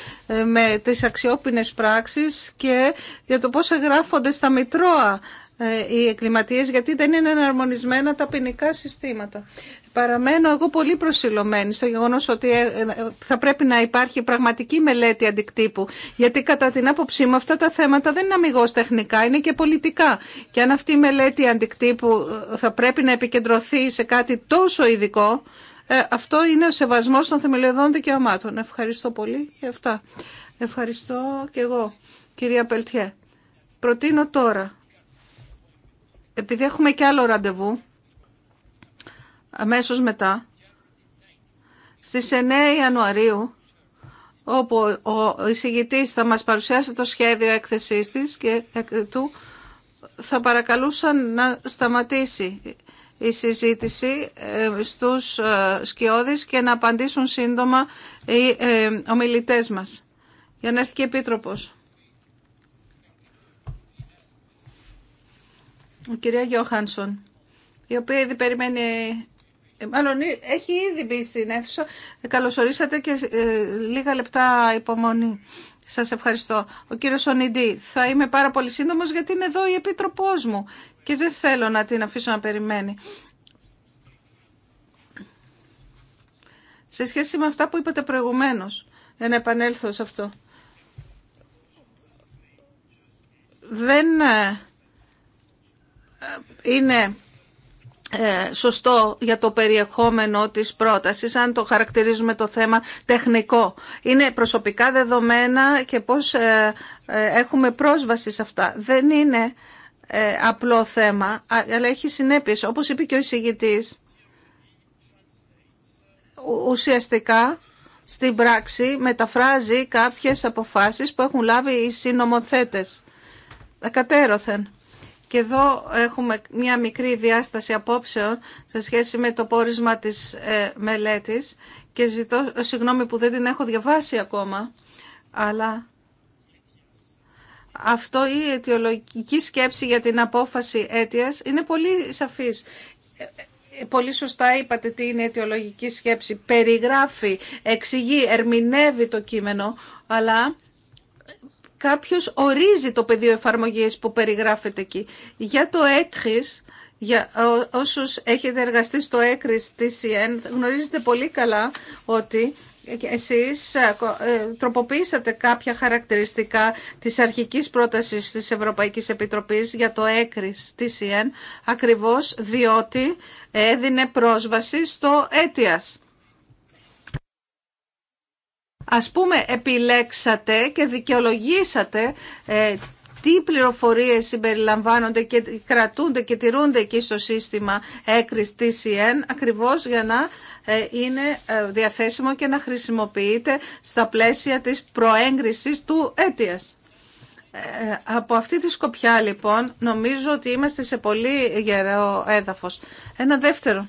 με τις αξιόπινες πράξεις και για το πώς εγγράφονται στα Μητρώα ε, οι εγκληματίες γιατί δεν είναι εναρμονισμένα τα ποινικά συστήματα. Παραμένω εγώ πολύ προσιλωμένη στο γεγονός ότι ε, ε, θα πρέπει να υπάρχει πραγματική μελέτη αντικτύπου γιατί κατά την άποψή μου αυτά τα θέματα δεν είναι αμυγός τεχνικά, είναι και πολιτικά και αν αυτή η μελέτη αντικτύπου θα πρέπει να επικεντρωθεί σε κάτι τόσο ειδικό αυτό είναι ο σεβασμός των θεμελιωδών δικαιωμάτων. Ευχαριστώ πολύ για αυτά. Ευχαριστώ και εγώ, κυρία Πελτιέ. Προτείνω τώρα επειδή έχουμε και άλλο ραντεβού αμέσως μετά, στις 9 Ιανουαρίου, όπου ο εισηγητής θα μας παρουσιάσει το σχέδιο έκθεσής της και του, θα παρακαλούσαν να σταματήσει η συζήτηση ε, στους ε, σκιώδεις και να απαντήσουν σύντομα οι ε, ομιλητές μας, για να έρθει και επίτροπος. η κυρία Γιώχανσον, η οποία ήδη περιμένει, ε, μάλλον έχει ήδη μπει στην αίθουσα. Ε, καλωσορίσατε και ε, λίγα λεπτά υπομονή. Σας ευχαριστώ. Ο κύριος Σονιντή, θα είμαι πάρα πολύ σύντομος γιατί είναι εδώ η Επίτροπός μου και δεν θέλω να την αφήσω να περιμένει. Σε σχέση με αυτά που είπατε προηγουμένως, για να επανέλθω σε αυτό. Δεν είναι ε, σωστό για το περιεχόμενο της πρότασης, αν το χαρακτηρίζουμε το θέμα τεχνικό. Είναι προσωπικά δεδομένα και πώς ε, ε, έχουμε πρόσβαση σε αυτά. Δεν είναι απλό θέμα, αλλά έχει συνέπειες. Όπως είπε και ο εισηγητής, ουσιαστικά στην πράξη μεταφράζει κάποιες αποφάσεις που έχουν λάβει οι συνομοθέτες. κατέρωθεν. Και εδώ έχουμε μια μικρή διάσταση απόψεων σε σχέση με το πόρισμα της ε, μελέτης και ζητώ συγγνώμη που δεν την έχω διαβάσει ακόμα, αλλά αυτό η αιτιολογική σκέψη για την απόφαση αίτιας είναι πολύ σαφής. Ε, ε, πολύ σωστά είπατε τι είναι αιτιολογική σκέψη. Περιγράφει, εξηγεί, ερμηνεύει το κείμενο, αλλά κάποιος ορίζει το πεδίο εφαρμογής που περιγράφεται εκεί. Για το έκρις, για όσους έχετε εργαστεί στο έκρις της ΙΕΝ, γνωρίζετε πολύ καλά ότι εσείς ε, ε, τροποποίησατε κάποια χαρακτηριστικά της αρχικής πρότασης της Ευρωπαϊκής Επιτροπής για το έκρης της ΙΕΝ, ακριβώς διότι έδινε πρόσβαση στο αίτιας. Ας πούμε επιλέξατε και δικαιολογήσατε ε, τι πληροφορίες συμπεριλαμβάνονται και κρατούνται και τηρούνται εκεί στο σύστημα έκρης TCN ακριβώς για να ε, είναι ε, διαθέσιμο και να χρησιμοποιείται στα πλαίσια της προέγκρισης του αίτιας. Από αυτή τη σκοπιά λοιπόν νομίζω ότι είμαστε σε πολύ γερό έδαφος. Ένα δεύτερο.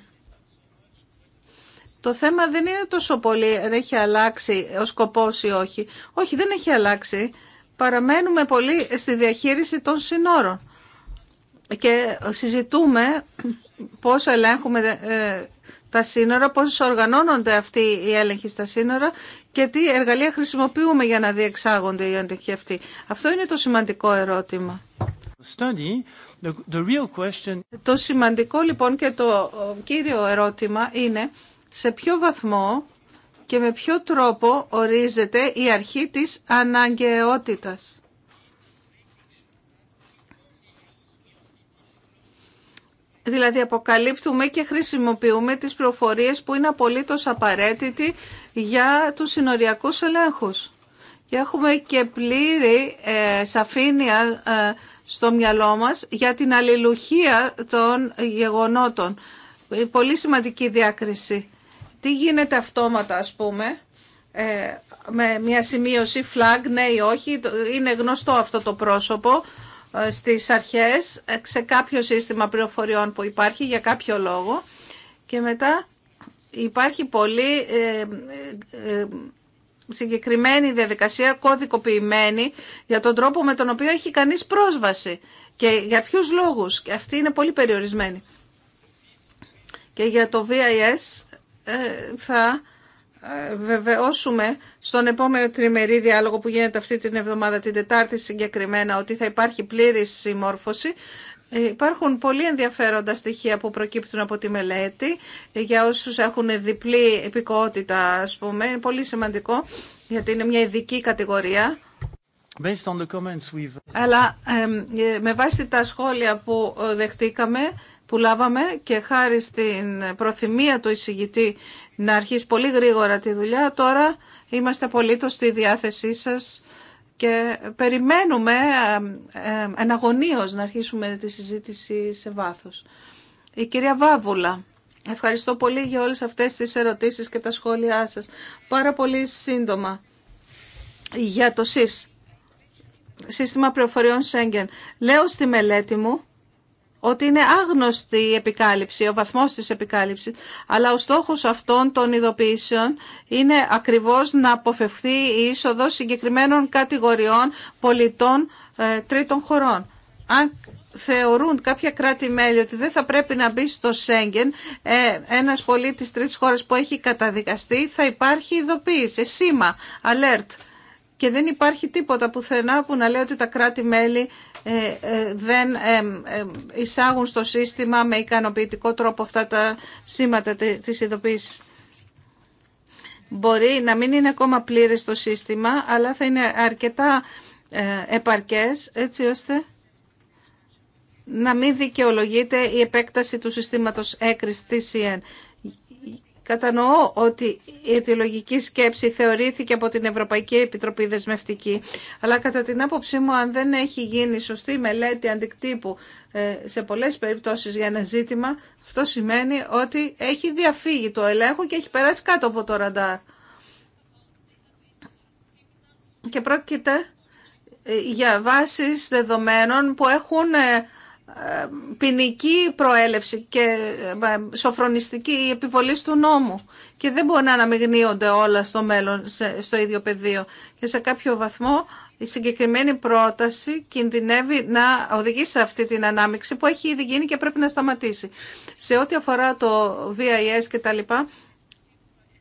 Το θέμα δεν είναι τόσο πολύ αν έχει αλλάξει ο σκοπός ή όχι. Όχι, δεν έχει αλλάξει. Παραμένουμε πολύ στη διαχείριση των συνόρων. Και συζητούμε πώς ελέγχουμε ε, τα σύνορα, πώς οργανώνονται αυτοί οι έλεγχοι στα σύνορα και τι εργαλεία χρησιμοποιούμε για να διεξάγονται οι έλεγχοι αυτοί. Αυτό είναι το σημαντικό ερώτημα. question... Το σημαντικό λοιπόν και το κύριο ερώτημα είναι σε ποιο βαθμό και με ποιο τρόπο ορίζεται η αρχή της αναγκαιότητας. Δηλαδή αποκαλύπτουμε και χρησιμοποιούμε τις προφορίες που είναι απολύτως απαραίτητοι για τους συνοριακούς ελέγχους. Και έχουμε και πλήρη ε, σαφήνεια ε, στο μυαλό μας για την αλληλουχία των γεγονότων. Πολύ σημαντική διάκριση. Τι γίνεται αυτόματα ας πούμε ε, με μια σημείωση flag, ναι ή όχι, είναι γνωστό αυτό το πρόσωπο ε, στις αρχές ε, σε κάποιο σύστημα πληροφοριών που υπάρχει για κάποιο λόγο και μετά υπάρχει πολύ συγκεκριμένη διαδικασία κωδικοποιημένη για τον τρόπο με τον οποίο έχει κανείς πρόσβαση και για ποιους λόγους και αυτή είναι πολύ περιορισμένη. Και για το VIS ε, θα ε, βεβαιώσουμε στον επόμενο τριμερή διάλογο που γίνεται αυτή την εβδομάδα, την Τετάρτη συγκεκριμένα, ότι θα υπάρχει πλήρη συμμόρφωση. Ε, υπάρχουν πολύ ενδιαφέροντα στοιχεία που προκύπτουν από τη μελέτη για όσους έχουν διπλή επικότητα, ας πούμε. Είναι πολύ σημαντικό γιατί είναι μια ειδική κατηγορία. Based Αλλά με βάση τα σχόλια που δεχτήκαμε, που λάβαμε και χάρη στην προθυμία του εισηγητή να αρχίσει πολύ γρήγορα τη δουλειά, τώρα είμαστε απολύτως στη διάθεσή σας και περιμένουμε ε, ε, εναγωνίως να αρχίσουμε τη συζήτηση σε βάθος. Η κυρία Βάβουλα, ευχαριστώ πολύ για όλες αυτές τις ερωτήσεις και τα σχόλιά σας. Πάρα πολύ σύντομα για το ΣΥΣ, Σύστημα Πληροφοριών Σέγγεν. Λέω στη μελέτη μου ότι είναι άγνωστη η επικάλυψη, ο βαθμός της επικάλυψης, αλλά ο στόχος αυτών των ειδοποιήσεων είναι ακριβώς να αποφευθεί η είσοδο συγκεκριμένων κατηγοριών πολιτών ε, τρίτων χωρών. Αν θεωρούν κάποια κράτη-μέλη ότι δεν θα πρέπει να μπει στο Σέγγεν ε, ένας πολίτης τρίτης χώρας που έχει καταδικαστεί, θα υπάρχει ειδοποίηση, σήμα, alert. Και δεν υπάρχει τίποτα πουθενά που να λέει ότι τα κράτη-μέλη ε, ε, δεν ε, εισάγουν στο σύστημα με ικανοποιητικό τρόπο αυτά τα σήματα της ειδοποίησης. Μπορεί να μην είναι ακόμα πλήρες το σύστημα, αλλά θα είναι αρκετά επαρκές, έτσι ώστε να μην δικαιολογείται η επέκταση του συστήματος έκρησης TCN. Κατανοώ ότι η αιτιολογική σκέψη θεωρήθηκε από την Ευρωπαϊκή Επιτροπή δεσμευτική, αλλά κατά την άποψή μου αν δεν έχει γίνει σωστή μελέτη αντικτύπου ε, σε πολλές περιπτώσεις για ένα ζήτημα, αυτό σημαίνει ότι έχει διαφύγει το ελέγχο και έχει περάσει κάτω από το ραντάρ. Και πρόκειται ε, για βάσεις δεδομένων που έχουν ε, ποινική προέλευση και ε, σοφρονιστική επιβολή του νόμου. Και δεν μπορεί να αναμειγνύονται όλα στο μέλλον, στο ίδιο πεδίο. Και σε κάποιο βαθμό η συγκεκριμένη πρόταση κινδυνεύει να οδηγήσει σε αυτή την ανάμειξη που έχει ήδη γίνει και πρέπει να σταματήσει. Σε ό,τι αφορά το VIS και τα λοιπά,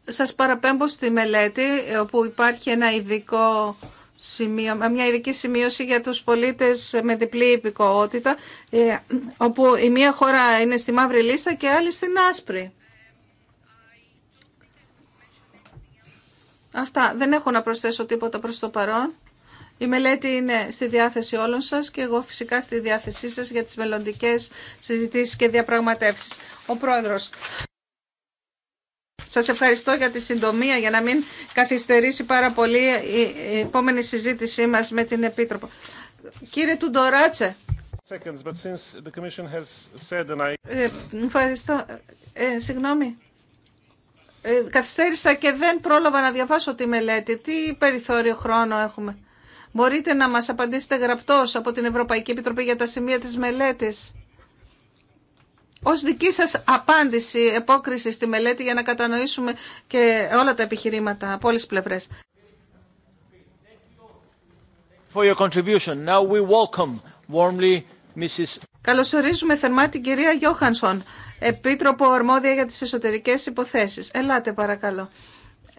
σας παραπέμπω στη μελέτη ε, όπου υπάρχει ένα ειδικό σημείο, μια ειδική σημείωση για τους πολίτες με διπλή υπηκοότητα, ε, όπου η μία χώρα είναι στη μαύρη λίστα και άλλη στην άσπρη. Αυτά. Δεν έχω να προσθέσω τίποτα προς το παρόν. Η μελέτη είναι στη διάθεση όλων σας και εγώ φυσικά στη διάθεσή σας για τις μελλοντικές συζητήσεις και διαπραγματεύσεις. Ο Πρόεδρος. Σας ευχαριστώ για τη συντομία για να μην καθυστερήσει πάρα πολύ η επόμενη συζήτησή μας με την Επίτροπο. Κύριε Τουντοράτσε. ευχαριστώ. Ε, συγγνώμη. Ε, καθυστέρησα και δεν πρόλαβα να διαβάσω τη μελέτη. Τι περιθώριο χρόνο έχουμε. Μπορείτε να μας απαντήσετε γραπτώς από την Ευρωπαϊκή Επιτροπή για τα σημεία της μελέτης ως δική σας απάντηση, επόκριση στη μελέτη για να κατανοήσουμε και όλα τα επιχειρήματα από όλες τις πλευρές. Καλωσορίζουμε θερμά την κυρία Γιώχανσον, Επίτροπο Ορμόδια για τις Εσωτερικές Υποθέσεις. Ελάτε παρακαλώ.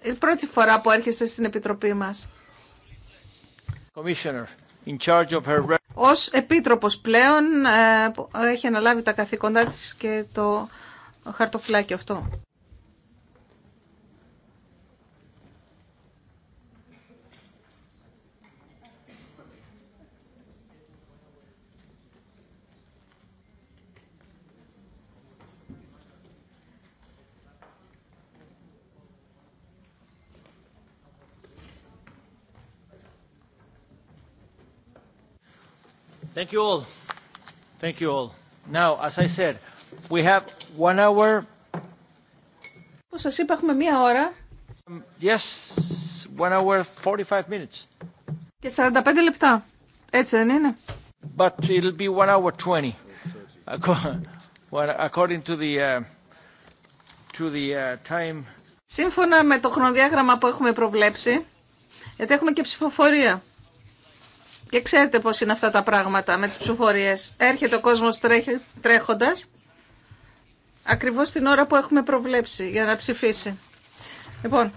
Η πρώτη φορά που έρχεστε στην Επιτροπή μας in charge Ως επίτροπος πλέον ε, έχει αναλάβει τα καθήκοντά της και το χαρτοφυλάκιο αυτό. Thank you all. Thank you all. Now, as I said, we have one hour. Όπως σας είπα, έχουμε μία ώρα. Um, yes, one hour, 45 minutes. Και 45 λεπτά. Έτσι δεν είναι. But it'll be one hour 20. According to the, uh, to the uh, time... Σύμφωνα με το χρονοδιάγραμμα που έχουμε προβλέψει, γιατί έχουμε και ψηφοφορία. Και ξέρετε πώς είναι αυτά τα πράγματα με τις ψηφορίες. Έρχεται ο κόσμος τρέχοντας, ακριβώς την ώρα που έχουμε προβλέψει για να ψηφίσει. Λοιπόν,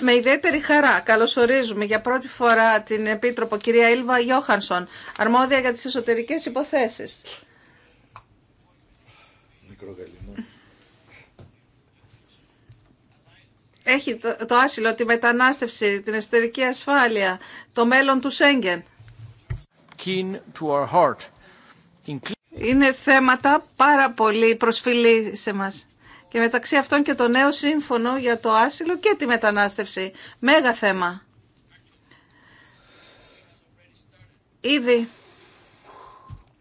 με ιδιαίτερη χαρά καλωσορίζουμε για πρώτη φορά την Επίτροπο κυρία Ήλβα Γιώχανσον, αρμόδια για τις εσωτερικές υποθέσεις. έχει το άσυλο, τη μετανάστευση, την εσωτερική ασφάλεια, το μέλλον του Σέγγεν. Είναι θέματα πάρα πολύ προσφυλή σε μας. Και μεταξύ αυτών και το νέο σύμφωνο για το άσυλο και τη μετανάστευση. Μέγα θέμα. Ήδη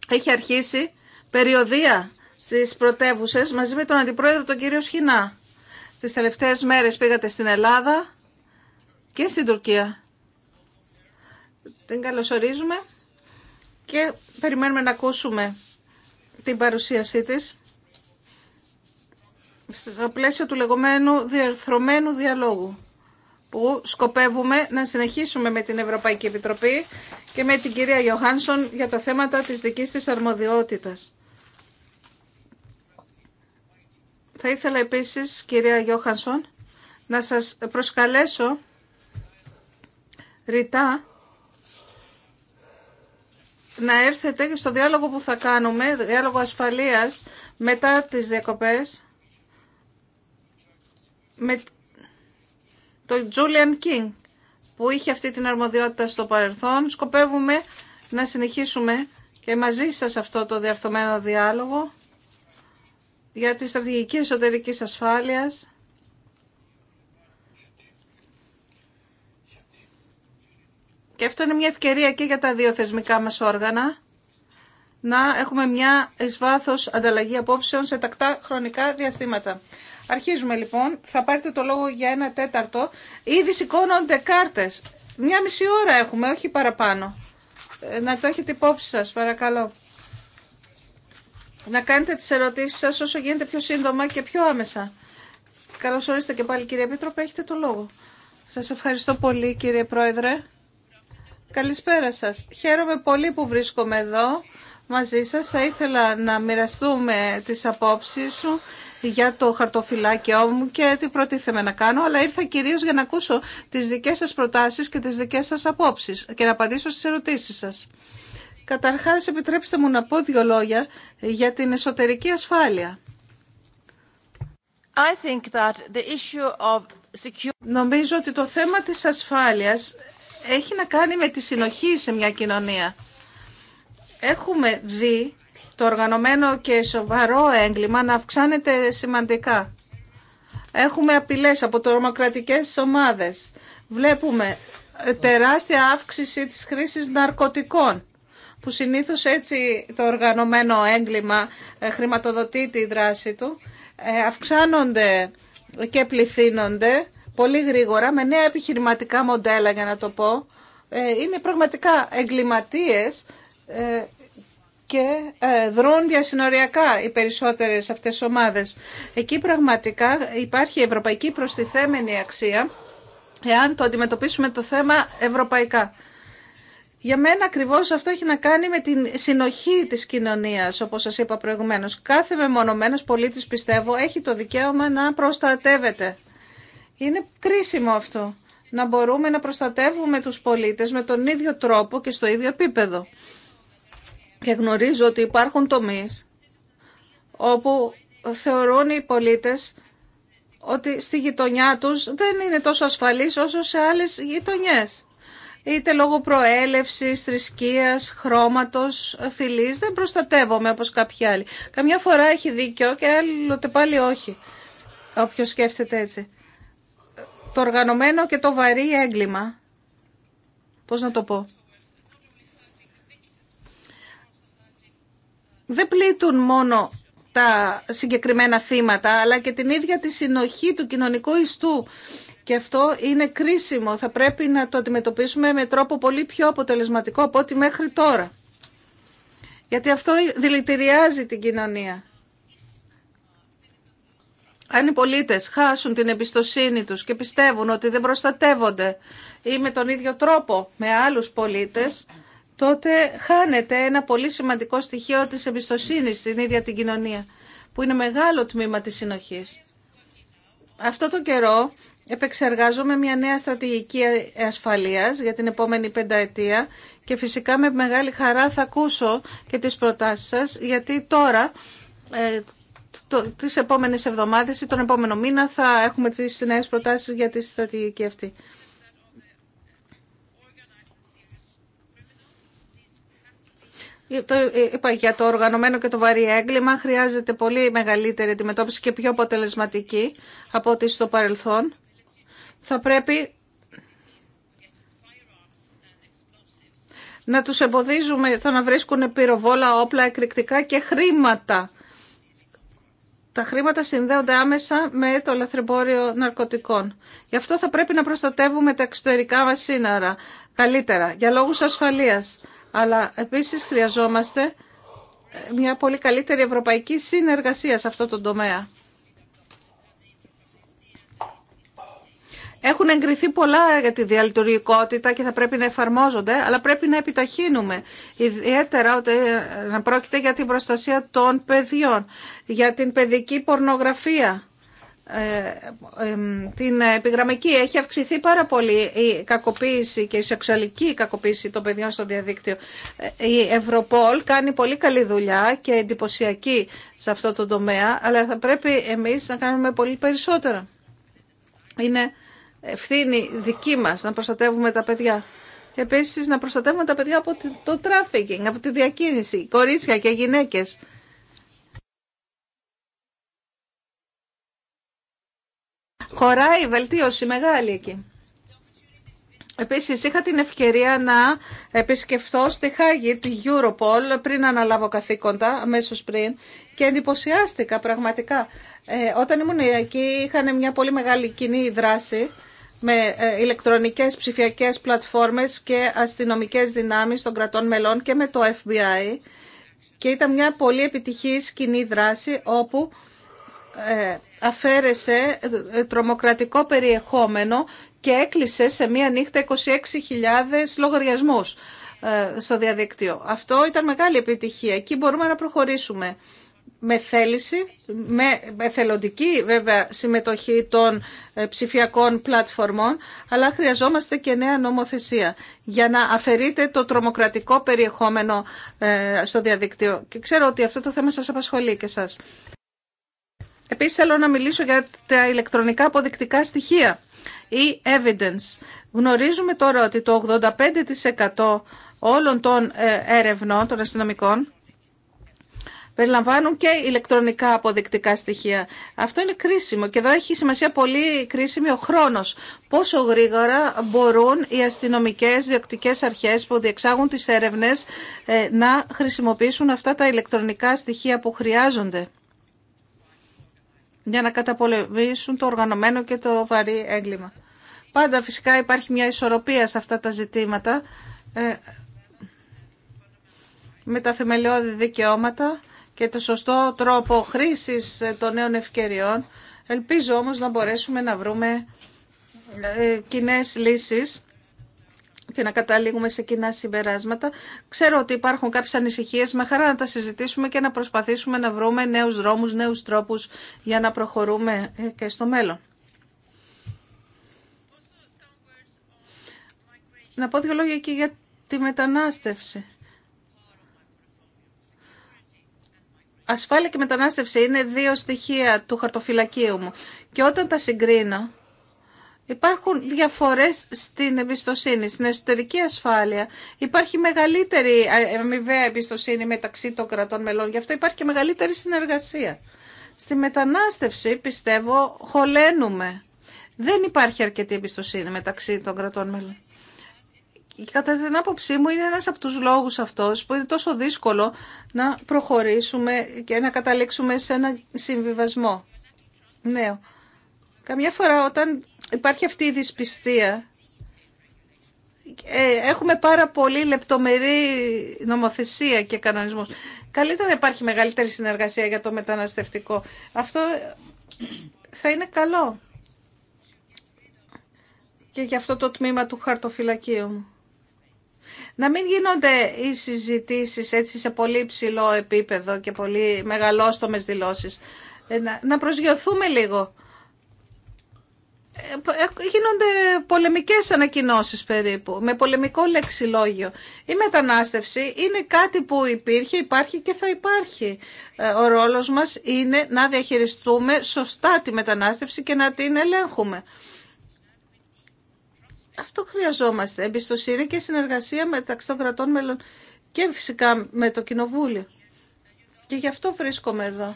έχει αρχίσει περιοδία στις πρωτεύουσες μαζί με τον Αντιπρόεδρο τον κύριο Σχοινά Τις τελευταίες μέρες πήγατε στην Ελλάδα και στην Τουρκία. Την καλωσορίζουμε και περιμένουμε να ακούσουμε την παρουσίασή της στο πλαίσιο του λεγόμενου διερθρωμένου διαλόγου που σκοπεύουμε να συνεχίσουμε με την Ευρωπαϊκή Επιτροπή και με την κυρία Γιωχάνσον για τα θέματα της δικής της αρμοδιότητας. Θα ήθελα επίσης, κυρία Γιώχανσον, να σας προσκαλέσω ρητά να έρθετε στο διάλογο που θα κάνουμε, διάλογο ασφαλείας μετά τις διακοπές με τον Τζούλιαν Κίνγκ που είχε αυτή την αρμοδιότητα στο παρελθόν. Σκοπεύουμε να συνεχίσουμε και μαζί σας αυτό το διαρθωμένο διάλογο για τη στρατηγική εσωτερική ασφάλεια. Και αυτό είναι μια ευκαιρία και για τα δύο θεσμικά μας όργανα να έχουμε μια εις βάθος ανταλλαγή απόψεων σε τακτά χρονικά διαστήματα. Αρχίζουμε λοιπόν, θα πάρετε το λόγο για ένα τέταρτο. Ήδη σηκώνονται κάρτες. Μια μισή ώρα έχουμε, όχι παραπάνω. Ε, να το έχετε υπόψη σας, παρακαλώ να κάνετε τις ερωτήσεις σας όσο γίνεται πιο σύντομα και πιο άμεσα. Καλώς ορίστε και πάλι κύριε Επίτροπε, έχετε το λόγο. Σας ευχαριστώ πολύ κύριε Πρόεδρε. Καλησπέρα σας. Χαίρομαι πολύ που βρίσκομαι εδώ μαζί σας. Θα ήθελα να μοιραστούμε τις απόψεις σου για το χαρτοφυλάκιό μου και τι προτίθεμαι να κάνω, αλλά ήρθα κυρίως για να ακούσω τις δικές σας προτάσεις και τις δικές σας απόψεις και να απαντήσω στις ερωτήσεις σας. Καταρχάς, επιτρέψτε μου να πω δύο λόγια για την εσωτερική ασφάλεια. I think the issue of Νομίζω ότι το θέμα της ασφάλειας έχει να κάνει με τη συνοχή σε μια κοινωνία. Έχουμε δει το οργανωμένο και σοβαρό έγκλημα να αυξάνεται σημαντικά. Έχουμε απειλές από τρομοκρατικές ομάδες. Βλέπουμε τεράστια αύξηση της χρήσης ναρκωτικών που συνήθως έτσι το οργανωμένο έγκλημα ε, χρηματοδοτεί τη δράση του, ε, αυξάνονται και πληθύνονται πολύ γρήγορα με νέα επιχειρηματικά μοντέλα για να το πω. Ε, είναι πραγματικά εγκληματίες και δρούν διασυνοριακά οι περισσότερες αυτές ομάδες. Εκεί πραγματικά υπάρχει ευρωπαϊκή προστιθέμενη αξία εάν το αντιμετωπίσουμε το θέμα ευρωπαϊκά. Για μένα ακριβώς αυτό έχει να κάνει με την συνοχή της κοινωνίας, όπως σας είπα προηγουμένως. Κάθε μεμονωμένος πολίτης, πιστεύω, έχει το δικαίωμα να προστατεύεται. Είναι κρίσιμο αυτό, να μπορούμε να προστατεύουμε τους πολίτες με τον ίδιο τρόπο και στο ίδιο επίπεδο. Και γνωρίζω ότι υπάρχουν τομείς όπου θεωρούν οι πολίτες ότι στη γειτονιά τους δεν είναι τόσο ασφαλής όσο σε άλλες γειτονιές είτε λόγω προέλευσης, θρησκείας, χρώματος, φυλής. Δεν προστατεύομαι όπως κάποιοι άλλοι. Καμιά φορά έχει δίκιο και άλλοτε πάλι όχι. Όποιος σκέφτεται έτσι. Το οργανωμένο και το βαρύ έγκλημα. Πώς να το πω. Δεν πλήττουν μόνο τα συγκεκριμένα θύματα, αλλά και την ίδια τη συνοχή του κοινωνικού ιστού και αυτό είναι κρίσιμο. Θα πρέπει να το αντιμετωπίσουμε με τρόπο πολύ πιο αποτελεσματικό από ό,τι μέχρι τώρα. Γιατί αυτό δηλητηριάζει την κοινωνία. Αν οι πολίτες χάσουν την εμπιστοσύνη τους και πιστεύουν ότι δεν προστατεύονται ή με τον ίδιο τρόπο με άλλους πολίτες, τότε χάνεται ένα πολύ σημαντικό στοιχείο της εμπιστοσύνης στην ίδια την κοινωνία, που είναι μεγάλο τμήμα της συνοχής. Αυτό το καιρό επεξεργάζομαι μια νέα στρατηγική ασφαλείας για την επόμενη πενταετία και φυσικά με μεγάλη χαρά θα ακούσω και τις προτάσεις σας γιατί τώρα ε, το, τις επόμενες εβδομάδες ή τον επόμενο μήνα θα έχουμε τις νέες προτάσεις για τη στρατηγική αυτή. Το, ε, είπα, για το οργανωμένο και το βαρύ έγκλημα χρειάζεται πολύ μεγαλύτερη αντιμετώπιση και πιο αποτελεσματική από ό,τι στο παρελθόν θα πρέπει να τους εμποδίζουμε στο να βρίσκουν πυροβόλα, όπλα, εκρηκτικά και χρήματα. Τα χρήματα συνδέονται άμεσα με το λαθρεμπόριο ναρκωτικών. Γι' αυτό θα πρέπει να προστατεύουμε τα εξωτερικά μας σύνορα καλύτερα, για λόγους ασφαλείας. Αλλά επίσης χρειαζόμαστε μια πολύ καλύτερη ευρωπαϊκή συνεργασία σε αυτό το τομέα. Έχουν εγκριθεί πολλά για τη διαλειτουργικότητα και θα πρέπει να εφαρμόζονται, αλλά πρέπει να επιταχύνουμε. Ιδιαίτερα ότι ε, να πρόκειται για την προστασία των παιδιών, για την παιδική πορνογραφία, ε, την επιγραμμική. Έχει αυξηθεί πάρα πολύ η κακοποίηση και η σεξουαλική κακοποίηση των παιδιών στο διαδίκτυο. Ε, η Ευρωπόλ κάνει πολύ καλή δουλειά και εντυπωσιακή σε αυτό το τομέα, αλλά θα πρέπει εμείς να κάνουμε πολύ περισσότερα. Είναι ευθύνη δική μας να προστατεύουμε τα παιδιά. επίσης να προστατεύουμε τα παιδιά από το τράφικινγκ, από τη διακίνηση, κορίτσια και γυναίκες. Χωράει βελτίωση μεγάλη εκεί. Επίσης είχα την ευκαιρία να επισκεφθώ στη Χάγη τη Europol πριν αναλάβω καθήκοντα, αμέσως πριν, και εντυπωσιάστηκα πραγματικά. Ε, όταν ήμουν εκεί είχαν μια πολύ μεγάλη κοινή δράση με ε, ηλεκτρονικές ψηφιακές πλατφόρμες και αστυνομικές δυνάμεις των κρατών μελών και με το FBI και ήταν μια πολύ επιτυχής κοινή δράση όπου ε, αφαίρεσε ε, τρομοκρατικό περιεχόμενο και έκλεισε σε μία νύχτα 26.000 λογαριασμούς στο διαδίκτυο. Αυτό ήταν μεγάλη επιτυχία. Εκεί μπορούμε να προχωρήσουμε με θέληση, με θελοντική βέβαια συμμετοχή των ε, ψηφιακών πλατφορμών, αλλά χρειαζόμαστε και νέα νομοθεσία για να αφαιρείτε το τρομοκρατικό περιεχόμενο ε, στο διαδικτύο. Και ξέρω ότι αυτό το θέμα σας απασχολεί και σας. Επίσης θέλω να μιλήσω για τα ηλεκτρονικά αποδεικτικά στοιχεία ή evidence. Γνωρίζουμε τώρα ότι το 85% όλων των ε, έρευνών των αστυνομικών περιλαμβάνουν και ηλεκτρονικά αποδεικτικά στοιχεία. Αυτό είναι κρίσιμο και εδώ έχει σημασία πολύ κρίσιμη ο χρόνος. Πόσο γρήγορα μπορούν οι αστυνομικές διοκτικές αρχές που διεξάγουν τις έρευνες ε, να χρησιμοποιήσουν αυτά τα ηλεκτρονικά στοιχεία που χρειάζονται για να καταπολεμήσουν το οργανωμένο και το βαρύ έγκλημα. Πάντα φυσικά υπάρχει μια ισορροπία σε αυτά τα ζητήματα ε, με τα θεμελιώδη δικαιώματα και το σωστό τρόπο χρήσης ε, των νέων ευκαιριών. Ελπίζω όμως να μπορέσουμε να βρούμε ε, κοινέ λύσεις και να καταλήγουμε σε κοινά συμπεράσματα. Ξέρω ότι υπάρχουν κάποιες ανησυχίες, με χαρά να τα συζητήσουμε και να προσπαθήσουμε να βρούμε νέους δρόμους, νέους τρόπους για να προχωρούμε ε, και στο μέλλον. Να πω δύο λόγια και για τη μετανάστευση. Ασφάλεια και μετανάστευση είναι δύο στοιχεία του χαρτοφυλακίου μου. Και όταν τα συγκρίνω, υπάρχουν διαφορές στην εμπιστοσύνη. Στην εσωτερική ασφάλεια υπάρχει μεγαλύτερη ε, αμοιβαία εμπιστοσύνη μεταξύ των κρατών μελών. Γι' αυτό υπάρχει και μεγαλύτερη συνεργασία. Στη μετανάστευση, πιστεύω, χωλένουμε. Δεν υπάρχει αρκετή εμπιστοσύνη μεταξύ των κρατών μελών κατά την άποψή μου είναι ένας από τους λόγους αυτός που είναι τόσο δύσκολο να προχωρήσουμε και να καταλήξουμε σε ένα συμβιβασμό. Ναι. Καμιά φορά όταν υπάρχει αυτή η δυσπιστία ε, έχουμε πάρα πολύ λεπτομερή νομοθεσία και κανονισμούς. Καλύτερα να υπάρχει μεγαλύτερη συνεργασία για το μεταναστευτικό. Αυτό θα είναι καλό. Και για αυτό το τμήμα του χαρτοφυλακίου μου να μην γίνονται οι συζητήσεις έτσι σε πολύ ψηλό επίπεδο και πολύ μεγαλόστομες δηλώσεις. Ε, να προσγειωθούμε λίγο. Ε, ε, γίνονται πολεμικές ανακοινώσεις περίπου, με πολεμικό λεξιλόγιο. Η μετανάστευση είναι κάτι που υπήρχε, υπάρχει και θα υπάρχει. Ο ρόλος μας είναι να διαχειριστούμε σωστά τη μετανάστευση και να την ελέγχουμε. Αυτό χρειαζόμαστε. Εμπιστοσύνη και συνεργασία μεταξύ των κρατών μελών και φυσικά με το Κοινοβούλιο. Και γι' αυτό βρίσκομαι εδώ.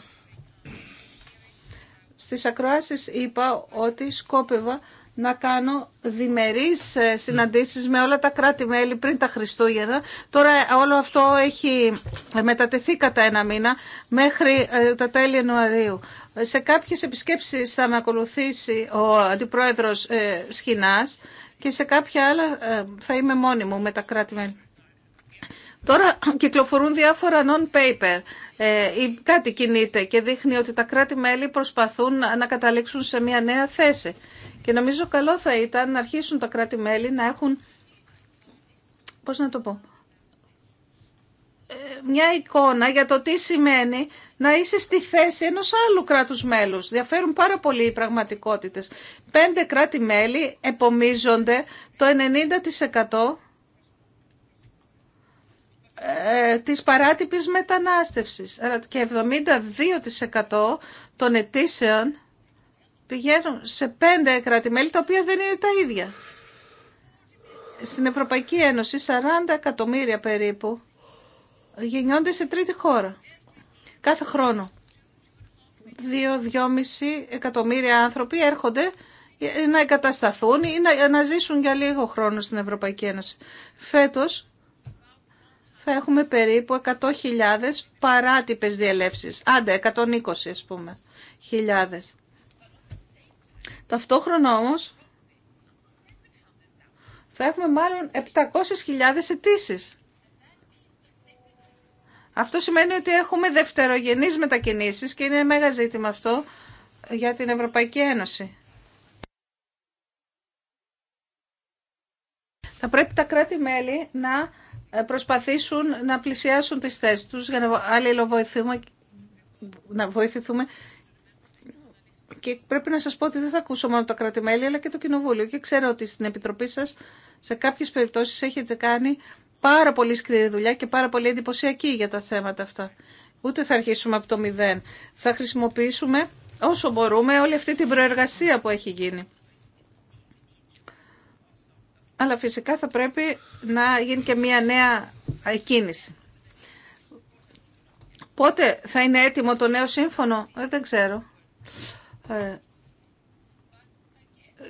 Στις ακροάσεις είπα ότι σκόπευα να κάνω διμερείς ε, συναντήσεις με όλα τα κράτη-μέλη πριν τα Χριστούγεννα. Τώρα όλο αυτό έχει ε, μετατεθεί κατά ένα μήνα μέχρι ε, τα τέλη Ιανουαρίου. Σε κάποιες επισκέψεις θα με ακολουθήσει ο Αντιπρόεδρος Σχοινάς και σε κάποια άλλα ε, θα είμαι μόνη μου με τα κράτη-μέλη. Τώρα κυκλοφορούν διάφορα non-paper. Ε, κάτι κινείται και δείχνει ότι τα κράτη-μέλη προσπαθούν να καταλήξουν σε μια νέα θέση. Και νομίζω καλό θα ήταν να αρχίσουν τα κράτη-μέλη να έχουν, πώς να το πω, μια εικόνα για το τι σημαίνει να είσαι στη θέση ενός άλλου κράτους μέλους. Διαφέρουν πάρα πολύ οι πραγματικότητες. Πέντε κράτη-μέλη επομίζονται το 90% ε, της παράτυπης μετανάστευσης ε, και 72% των αιτήσεων πηγαίνουν σε πέντε κράτη-μέλη τα οποία δεν είναι τα ίδια. Στην Ευρωπαϊκή Ένωση 40 εκατομμύρια περίπου γεννιόνται σε τρίτη χώρα. Κάθε Δύο, 2-2,5 εκατομμύρια άνθρωποι έρχονται να εγκατασταθούν ή να, ζήσουν για λίγο χρόνο στην Ευρωπαϊκή Ένωση. Φέτος θα έχουμε περίπου 100.000 παράτυπες διαλέψεις. Άντε, 120 ας πούμε, χιλιάδες. Ταυτόχρονα όμως θα έχουμε μάλλον 700.000 αιτήσει. Αυτό σημαίνει ότι έχουμε δευτερογενείς μετακινήσεις και είναι μεγάλο ζήτημα αυτό για την Ευρωπαϊκή Ένωση. Θα πρέπει τα κράτη-μέλη να ε, προσπαθήσουν να πλησιάσουν τις θέσεις τους για να αλληλοβοηθούμε να βοηθηθούμε και πρέπει να σας πω ότι δεν θα ακούσω μόνο τα κράτη-μέλη αλλά και το Κοινοβούλιο και ξέρω ότι στην Επιτροπή σας σε κάποιες περιπτώσεις έχετε κάνει πάρα πολύ σκληρή δουλειά και πάρα πολύ εντυπωσιακή για τα θέματα αυτά. Ούτε θα αρχίσουμε από το μηδέν. Θα χρησιμοποιήσουμε όσο μπορούμε όλη αυτή την προεργασία που έχει γίνει. Αλλά φυσικά θα πρέπει να γίνει και μια νέα κίνηση. Πότε θα είναι έτοιμο το νέο σύμφωνο, δεν ξέρω. Ε,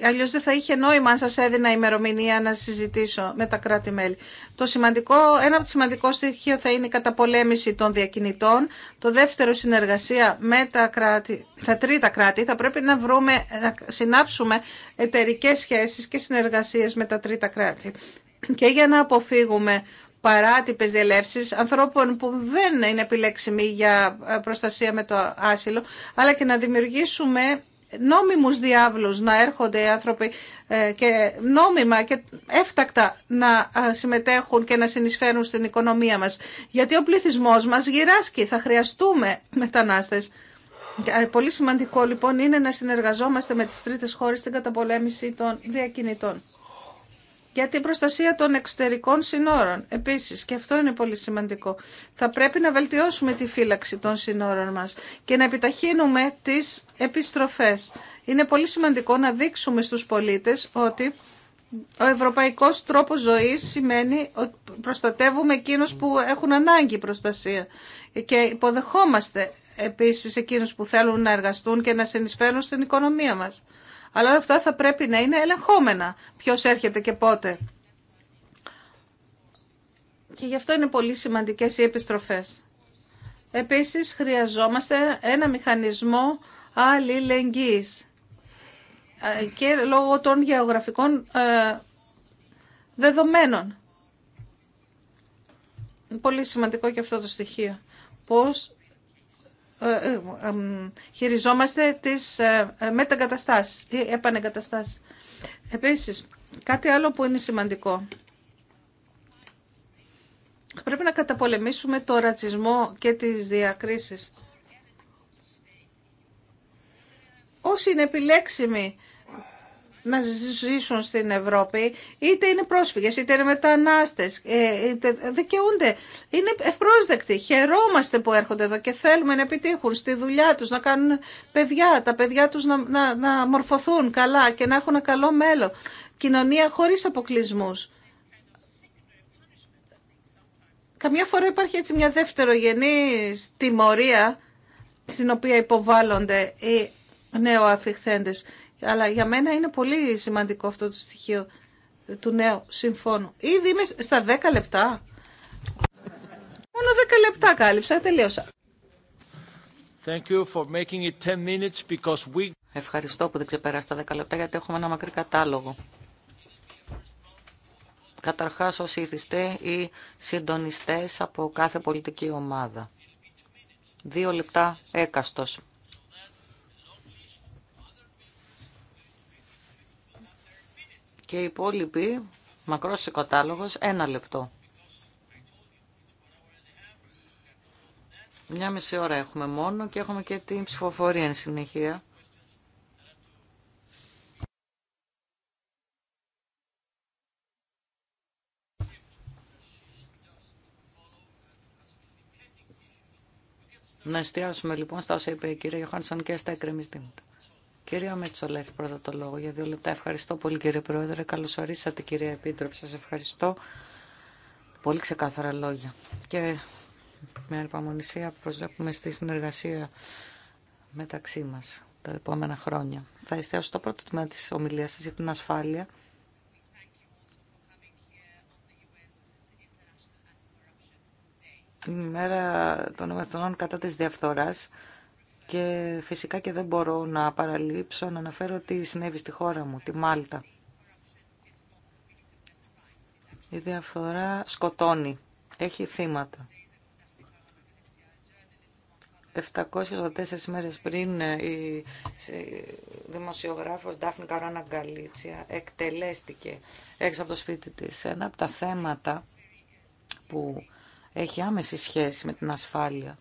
Αλλιώ δεν θα είχε νόημα αν σα έδινα ημερομηνία να συζητήσω με τα κράτη-μέλη. Το σημαντικό, ένα από τα σημαντικό στοιχείο θα είναι η καταπολέμηση των διακινητών. Το δεύτερο, συνεργασία με τα, κράτη, τα τρίτα κράτη. Θα πρέπει να, βρούμε, να συνάψουμε εταιρικέ σχέσει και συνεργασίε με τα τρίτα κράτη. Και για να αποφύγουμε παράτυπε διελεύσει ανθρώπων που δεν είναι επιλέξιμοι για προστασία με το άσυλο, αλλά και να δημιουργήσουμε νόμιμους διάβλους να έρχονται οι άνθρωποι ε, και νόμιμα και έφτακτα να συμμετέχουν και να συνεισφέρουν στην οικονομία μας. Γιατί ο πληθυσμός μας γυράσκει, θα χρειαστούμε μετανάστες. Ε, πολύ σημαντικό λοιπόν είναι να συνεργαζόμαστε με τις τρίτες χώρες στην καταπολέμηση των διακινητών για την προστασία των εξωτερικών συνόρων. Επίσης, και αυτό είναι πολύ σημαντικό, θα πρέπει να βελτιώσουμε τη φύλαξη των συνόρων μας και να επιταχύνουμε τις επιστροφές. Είναι πολύ σημαντικό να δείξουμε στους πολίτες ότι ο ευρωπαϊκός τρόπος ζωής σημαίνει ότι προστατεύουμε εκείνους που έχουν ανάγκη προστασία και υποδεχόμαστε επίσης εκείνους που θέλουν να εργαστούν και να συνεισφέρουν στην οικονομία μας. Αλλά όλα αυτά θα πρέπει να είναι ελεγχόμενα. Ποιος έρχεται και πότε. Και γι' αυτό είναι πολύ σημαντικές οι επιστροφές. Επίσης χρειαζόμαστε ένα μηχανισμό αλληλεγγύης ε, και λόγω των γεωγραφικών ε, δεδομένων. πολύ σημαντικό και αυτό το στοιχείο. Πώς ε, ε, χειριζόμαστε τις ε, μεταγκαταστάσεις, ή επανεγκαταστάσεις. Επίσης, κάτι άλλο που είναι σημαντικό. Πρέπει να καταπολεμήσουμε το ρατσισμό και τις διακρίσεις. Όσοι είναι επιλέξιμοι να ζήσουν στην Ευρώπη, είτε είναι πρόσφυγες, είτε είναι μετανάστες, ε, είτε δικαιούνται. Είναι ευπρόσδεκτοι. Χαιρόμαστε που έρχονται εδώ και θέλουμε να επιτύχουν στη δουλειά τους, να κάνουν παιδιά, τα παιδιά τους να, να, μορφωθούν καλά και να έχουν ένα καλό μέλλον. Κοινωνία χωρίς αποκλεισμού. Καμιά φορά υπάρχει έτσι μια δευτερογενή τιμωρία στην οποία υποβάλλονται οι νέο αλλά για μένα είναι πολύ σημαντικό αυτό το στοιχείο του νέου συμφώνου. Ήδη είμαι στα 10 λεπτά. Μόνο 10 λεπτά κάλυψα, τελείωσα. Thank you for making it 10 minutes because we... Ευχαριστώ που δεν ξεπεράσει τα 10 λεπτά γιατί έχουμε ένα μακρύ κατάλογο. Καταρχάς όσοι ήθιστε ή συντονιστές από κάθε πολιτική ομάδα. Δύο λεπτά έκαστος Και οι υπόλοιποι, μακρός οικοτάλογο, ένα λεπτό. Μια μισή ώρα έχουμε μόνο και έχουμε και την ψηφοφορία εν συνεχεία. Να εστιάσουμε λοιπόν στα όσα είπε η κυρία Γιωχάννησον και στα εκκρεμιστήματα. Κυρία Μετσόλα, έχει πρώτα το λόγο για δύο λεπτά. Ευχαριστώ πολύ κύριε Πρόεδρε. Καλώς ορίσατε κυρία Επίτροπη. Σας ευχαριστώ. Πολύ ξεκάθαρα λόγια. Και με ανυπαμονησία προσβλέπουμε στη συνεργασία μεταξύ μας τα επόμενα χρόνια. Θα εστιάσω στο πρώτο τμήμα της ομιλίας σας για την ασφάλεια. Η μέρα των Ηνωμένων κατά της διαφθοράς και φυσικά και δεν μπορώ να παραλείψω να αναφέρω τι συνέβη στη χώρα μου, τη Μάλτα. Η διαφθορά σκοτώνει. Έχει θύματα. 784 μέρες πριν ε, η δημοσιογράφος Ντάφνη Καρόνα Γκαλίτσια εκτελέστηκε έξω από το σπίτι της. Ένα από τα θέματα που έχει άμεση σχέση με την ασφάλεια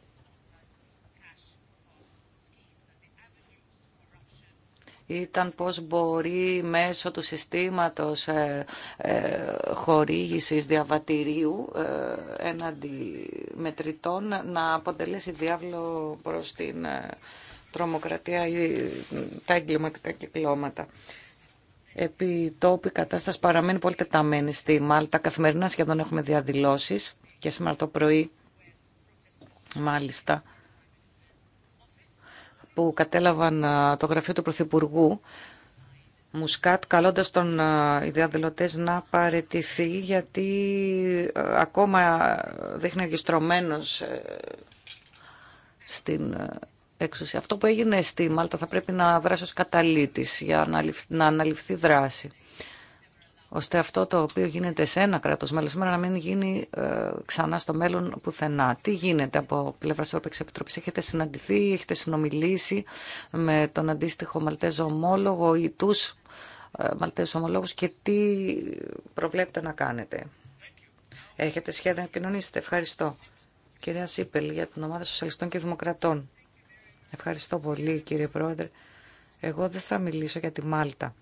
ήταν πώς μπορεί μέσω του συστήματος ε, ε, χορήγησης διαβατηρίου ε, έναντι μετρητών να αποτελέσει διάβλο προς την τρομοκρατία ή τα εγκληματικά κυκλώματα. Επί τόπου η κατάσταση παραμένει πολύ τεταμένη στη Μάλτα. Καθημερινά σχεδόν έχουμε διαδηλώσεις και σήμερα το πρωί μάλιστα που κατέλαβαν το γραφείο του Πρωθυπουργού Μουσκάτ, καλώντας τον διαδηλωτέ να παρετηθεί, γιατί ακόμα δείχνει αγκιστρωμένο ε, στην ε, έξωση. Αυτό που έγινε στη Μάλτα θα πρέπει να δράσει ως καταλήτης για να αναλυφθεί δράση ώστε αυτό το οποίο γίνεται σε ένα κράτος μέλος σήμερα να μην γίνει ε, ξανά στο μέλλον πουθενά. Τι γίνεται από πλευρά της Ευρωπαϊκής Επιτροπής. Έχετε συναντηθεί, έχετε συνομιλήσει με τον αντίστοιχο Μαλτέζο ομόλογο ή τους ε, Μαλτέζους ομολόγους και τι προβλέπετε να κάνετε. Έχετε σχέδια να επικοινωνήσετε. Ευχαριστώ. Κυρία Σίπελ για την ομάδα Σοσιαλιστών και Δημοκρατών. Ευχαριστώ πολύ κύριε Πρόεδρε. Εγώ δεν θα μιλήσω για τη Μάλτα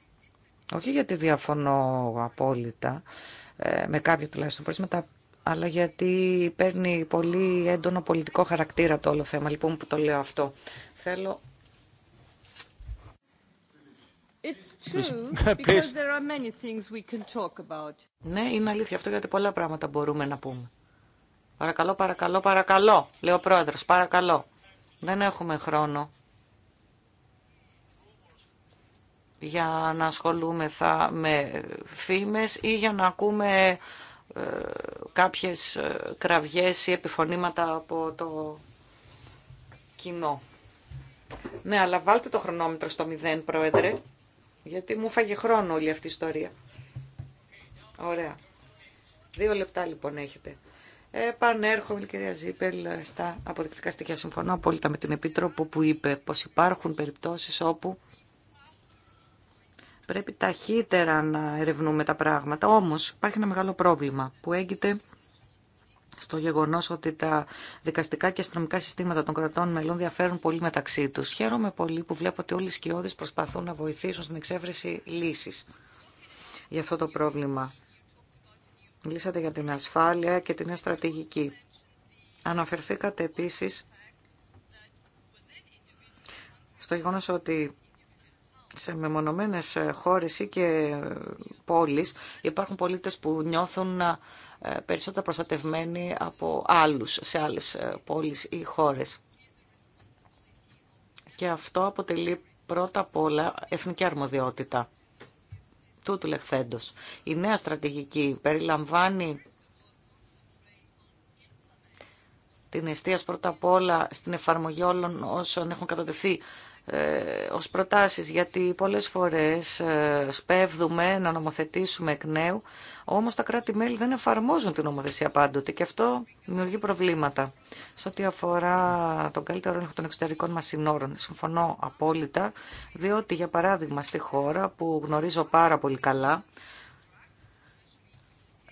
όχι γιατί διαφωνώ απόλυτα, ε, με κάποια τουλάχιστον πρόσφατα, αλλά γιατί παίρνει πολύ έντονο πολιτικό χαρακτήρα το όλο θέμα. Λοιπόν, που το λέω αυτό. Θέλω... It's true, because there are many things we can talk about. Ναι, είναι αλήθεια αυτό γιατί πολλά πράγματα μπορούμε να πούμε. Παρακαλώ, παρακαλώ, παρακαλώ, λέει ο πρόεδρος, παρακαλώ. Δεν έχουμε χρόνο. για να ασχολούμεθα με φήμες ή για να ακούμε ε, κάποιες ε, κραυγές ή επιφωνήματα από το κοινό. Ναι, αλλά βάλτε το χρονόμετρο στο μηδέν, πρόεδρε, γιατί μου φάγε χρόνο όλη αυτή η ιστορία. Ωραία. Δύο λεπτά λοιπόν έχετε. Επανέρχομαι, κυρία Ζήπελ, στα αποδεικτικά στοιχεία. Συμφωνώ απόλυτα με την Επίτροπο που είπε πως υπάρχουν περιπτώσεις όπου Πρέπει ταχύτερα να ερευνούμε τα πράγματα. Όμως υπάρχει ένα μεγάλο πρόβλημα που έγκυται στο γεγονός ότι τα δικαστικά και αστυνομικά συστήματα των κρατών μελών διαφέρουν πολύ μεταξύ τους. Χαίρομαι πολύ που βλέπω ότι όλοι οι σκιώδεις προσπαθούν να βοηθήσουν στην εξέβρεση λύσης για αυτό το πρόβλημα. Μιλήσατε για την ασφάλεια και την στρατηγική. Αναφερθήκατε επίσης στο γεγονό ότι σε μεμονωμένες ε, χώρες και ε, πόλεις υπάρχουν πολίτες που νιώθουν ε, περισσοτερο προστατευμένοι από άλλους σε άλλες πόλεις ή χώρες. Και αυτό αποτελεί πρώτα απ' όλα εθνική αρμοδιότητα τούτου λεχθέντος. Η νέα στρατηγική περιλαμβάνει την εστίαση πρώτα απ' όλα στην εφαρμογή όλων όσων έχουν κατατεθεί ε, ως προτάσεις, γιατί πολλές φορές ε, σπέβδουμε να νομοθετήσουμε εκ νέου, όμως τα κράτη-μέλη δεν εφαρμόζουν την νομοθεσία πάντοτε και αυτό δημιουργεί προβλήματα. Σε ό,τι αφορά τον καλύτερο έλεγχο των εξωτερικών μας συνόρων, συμφωνώ απόλυτα, διότι για παράδειγμα στη χώρα που γνωρίζω πάρα πολύ καλά,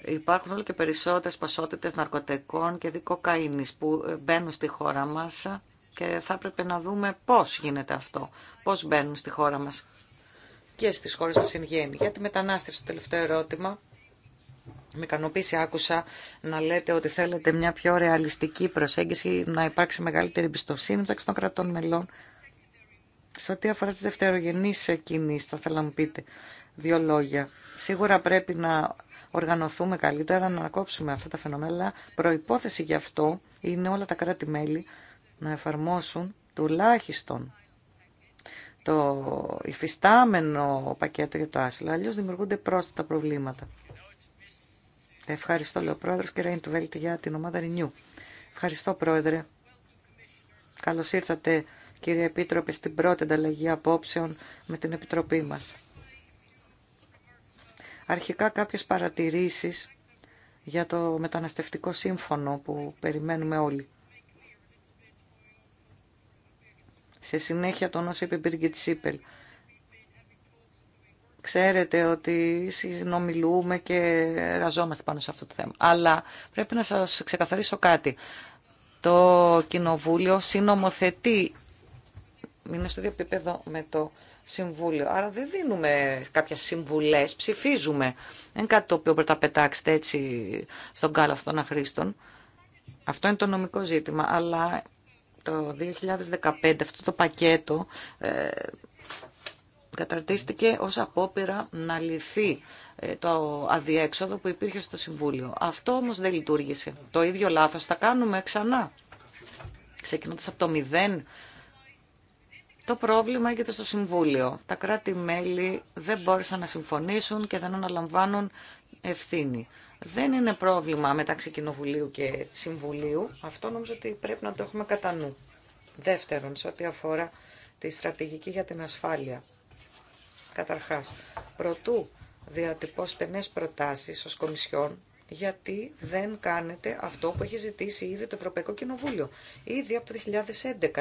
Υπάρχουν όλο και περισσότερες ποσότητες ναρκωτικών και δικοκαίνης που μπαίνουν στη χώρα μας και θα έπρεπε να δούμε πώς γίνεται αυτό, πώς μπαίνουν στη χώρα μας και στις χώρες μας εν γέννη. Για τη μετανάστευση, το τελευταίο ερώτημα. Με ικανοποίηση άκουσα να λέτε ότι θέλετε μια πιο ρεαλιστική προσέγγιση, να υπάρξει μεγαλύτερη εμπιστοσύνη μεταξύ των κρατών μελών. Σε ό,τι αφορά τις δευτερογενείς κινήσεις, θα ήθελα να μου πείτε δύο λόγια. Σίγουρα πρέπει να οργανωθούμε καλύτερα, να ανακόψουμε αυτά τα φαινομένα. Προϋπόθεση γι' αυτό είναι όλα τα κράτη-μέλη να εφαρμόσουν τουλάχιστον το υφιστάμενο πακέτο για το άσυλο. Αλλιώ δημιουργούνται πρόσθετα προβλήματα. Ευχαριστώ, λέει πρόεδρο, και Ρέιν για την ομάδα Ρηνιού. Ευχαριστώ, πρόεδρε. Καλώ ήρθατε, κύριε Επίτροπε, στην πρώτη ανταλλαγή απόψεων με την Επιτροπή μα. Αρχικά κάποιες παρατηρήσεις για το μεταναστευτικό σύμφωνο που περιμένουμε όλοι. σε συνέχεια τον όσο είπε Σίπελ. Ξέρετε ότι συνομιλούμε και εργαζόμαστε πάνω σε αυτό το θέμα. Αλλά πρέπει να σας ξεκαθαρίσω κάτι. Το Κοινοβούλιο συνομοθετεί, είναι στο ίδιο επίπεδο με το Συμβούλιο. Άρα δεν δίνουμε κάποια συμβουλές, ψηφίζουμε. Δεν είναι κάτι το οποίο πρέπει να πετάξετε έτσι στον κάλαθο των αχρήστων. Αυτό είναι το νομικό ζήτημα, αλλά το 2015 αυτό το πακέτο ε, καταρτίστηκε ως απόπειρα να λυθεί ε, το αδιέξοδο που υπήρχε στο Συμβούλιο. Αυτό όμως δεν λειτουργήσε. Το ίδιο λάθος θα κάνουμε ξανά. Ξεκινώντας από το μηδέν, το πρόβλημα έγινε στο Συμβούλιο. Τα κράτη-μέλη δεν μπόρεσαν να συμφωνήσουν και δεν αναλαμβάνουν ευθύνη. Δεν είναι πρόβλημα μεταξύ Κοινοβουλίου και Συμβουλίου. Αυτό νομίζω ότι πρέπει να το έχουμε κατά νου. Δεύτερον, σε ό,τι αφορά τη στρατηγική για την ασφάλεια. Καταρχάς, προτού διατυπώσετε νέες προτάσεις ως Κομισιόν, γιατί δεν κάνετε αυτό που έχει ζητήσει ήδη το Ευρωπαϊκό Κοινοβούλιο. Ήδη από το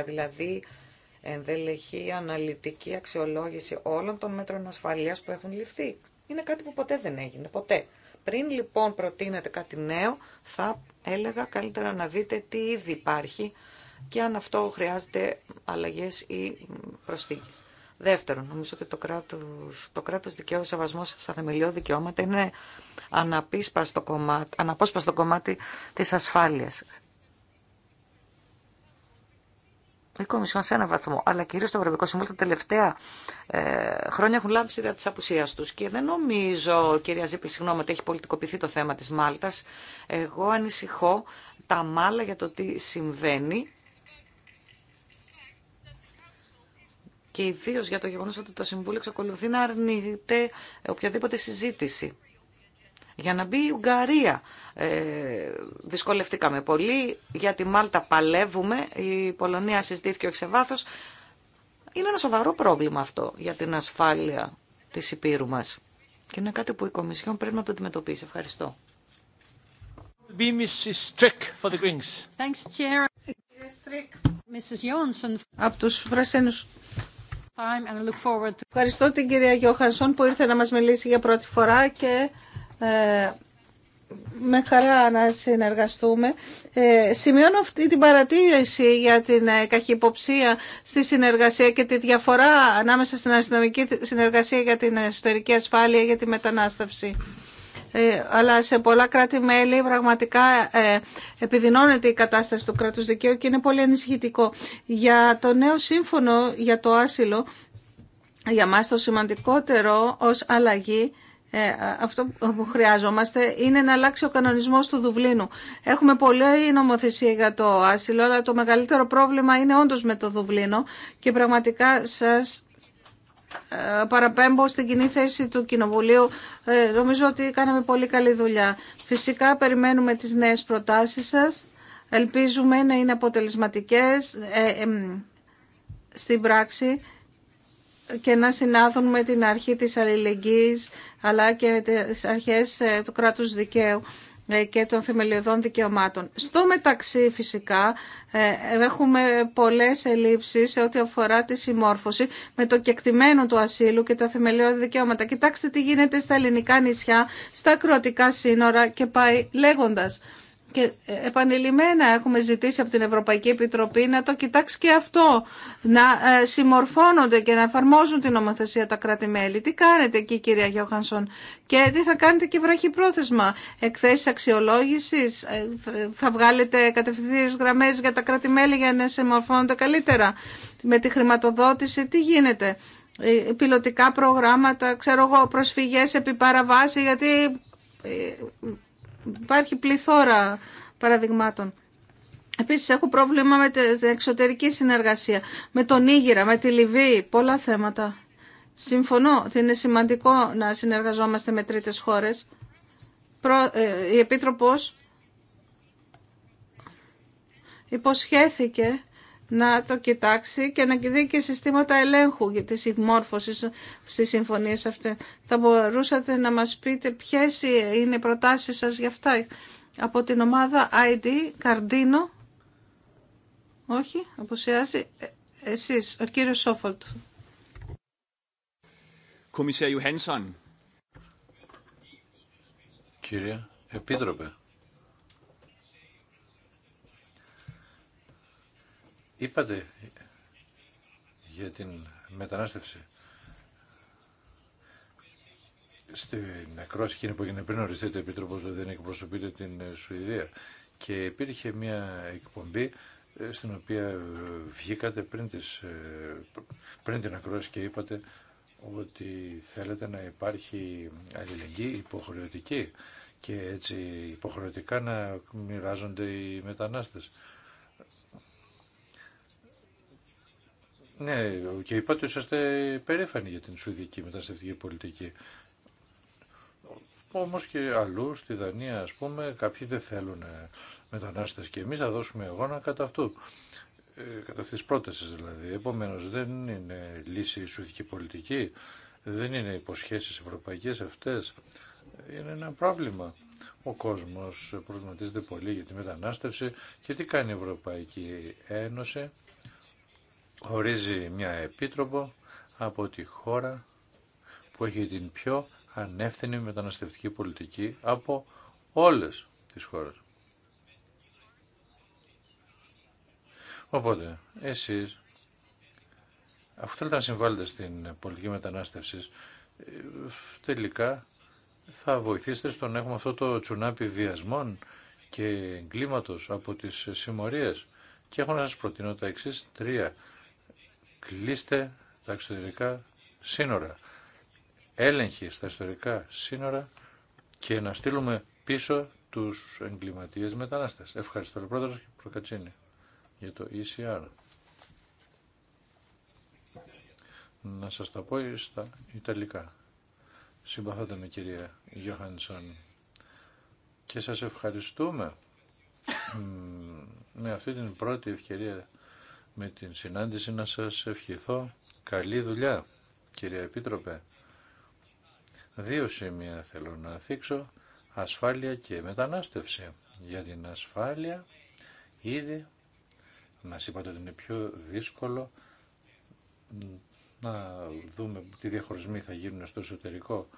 2011, δηλαδή ενδελεχή αναλυτική αξιολόγηση όλων των μέτρων ασφαλείας που έχουν ληφθεί είναι κάτι που ποτέ δεν έγινε, ποτέ. Πριν λοιπόν προτείνετε κάτι νέο, θα έλεγα καλύτερα να δείτε τι ήδη υπάρχει και αν αυτό χρειάζεται αλλαγές ή προσθήκες. Δεύτερον, νομίζω ότι το κράτος, το κράτος δικαίου σεβασμός στα θεμελιώδη δικαιώματα είναι αναπόσπαστο κομμάτι, αναπόσπαστο κομμάτι της ασφάλειας η Κομισιόν σε έναν βαθμό, αλλά κυρίω το Ευρωπαϊκό Συμβούλιο τα τελευταία ε, χρόνια έχουν λάμψει δια τη απουσία του. Και δεν νομίζω, κυρία Ζήπη, συγγνώμη, ότι έχει πολιτικοποιηθεί το θέμα τη Μάλτα. Εγώ ανησυχώ τα μάλα για το τι συμβαίνει. Και ιδίω για το γεγονό ότι το Συμβούλιο εξακολουθεί να αρνείται οποιαδήποτε συζήτηση για να μπει η Ουγγαρία ε, δυσκολευτήκαμε πολύ. Για τη Μάλτα παλεύουμε. Η Πολωνία συζητήθηκε όχι σε Είναι ένα σοβαρό πρόβλημα αυτό για την ασφάλεια της Υπήρου μας. Και είναι κάτι που η Κομισιόν πρέπει να το αντιμετωπίσει. Ευχαριστώ. Από τους to... Ευχαριστώ την κυρία Γιώχανσον που ήρθε να μας μιλήσει για πρώτη φορά και ε, με χαρά να συνεργαστούμε. Ε, σημειώνω αυτή την παρατήρηση για την ε, καχυποψία στη συνεργασία και τη διαφορά ανάμεσα στην αστυνομική συνεργασία για την εσωτερική ασφάλεια για τη μετανάστευση. αλλά σε πολλά κράτη-μέλη πραγματικά ε, επιδεινώνεται η κατάσταση του κράτους δικαίου και είναι πολύ ανησυχητικό. Για το νέο σύμφωνο για το άσυλο, για μας το σημαντικότερο ως αλλαγή ε, αυτό που χρειάζομαστε είναι να αλλάξει ο κανονισμός του Δουβλίνου. Έχουμε πολλή νομοθεσία για το άσυλο, αλλά το μεγαλύτερο πρόβλημα είναι όντως με το Δουβλίνο και πραγματικά σας ε, παραπέμπω στην κοινή θέση του Κοινοβουλίου. Ε, νομίζω ότι κάναμε πολύ καλή δουλειά. Φυσικά περιμένουμε τις νέες προτάσεις σας. Ελπίζουμε να είναι αποτελεσματικές στην πράξη και να συνάδουν με την αρχή της αλληλεγγύης αλλά και τις αρχές ε, του κράτους δικαίου ε, και των θεμελιωδών δικαιωμάτων. Στο μεταξύ φυσικά ε, έχουμε πολλές ελλείψεις σε ό,τι αφορά τη συμμόρφωση με το κεκτημένο του ασύλου και τα θεμελιώδη δικαιώματα. Κοιτάξτε τι γίνεται στα ελληνικά νησιά, στα κροατικά σύνορα και πάει λέγοντας. Και ε, επανειλημμένα έχουμε ζητήσει από την Ευρωπαϊκή Επιτροπή να το κοιτάξει και αυτό, να ε, συμμορφώνονται και να εφαρμόζουν την νομοθεσία τα κράτη-μέλη. Τι κάνετε εκεί κυρία Γιώχανσον και τι θα κάνετε και βραχυπρόθεσμα, εκθέσεις αξιολόγησης, ε, θα βγάλετε κατευθυντήριες γραμμές για τα κράτη-μέλη για να συμμορφώνονται καλύτερα με τη χρηματοδότηση, τι γίνεται. Πιλωτικά προγράμματα, ξέρω εγώ, προσφυγές επί παραβάση, γιατί Υπάρχει πληθώρα παραδειγμάτων. Επίσης έχω πρόβλημα με την εξωτερική συνεργασία, με τον Ήγηρα, με τη Λιβύη, πολλά θέματα. Συμφωνώ ότι είναι σημαντικό να συνεργαζόμαστε με τρίτες χώρες. Ε, η Επίτροπος υποσχέθηκε να το κοιτάξει και να δει και συστήματα ελέγχου για τη συμμόρφωση στις συμφωνίες αυτές. Θα μπορούσατε να μας πείτε ποιες είναι οι προτάσεις σας για αυτά. Από την ομάδα ID, Καρντίνο, όχι, αποσιάζει ε, εσείς, ο κύριος Σόφολτ. Κομισέ Ιουχένσον. Κύριε Επίτροπε, Είπατε για την μετανάστευση στην ακρόαση εκείνη που έγινε πριν οριστείτε επίτροπο, δεν εκπροσωπείτε την Σουηδία. Και υπήρχε μια εκπομπή ε, στην οποία βγήκατε πριν, ε, πριν την ακρόαση και είπατε ότι θέλετε να υπάρχει αλληλεγγύη υποχρεωτική και έτσι υποχρεωτικά να μοιράζονται οι μετανάστες. Ναι, και είπατε ότι είσαστε περήφανοι για την σουηδική μεταναστευτική πολιτική. Όμω και αλλού, στη Δανία α πούμε, κάποιοι δεν θέλουν ε, μετανάστε και εμεί θα δώσουμε αγώνα κατά αυτού. Ε, κατά αυτή τη πρόταση δηλαδή. Επομένω, δεν είναι λύση η σουηδική πολιτική, δεν είναι υποσχέσει ευρωπαϊκέ αυτέ. Είναι ένα πρόβλημα. Ο κόσμο προβληματίζεται πολύ για τη μετανάστευση και τι κάνει η Ευρωπαϊκή Ένωση ορίζει μια επίτροπο από τη χώρα που έχει την πιο ανεύθυνη μεταναστευτική πολιτική από όλες τις χώρες. Οπότε, εσείς, αφού θέλετε να συμβάλλετε στην πολιτική μετανάστευση, τελικά θα βοηθήσετε στο να έχουμε αυτό το τσουνάπι βιασμών και εγκλήματος από τις συμμορίες. Και έχω να σας προτείνω τα εξής τρία Κλείστε τα εξωτερικά σύνορα. Έλεγχοι στα ιστορικά σύνορα και να στείλουμε πίσω τους εγκληματίες μετανάστες. Ευχαριστώ ο Πρόεδρος Προκατσίνη για το ECR. Να σας τα πω στα Ιταλικά. Συμπαθάτε με κυρία Γιώχανσον και σας ευχαριστούμε με αυτή την πρώτη ευκαιρία με την συνάντηση να σας ευχηθώ καλή δουλειά κυρία Επίτροπε. Δύο σημεία θέλω να θίξω, ασφάλεια και μετανάστευση. Για την ασφάλεια ήδη μας είπατε ότι είναι πιο δύσκολο να δούμε τι διαχωρισμοί θα γίνουν στο εσωτερικό.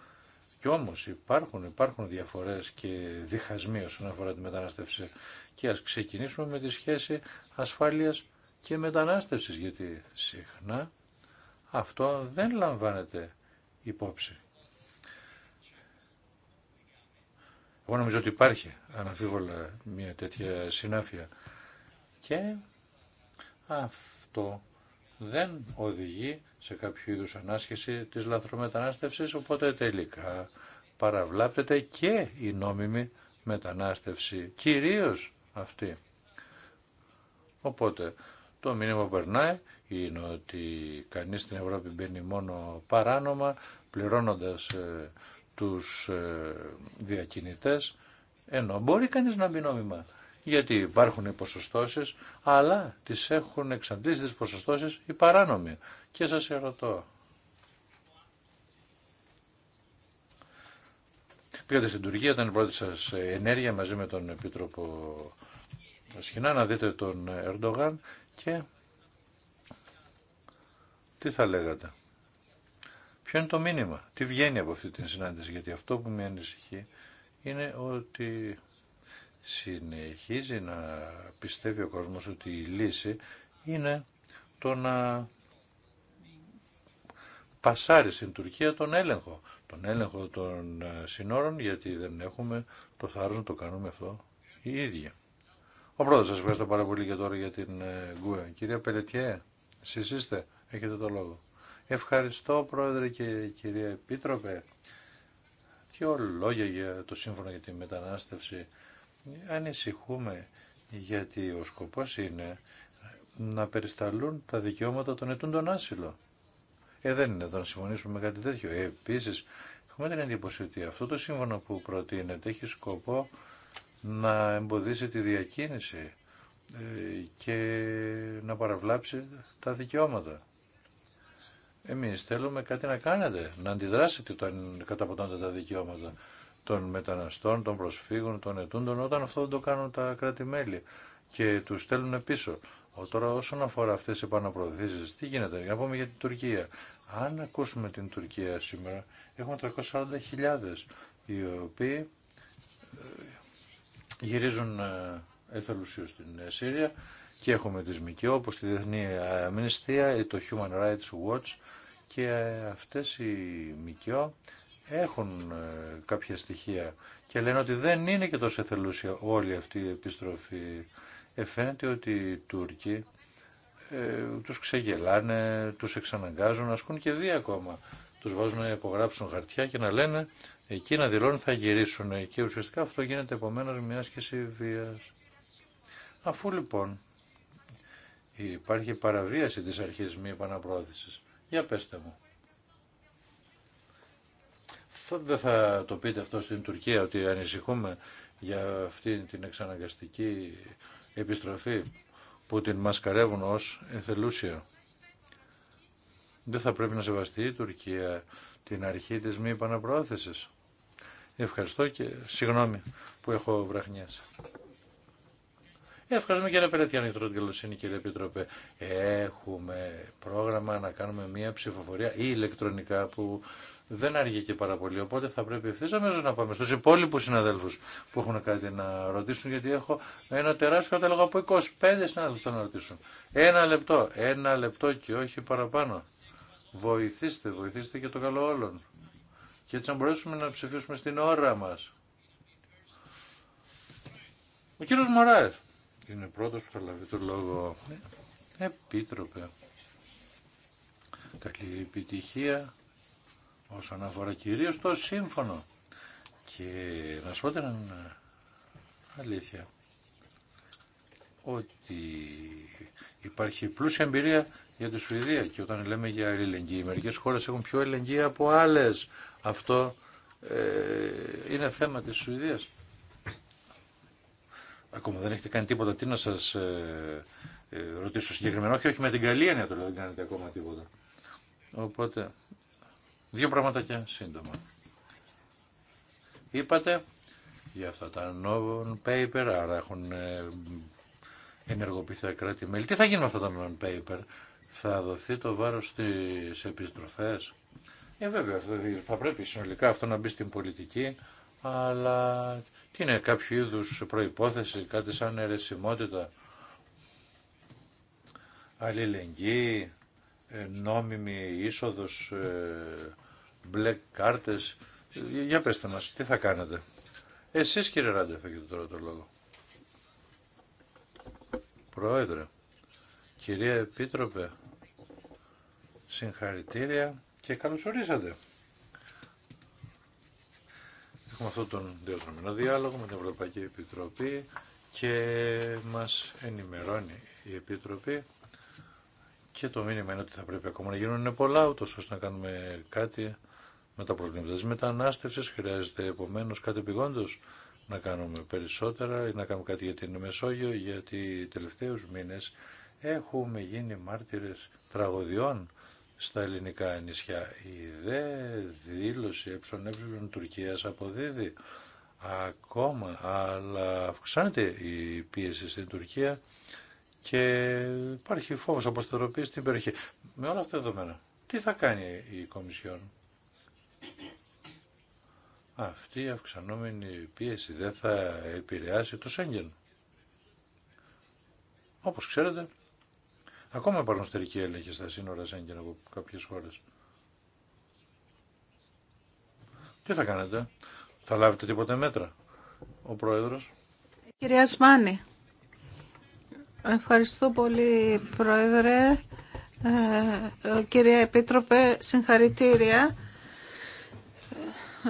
Κι όμως υπάρχουν, υπάρχουν διαφορές και διχασμοί όσον αφορά τη μετανάστευση. Και ας ξεκινήσουμε με τη σχέση ασφάλειας και μετανάστευσης, γιατί συχνά αυτό δεν λαμβάνεται υπόψη. Εγώ νομίζω ότι υπάρχει αναφίβολα μια τέτοια συνάφεια και αυτό δεν οδηγεί σε κάποιο είδους ανάσχεση της λαθρομετανάστευσης, οπότε τελικά παραβλάπτεται και η νόμιμη μετανάστευση, κυρίως αυτή. Οπότε το μήνυμα που περνάει είναι ότι κανείς στην Ευρώπη μπαίνει μόνο παράνομα, πληρώνοντας ε, τους ε, διακινητές, ενώ μπορεί κανείς να μπει νόμιμα. Γιατί υπάρχουν οι ποσοστώσεις, αλλά τις έχουν εξαντλήσει τις ποσοστώσεις οι παράνομοι. Και σας ερωτώ. Πήγατε στην Τουρκία, ήταν η πρώτη σας ενέργεια μαζί με τον Επίτροπο Σχοινά, να δείτε τον Ερντογάν και τι θα λέγατε. Ποιο είναι το μήνυμα, τι βγαίνει από αυτή την συνάντηση, γιατί αυτό που με ανησυχεί είναι ότι συνεχίζει να πιστεύει ο κόσμος ότι η λύση είναι το να πασάρει στην Τουρκία τον έλεγχο. Τον έλεγχο των συνόρων γιατί δεν έχουμε το θάρρος να το κάνουμε αυτό οι ίδιοι. Ο πρώτος σας ευχαριστώ πάρα πολύ και τώρα για την ε, Γκουε. Κυρία Πελετιέ, εσείς είστε, έχετε το λόγο. Ευχαριστώ πρόεδρε και κυρία Επίτροπε. Δύο λόγια για το σύμφωνο για τη μετανάστευση. Ανησυχούμε γιατί ο σκοπός είναι να περισταλούν τα δικαιώματα των ετούντων άσυλο. Ε, δεν είναι εδώ να συμφωνήσουμε με κάτι τέτοιο. Ε, επίσης, έχουμε την εντύπωση ότι αυτό το σύμφωνο που προτείνεται έχει σκοπό να εμποδίσει τη διακίνηση ε, και να παραβλάψει τα δικαιώματα. Εμείς θέλουμε κάτι να κάνετε, να αντιδράσετε όταν καταποτάνετε τα δικαιώματα των μεταναστών, των προσφύγων, των ετούντων, όταν αυτό δεν το κάνουν τα κράτη-μέλη και τους στέλνουν πίσω. Τώρα όσον αφορά αυτές οι επαναπροωθήσεις, τι γίνεται, για να πούμε για την Τουρκία. Αν ακούσουμε την Τουρκία σήμερα, έχουμε 340.000 οι οποίοι ε, γυρίζουν ε, εθελουσίως στην ε, Σύρια και έχουμε τις ΜΚΟ όπως τη Διεθνή Αμνηστία, το Human Rights Watch και ε, αυτές οι ΜΚΟ έχουν κάποια στοιχεία και λένε ότι δεν είναι και τόσο εθελούσια όλη αυτή η επιστροφή. Εφαίνεται ότι οι Τούρκοι τους ξεγελάνε, τους εξαναγκάζουν, ασκούν και δύο ακόμα τους βάζουν να υπογράψουν χαρτιά και να λένε εκεί να δηλώνουν θα γυρίσουν και ουσιαστικά αυτό γίνεται επομένω μια άσκηση βία. Αφού λοιπόν υπάρχει παραβίαση της αρχής μη επαναπρόθεσης, για πέστε μου. Δεν θα το πείτε αυτό στην Τουρκία ότι ανησυχούμε για αυτή την εξαναγκαστική επιστροφή που την μασκαρεύουν ως εθελούσια δεν θα πρέπει να σεβαστεί η Τουρκία την αρχή της μη επαναπροώθησης. Ευχαριστώ και συγγνώμη που έχω βραχνιάσει. Ευχαριστούμε και Πελέτη, αν την καλοσύνη κύριε Επίτροπε. Έχουμε πρόγραμμα να κάνουμε μια ψηφοφορία ή ηλεκτρονικά που δεν αργεί και πάρα πολύ. Οπότε θα πρέπει ευθύ αμέσω να πάμε στου υπόλοιπου συναδέλφου που έχουν κάτι να ρωτήσουν, γιατί έχω ένα τεράστιο κατάλογο από 25 συναδέλφου να ρωτήσουν. Ένα λεπτό, ένα λεπτό και όχι παραπάνω. Βοηθήστε, βοηθήστε και το καλό όλων. Και έτσι να μπορέσουμε να ψηφίσουμε στην ώρα μας. Ο κύριος Μωράης είναι πρώτος που θα λάβει το λόγο. Επίτροπε. Καλή επιτυχία όσον αφορά κυρίως το σύμφωνο. Και να σου πω την αλήθεια ότι υπάρχει πλούσια εμπειρία για τη Σουηδία και όταν λέμε για αλληλεγγύη, Μερικέ χώρε έχουν πιο αλληλεγγύη από άλλε. Αυτό ε, είναι θέμα τη Σουηδία. Ακόμα δεν έχετε κάνει τίποτα. Τι να σα ε, ε, ρωτήσω συγκεκριμένα. Όχι, όχι με την καλή έννοια το δεν κάνετε ακόμα τίποτα. Οπότε, δύο πραγματάκια σύντομα. Είπατε για αυτά τα non-paper, άρα έχουν ε, ενεργοποιηθεί τα κράτη-μέλη. Τι θα γίνει με αυτά τα non-paper, θα δοθεί το βάρος στις επιστροφές. Ε, βέβαια, θα πρέπει συνολικά αυτό να μπει στην πολιτική, αλλά τι είναι, κάποιο είδους προϋπόθεση, κάτι σαν αιρεσιμότητα, αλληλεγγύη, ε, νόμιμη είσοδος, ε, μπλε κάρτες. Για πέστε μας, τι θα κάνετε. Εσείς κύριε Ράντεφ έχετε τώρα το λόγο. Πρόεδρε, κυρία Επίτροπε, Συγχαρητήρια και καλώς ορίσατε. Έχουμε αυτόν τον διαδρομένο διάλογο με την Ευρωπαϊκή Επιτροπή και μας ενημερώνει η Επιτροπή και το μήνυμα είναι ότι θα πρέπει ακόμα να γίνουν πολλά ούτως ώστε να κάνουμε κάτι με τα προβλήματα της μετανάστευσης. Χρειάζεται επομένως κάτι επιγόντως να κάνουμε περισσότερα ή να κάνουμε κάτι για την Μεσόγειο γιατί τελευταίους μήνες έχουμε γίνει μάρτυρες τραγωδιών στα ελληνικά νησιά. Η δε δήλωση ΕΕ Τουρκίας αποδίδει ακόμα, αλλά αυξάνεται η πίεση στην Τουρκία και υπάρχει φόβος αποστεροποίησης στην περιοχή. Με όλα αυτά τα δεδομένα, τι θα κάνει η Κομισιόν. Αυτή η αυξανόμενη πίεση δεν θα επηρεάσει το Σέγγεν. Όπως ξέρετε, Ακόμα υπάρχουν στερικοί έλεγχοι στα σύνορα Σέγγεν από κάποιε χώρε. Τι θα κάνετε, θα λάβετε τίποτε μέτρα, ο Πρόεδρος. Κυρία Σμάνη, ευχαριστώ πολύ Πρόεδρε. Ε, κυρία Επίτροπε, συγχαρητήρια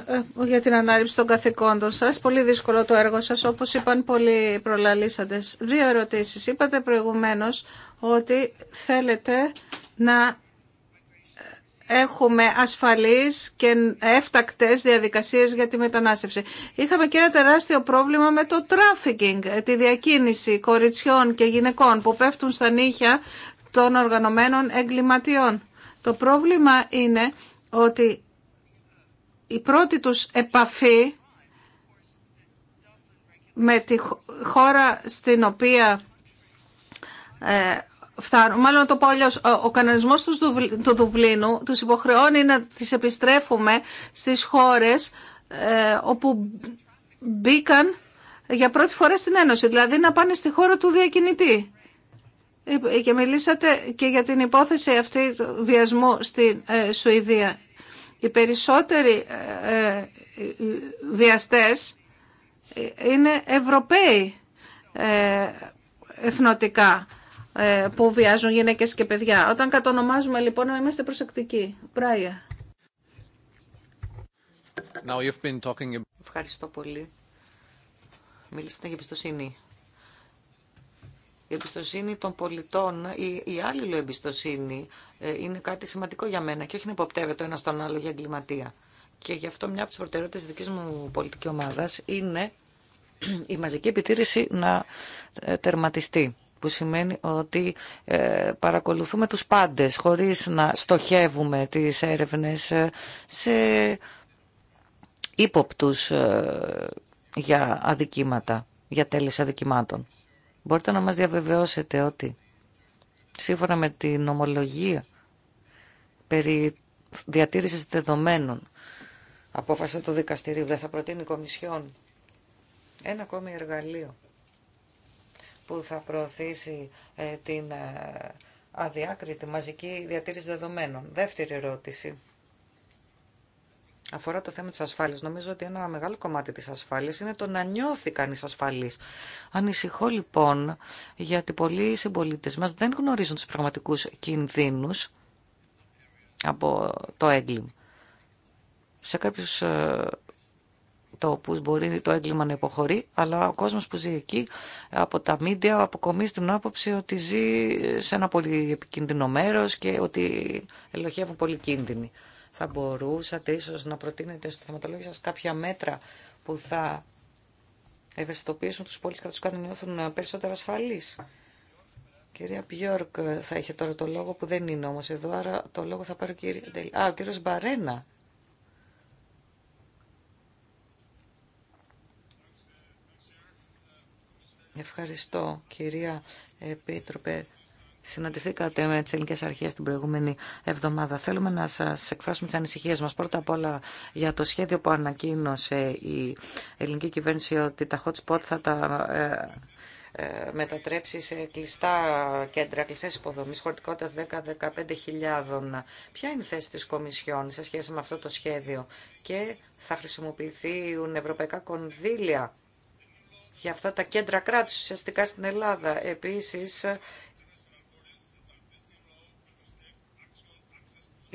ε, για την ανάληψη των καθηκόντων σας. Πολύ δύσκολο το έργο σας, όπως είπαν πολλοί προλαλήσαντες. Δύο ερωτήσεις. Είπατε προηγουμένως ότι θέλετε να έχουμε ασφαλείς και έφτακτες διαδικασίες για τη μετανάστευση. Είχαμε και ένα τεράστιο πρόβλημα με το τράφικινγκ, τη διακίνηση κοριτσιών και γυναικών που πέφτουν στα νύχια των οργανωμένων εγκληματιών. Το πρόβλημα είναι ότι η πρώτη τους επαφή με τη χώρα στην οποία ε, φτάνουν, μάλλον το πω αλλιώς, ο κανονισμός του Δουβλίνου τους υποχρεώνει να τις επιστρέφουμε στις χώρες ε, όπου μπήκαν για πρώτη φορά στην Ένωση, δηλαδή να πάνε στη χώρα του διακινητή. Ε, και μιλήσατε και για την υπόθεση αυτή του βιασμού στη Σουηδία. Οι περισσότεροι ε, ε, βιαστές ε, είναι Ευρωπαίοι εθνοτικά που βιάζουν γυναίκες και παιδιά. Όταν κατονομάζουμε λοιπόν να είμαστε προσεκτικοί. Πράγια. Ευχαριστώ πολύ. Μίλησατε για εμπιστοσύνη η εμπιστοσύνη των πολιτών, η, η άλλη εμπιστοσύνη ε, είναι κάτι σημαντικό για μένα και όχι να υποπτεύεται το ένα στον άλλο για εγκληματία. Και γι' αυτό μια από τι προτεραιότητε τη δική μου πολιτική ομάδας είναι η μαζική επιτήρηση να ε, τερματιστεί που σημαίνει ότι ε, παρακολουθούμε τους πάντες χωρίς να στοχεύουμε τις έρευνες σε ύποπτους για αδικήματα, για τέλη αδικημάτων. Μπορείτε να μας διαβεβαιώσετε ότι σύμφωνα με την ομολογία περί διατήρησης δεδομένων απόφαση του δικαστηρίου δεν θα προτείνει η Κομισιόν ένα ακόμη εργαλείο που θα προωθήσει ε, την ε, αδιάκριτη μαζική διατήρηση δεδομένων. Δεύτερη ερώτηση αφορά το θέμα της ασφάλειας. Νομίζω ότι ένα μεγάλο κομμάτι της ασφάλειας είναι το να νιώθει κανείς ασφαλής. Ανησυχώ λοιπόν γιατί πολλοί συμπολίτε μας δεν γνωρίζουν τους πραγματικούς κινδύνους από το έγκλημα. Σε κάποιους ε, τόπους μπορεί το έγκλημα να υποχωρεί, αλλά ο κόσμος που ζει εκεί από τα μίντια αποκομίζει την άποψη ότι ζει σε ένα πολύ επικίνδυνο μέρος και ότι ελοχεύουν πολύ κίνδυνοι θα μπορούσατε ίσως να προτείνετε στο θεματολόγιο σας κάποια μέτρα που θα ευαισθητοποιήσουν τους πολίτες και θα τους κάνουν νιώθουν περισσότερο ασφαλείς. Κυρία Πιόρκ θα είχε τώρα το λόγο που δεν είναι όμως εδώ, άρα το λόγο θα πάρει ο κύριος... Α, ο κύριος Μπαρένα. Ευχαριστώ κυρία Επίτροπε. Συναντηθήκατε με τι ελληνικέ αρχέ την προηγούμενη εβδομάδα. Θέλουμε να σα εκφράσουμε τι ανησυχίε μα. Πρώτα απ' όλα για το σχέδιο που ανακοίνωσε η ελληνική κυβέρνηση ότι τα hot spot θα τα ε, ε, μετατρέψει σε κλειστά κέντρα, κλειστέ υποδομή χωρητικότητα 10-15 χιλιάδων. Ποια είναι η θέση τη Κομισιόν σε σχέση με αυτό το σχέδιο και θα χρησιμοποιηθούν ευρωπαϊκά κονδύλια για αυτά τα κέντρα κράτους ουσιαστικά στην Ελλάδα. Επίσης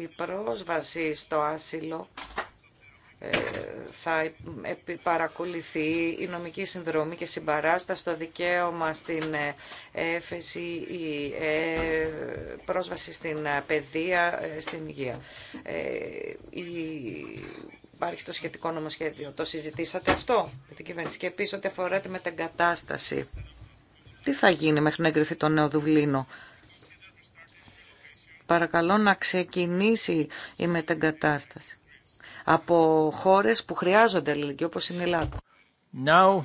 η πρόσβαση στο άσυλο ε, θα παρακολουθεί η νομική συνδρομή και συμπαράσταση, το δικαίωμα στην ε, έφεση, η ε, πρόσβαση στην παιδεία, στην υγεία. Υπάρχει το σχετικό νομοσχέδιο. Το συζητήσατε αυτό με την κυβέρνηση και επίσης ότι αφορά τη μετεγκατάσταση. Τι θα γίνει μέχρι να εγκριθεί το νέο Δουβλίνο παρακαλώ να ξεκινήσει η μετεγκατάσταση από χώρες που χρειάζονται αλληλεγγύη, όπως είναι η Ελλάδα. Now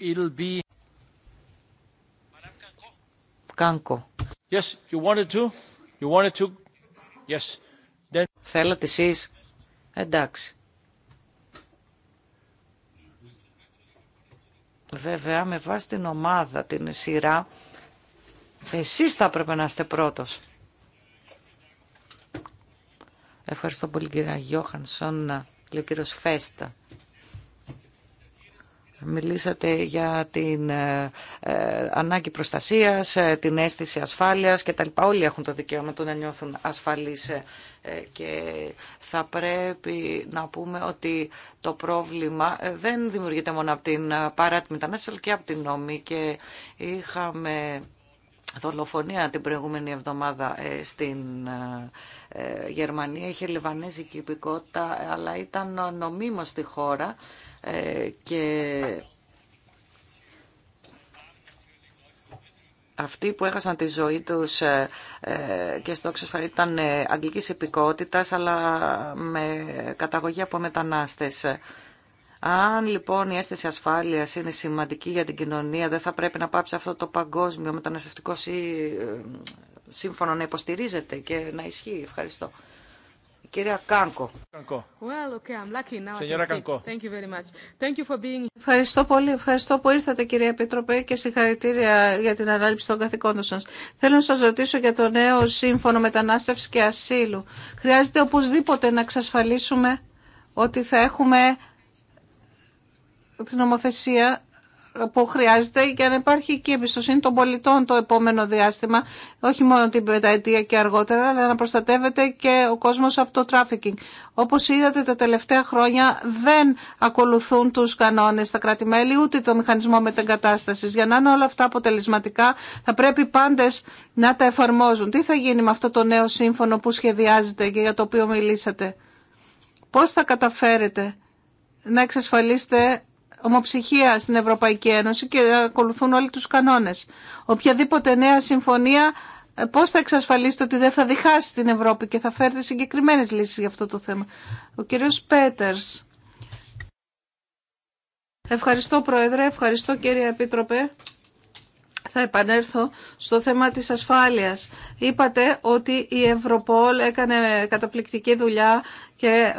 it'll be... Κάνκο. εσείς. Εντάξει. Βέβαια, με βάση την ομάδα, την σειρά, εσείς θα έπρεπε να είστε πρώτος. Ευχαριστώ πολύ κύριε Γιώχανσον, λέει ο κύριος Φέστα. Μιλήσατε για την ε, ε, ανάγκη προστασίας, ε, την αίσθηση ασφάλειας και τα λοιπά. Όλοι έχουν το δικαίωμα του να νιώθουν ασφαλείς και θα πρέπει να πούμε ότι το πρόβλημα δεν δημιουργείται μόνο από την παράτη μετανάστευση αλλά και από την νόμη και είχαμε δολοφονία την προηγούμενη εβδομάδα ε, στην ε, ε, Γερμανία. Είχε λιβανέζικη υπηκότητα, αλλά ήταν νομίμως στη χώρα και αυτοί που έχασαν τη ζωή τους και στο εξωσφαρή ήταν αγγλικής υπηκότητας, αλλά με καταγωγή από μετανάστες. Αν λοιπόν η αίσθηση ασφάλεια είναι σημαντική για την κοινωνία, δεν θα πρέπει να πάψει αυτό το παγκόσμιο μεταναστευτικό ε, σύμφωνο να υποστηρίζεται και να ισχύει. Ευχαριστώ. κυρία Κάνκο. Κανκό. Ευχαριστώ πολύ. Ευχαριστώ που ήρθατε κυρία Επιτροπέ και συγχαρητήρια για την ανάληψη των καθηκόντων σας. Θέλω να σας ρωτήσω για το νέο σύμφωνο μετανάστευσης και ασύλου. Χρειάζεται οπωσδήποτε να εξασφαλίσουμε ότι θα έχουμε την νομοθεσία που χρειάζεται για να υπάρχει και εμπιστοσύνη των πολιτών το επόμενο διάστημα, όχι μόνο την πενταετία και αργότερα, αλλά να προστατεύεται και ο κόσμος από το τράφικινγκ. Όπως είδατε τα τελευταία χρόνια δεν ακολουθούν τους κανόνες στα κράτη-μέλη, ούτε το μηχανισμό μετεγκατάστασης. Για να είναι όλα αυτά αποτελεσματικά θα πρέπει πάντες να τα εφαρμόζουν. Τι θα γίνει με αυτό το νέο σύμφωνο που σχεδιάζετε και για το οποίο μιλήσατε. Πώς θα καταφέρετε να εξασφαλίσετε ομοψυχία στην Ευρωπαϊκή Ένωση και ακολουθούν όλοι τους κανόνες. Οποιαδήποτε νέα συμφωνία ε, πώς θα εξασφαλίσετε ότι δεν θα διχάσει την Ευρώπη και θα φέρετε συγκεκριμένες λύσεις για αυτό το θέμα. Ο κύριος Πέτερς. Ευχαριστώ Πρόεδρε, ευχαριστώ κύριε Επίτροπε. Θα επανέλθω στο θέμα της ασφάλειας. Είπατε ότι η Ευρωπόλ έκανε καταπληκτική δουλειά και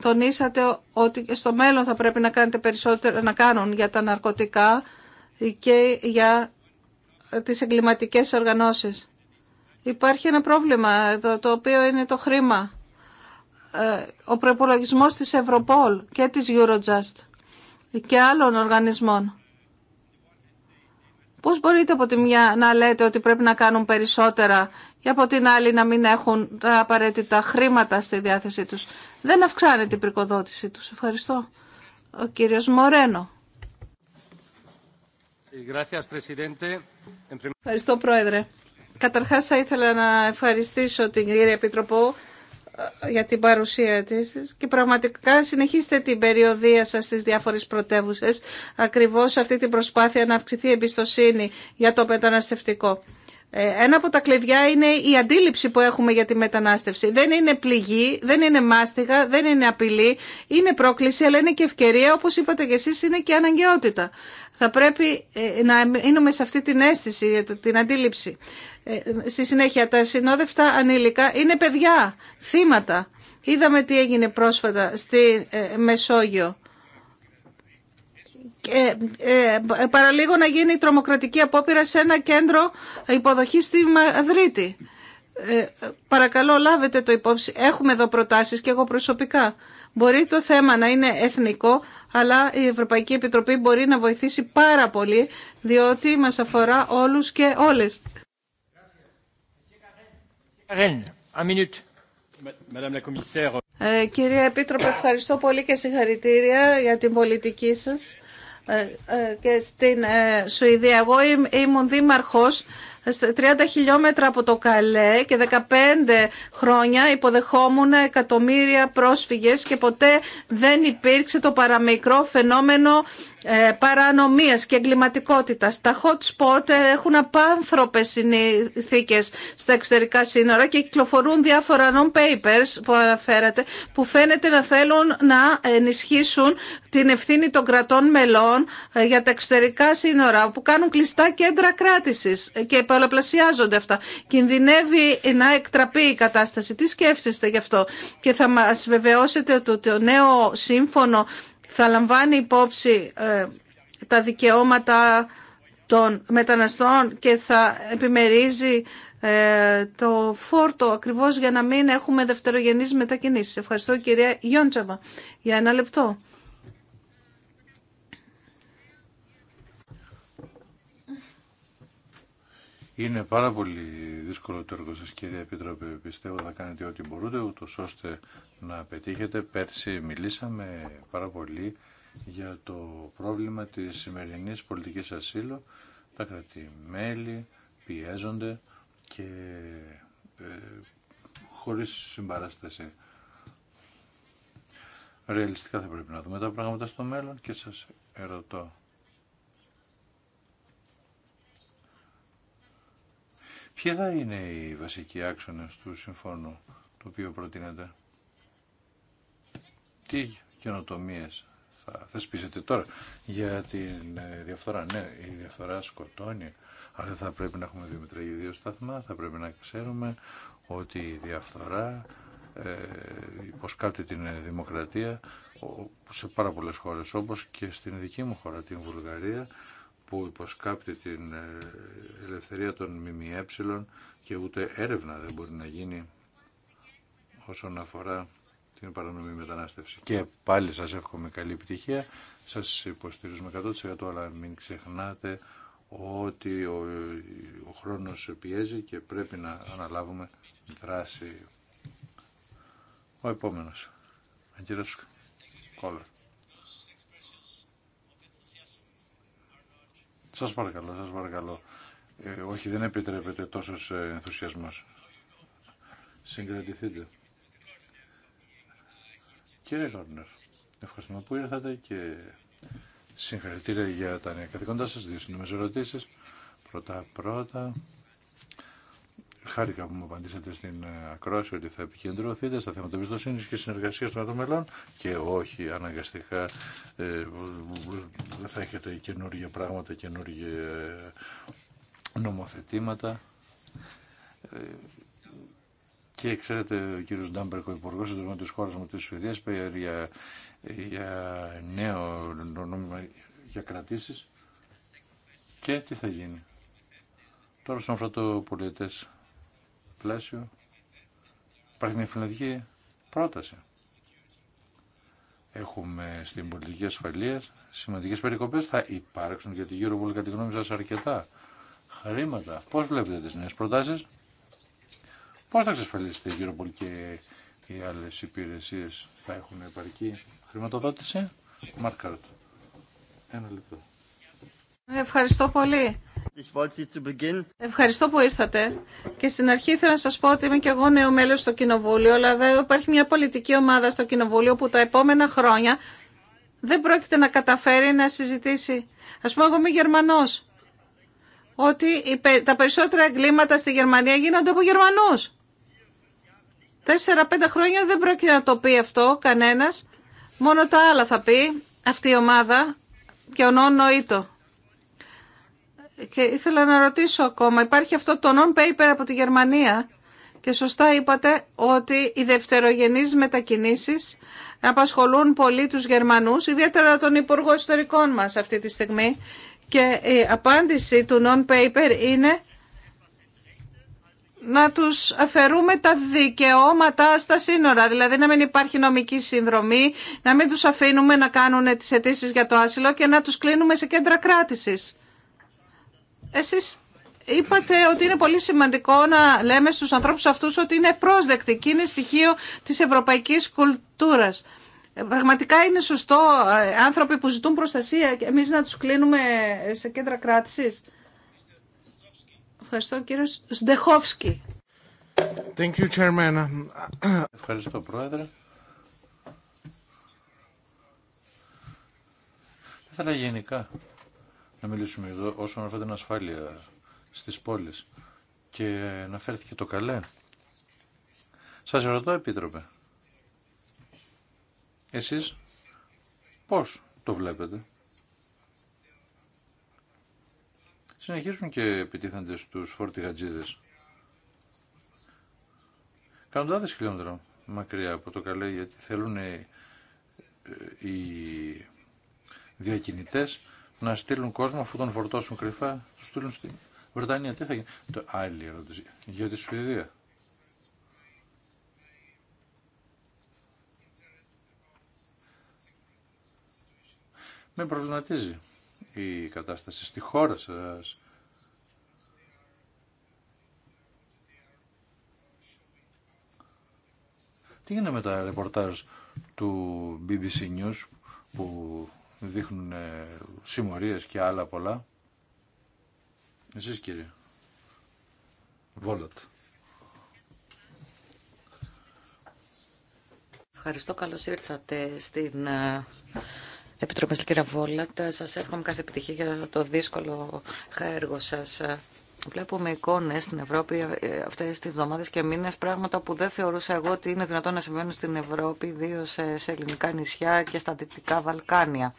τονίσατε ότι στο μέλλον θα πρέπει να κάνετε περισσότερο να κάνουν για τα ναρκωτικά και για τις εγκληματικές οργανώσεις. Υπάρχει ένα πρόβλημα εδώ, το οποίο είναι το χρήμα. Ε, ο προπολογισμό της Ευρωπόλ και της Eurojust και άλλων οργανισμών. Πώς μπορείτε από τη μια να λέτε ότι πρέπει να κάνουν περισσότερα και από την άλλη να μην έχουν τα απαραίτητα χρήματα στη διάθεσή τους. Δεν αυξάνεται η πρικοδότησή τους. Ευχαριστώ. Ο κύριος Μορένο. Ευχαριστώ, Πρόεδρε. Καταρχάς θα ήθελα να ευχαριστήσω την κυρία Επιτροπό για την παρουσία της και πραγματικά συνεχίστε την περιοδία σας στις διάφορες πρωτεύουσες ακριβώς αυτή την προσπάθεια να αυξηθεί η εμπιστοσύνη για το μεταναστευτικό. Ε, ένα από τα κλειδιά είναι η αντίληψη που έχουμε για τη μετανάστευση. Δεν είναι πληγή, δεν είναι μάστιγα, δεν είναι απειλή, είναι πρόκληση, αλλά είναι και ευκαιρία, όπως είπατε και εσείς, είναι και αναγκαιότητα. Θα πρέπει ε, να μείνουμε σε αυτή την αίσθηση, ε, την αντίληψη. Στη συνέχεια, τα συνόδευτα ανήλικα είναι παιδιά, θύματα. Είδαμε τι έγινε πρόσφατα στη Μεσόγειο ε, ε, ε, παραλίγο να γίνει τρομοκρατική απόπειρα σε ένα κέντρο υποδοχής στη Μαδρίτη. Παρακαλώ λάβετε το υπόψη. Έχουμε εδώ προτάσεις και εγώ προσωπικά. Μπορεί το θέμα να είναι εθνικό, αλλά η Ευρωπαϊκή Επιτροπή μπορεί να βοηθήσει πάρα πολύ, διότι μας αφορά όλους και όλες. κυρία Επίτροπε, ευχαριστώ πολύ και συγχαρητήρια για την πολιτική σας. Ε, ε, και στην ε, Σουηδία. Εγώ ήμουν δήμαρχος 30 χιλιόμετρα από το Καλέ και 15 χρόνια υποδεχόμουν εκατομμύρια πρόσφυγες και ποτέ δεν υπήρξε το παραμικρό φαινόμενο ε, παρανομίας και εγκληματικότητας. Τα hot spot ε, έχουν απάνθρωπες συνθήκες στα εξωτερικά σύνορα και κυκλοφορούν διάφορα non-papers που αναφέρατε που φαίνεται να θέλουν να ενισχύσουν την ευθύνη των κρατών μελών ε, για τα εξωτερικά σύνορα που κάνουν κλειστά κέντρα κράτησης και πολλαπλασιάζονται αυτά. Κινδυνεύει να εκτραπεί η κατάσταση. Τι σκέφτεστε γι' αυτό και θα μας βεβαιώσετε ότι το νέο σύμφωνο θα λαμβάνει υπόψη ε, τα δικαιώματα των μεταναστών και θα επιμερίζει ε, το φόρτο ακριβώς για να μην έχουμε δευτερογενείς μετακινήσεις. Ευχαριστώ κυρία Γιόντσαβα για ένα λεπτό. Είναι πάρα πολύ δύσκολο το έργο σας κύριε Επίτροπε. Πιστεύω θα κάνετε ό,τι μπορούτε, ούτως ώστε να πετύχετε. Πέρσι μιλήσαμε πάρα πολύ για το πρόβλημα της σημερινής πολιτικής ασύλου. Τα κρατημέλη πιέζονται και ε, χωρίς συμπαράσταση. Ρεαλιστικά θα πρέπει να δούμε τα πράγματα στο μέλλον και σας ερωτώ. Ποιοι θα είναι οι βασικοί άξονες του συμφώνου το οποίο προτείνεται τι καινοτομίε θα θεσπίσετε τώρα για τη ε, διαφθορά. Ναι, η διαφθορά σκοτώνει, αλλά δεν θα πρέπει να έχουμε δύο δύο σταθμά, θα πρέπει να ξέρουμε ότι η διαφθορά ε, υποσκάπτει την ε, δημοκρατία σε πάρα πολλές χώρες όπως και στην δική μου χώρα την Βουλγαρία που υποσκάπτει την ε, ελευθερία των ΜΜΕ και ούτε έρευνα δεν μπορεί να γίνει όσον αφορά την παρανομή μετανάστευση. Και πάλι σας εύχομαι καλή επιτυχία. Σας υποστηρίζουμε 100% αλλά μην ξεχνάτε ότι ο, ο χρόνος πιέζει και πρέπει να αναλάβουμε δράση. Ο επόμενος. Αγγελός Κόλλα. Σας παρακαλώ, σας παρακαλώ. Ε, όχι, δεν επιτρέπεται τόσος ενθουσιασμός. Συγκρατηθείτε. Κύριε Λόρνερ, ευχαριστούμε που ήρθατε και συγχαρητήρια για τα νέα καθηκοντά σας, δύο σύντομες ερωτήσεις. Πρώτα-πρώτα, χάρηκα που μου απαντήσατε στην ακρόαση ότι θα επικεντρωθείτε στα θέματα εμπιστοσύνη και συνεργασία των Μελών και όχι αναγκαστικά ε, θα έχετε καινούργια πράγματα, καινούργια ε, νομοθετήματα. Ε, και ξέρετε, ο κύριο Ντάμπερκ, ο υπουργό τη χώρα μου τη Σουηδία, είπε για, για νέο νόμιμα για κρατήσει. Και τι θα γίνει. Τώρα, στον αφορά το πολιτέ πλαίσιο, υπάρχει μια φιλανδική πρόταση. Έχουμε στην πολιτική ασφαλεία σημαντικέ περικοπέ. Θα υπάρξουν γιατί γύρω Europol, κατά τη γνώμη σα, αρκετά χρήματα. Πώ βλέπετε τι νέε προτάσει. Πώ θα εξασφαλίσετε η Europol και οι άλλε υπηρεσίε θα έχουν επαρκή χρηματοδότηση. Μάρκαρτ. Ένα λεπτό. Ευχαριστώ πολύ. Ευχαριστώ που ήρθατε. Και στην αρχή ήθελα να σα πω ότι είμαι και εγώ νέο μέλο στο Κοινοβούλιο, αλλά υπάρχει μια πολιτική ομάδα στο Κοινοβούλιο που τα επόμενα χρόνια δεν πρόκειται να καταφέρει να συζητήσει. Α πούμε, εγώ είμαι Γερμανό. Ότι τα περισσότερα εγκλήματα στη Γερμανία γίνονται από Γερμανού τεσσερα πέντε χρόνια δεν πρόκειται να το πει αυτό κανένας. Μόνο τα άλλα θα πει αυτή η ομάδα και ο νοήτο. Και ήθελα να ρωτήσω ακόμα, υπάρχει αυτό το non-paper από τη Γερμανία και σωστά είπατε ότι οι δευτερογενείς μετακινήσεις απασχολούν πολύ τους Γερμανούς, ιδιαίτερα τον Υπουργό Ιστορικών μας αυτή τη στιγμή. Και η απάντηση του non-paper είναι να τους αφαιρούμε τα δικαιώματα στα σύνορα, δηλαδή να μην υπάρχει νομική συνδρομή, να μην τους αφήνουμε να κάνουν τις αιτήσει για το άσυλο και να τους κλείνουμε σε κέντρα κράτησης. Εσείς είπατε ότι είναι πολύ σημαντικό να λέμε στους ανθρώπους αυτούς ότι είναι ευπρόσδεκτοι και είναι στοιχείο της ευρωπαϊκής κουλτούρας. Ε, πραγματικά είναι σωστό ε, άνθρωποι που ζητούν προστασία και εμείς να τους κλείνουμε σε κέντρα κράτησης. Ευχαριστώ κύριο Σντεχόφσκι. Thank you, Chairman. Ευχαριστώ Πρόεδρε. Θα ήθελα γενικά να μιλήσουμε εδώ όσον αφορά την ασφάλεια στις πόλεις και να φέρθηκε το καλέ. Σας ρωτώ, Επίτροπε, εσείς πώς το βλέπετε. συνεχίζουν και επιτίθενται στου φορτηγατζίδες. Καντάδες χιλιόμετρα μακριά από το καλέ γιατί θέλουν ε, οι διακινητές να στείλουν κόσμο αφού τον φορτώσουν κρυφά, του στείλουν στην Βρετανία. Τι θα γίνει. Το άλλη ερώτηση για τη Σουηδία. Με προβληματίζει η κατάσταση στη χώρα σας. Τι γίνεται με τα ρεπορτάζ του BBC News που δείχνουν ε, συμμορίες και άλλα πολλά. Εσείς κύριε. Βόλατ. Ευχαριστώ. Καλώς ήρθατε στην ε, Επιτροπή κύριε Βόλατα, σα εύχομαι κάθε επιτυχία για το δύσκολο έργο σα. Βλέπουμε εικόνε στην Ευρώπη ε, αυτέ τι εβδομάδε και μήνε, πράγματα που δεν θεωρούσα εγώ ότι είναι δυνατόν να συμβαίνουν στην Ευρώπη, ιδίω σε ελληνικά νησιά και στα δυτικά Βαλκάνια.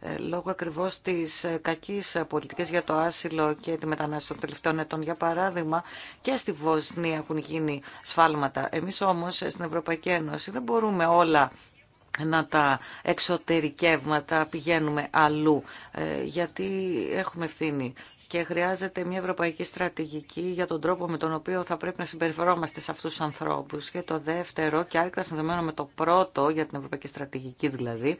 Ε, λόγω ακριβώ τη ε, κακή πολιτική για το άσυλο και τη μετανάστευση των τελευταίων ετών, για παράδειγμα, και στη Βοσνία έχουν γίνει σφάλματα. Εμεί όμω στην Ευρωπαϊκή Ένωση δεν μπορούμε όλα να τα εξωτερικεύματα πηγαίνουμε αλλού, ε, γιατί έχουμε ευθύνη και χρειάζεται μια ευρωπαϊκή στρατηγική για τον τρόπο με τον οποίο θα πρέπει να συμπεριφερόμαστε σε αυτούς τους ανθρώπους. Και το δεύτερο, και άρρηκτα συνδεμένο με το πρώτο, για την ευρωπαϊκή στρατηγική δηλαδή,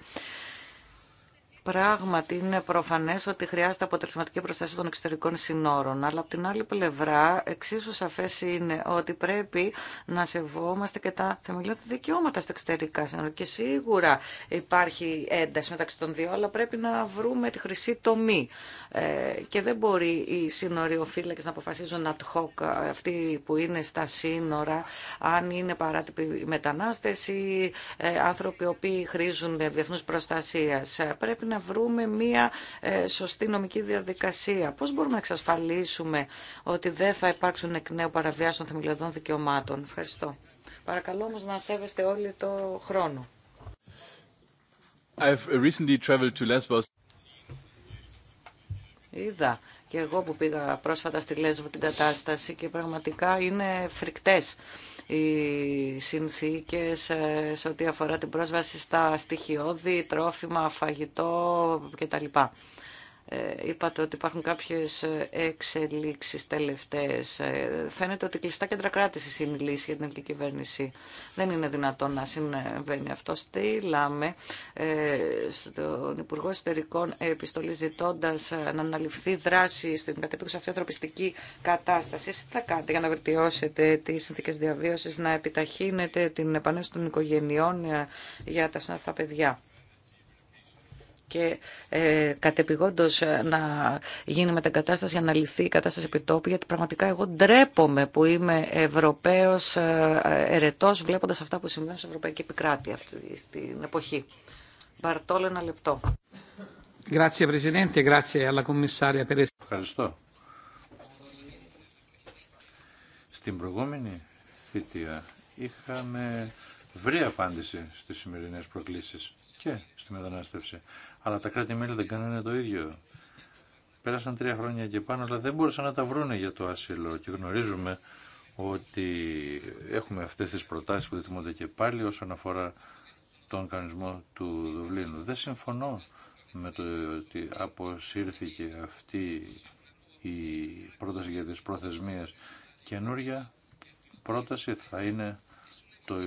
Πράγματι είναι προφανέ ότι χρειάζεται αποτελεσματική προστασία των εξωτερικών συνόρων, αλλά από την άλλη πλευρά εξίσου σαφέ είναι ότι πρέπει να σεβόμαστε και τα θεμελιώδη δικαιώματα στα εξωτερικά σύνορα. Και σίγουρα υπάρχει ένταση μεταξύ των δύο, αλλά πρέπει να βρούμε τη χρυσή τομή. Ε, και δεν μπορεί οι σύνοριοφύλακες να αποφασίζουν ad hoc ε, αυτοί που είναι στα σύνορα, αν είναι παράτυποι μετανάστε ή ε, άνθρωποι οι οποίοι χρήζουν διεθνού προστασία. Πρέπει να να βρούμε μία ε, σωστή νομική διαδικασία. Πώς μπορούμε να εξασφαλίσουμε ότι δεν θα υπάρξουν εκ νέου παραβιάσεις των θεμελιωδών δικαιωμάτων. Ευχαριστώ. Παρακαλώ όμως να σέβεστε όλοι το χρόνο. Είδα και εγώ που πήγα πρόσφατα στη Λέσβο την κατάσταση και πραγματικά είναι φρικτές οι συνθήκες ε, σε ό,τι αφορά την πρόσβαση στα στοιχειώδη, τρόφιμα, φαγητό κτλ. Ε, είπατε ότι υπάρχουν κάποιες ε, εξελίξεις τελευταίες. Ε, φαίνεται ότι κλειστά κέντρα κράτηση είναι η λύση για την ελληνική κυβέρνηση. Δεν είναι δυνατόν να συμβαίνει αυτό. Στείλαμε στον Υπουργό Εστερικών επιστολή ζητώντα να αναλυφθεί δράση στην κατεπίκουσα αυτή ανθρωπιστική κατάσταση. Εσείς τι θα κάνετε για να βελτιώσετε τις συνθήκες διαβίωσης, να επιταχύνετε την επανένωση των οικογενειών για τα συνάδελφα παιδιά και ε, κατεπηγόντως ε, να γίνει μεταγκατάσταση για να λυθεί η κατάσταση επιτόπου γιατί πραγματικά εγώ ντρέπομαι που είμαι Ευρωπαίος ερετό, ερετός βλέποντας αυτά που συμβαίνουν στην Ευρωπαϊκή Επικράτη αυτή την εποχή. Μπαρτόλο ένα λεπτό. Ευχαριστώ. Στην προηγούμενη θητεία είχαμε βρει απάντηση στις σημερινές προκλήσεις και στη μετανάστευση. Αλλά τα κράτη-μέλη δεν κάνουν το ίδιο. Πέρασαν τρία χρόνια και πάνω, αλλά δεν μπορούσαν να τα βρούνε για το άσυλο. Και γνωρίζουμε ότι έχουμε αυτές τις προτάσεις που διτιμούνται και πάλι όσον αφορά τον κανονισμό του Δουβλίνου. Δεν συμφωνώ με το ότι αποσύρθηκε αυτή η πρόταση για τις προθεσμίες. Καινούρια πρόταση θα είναι το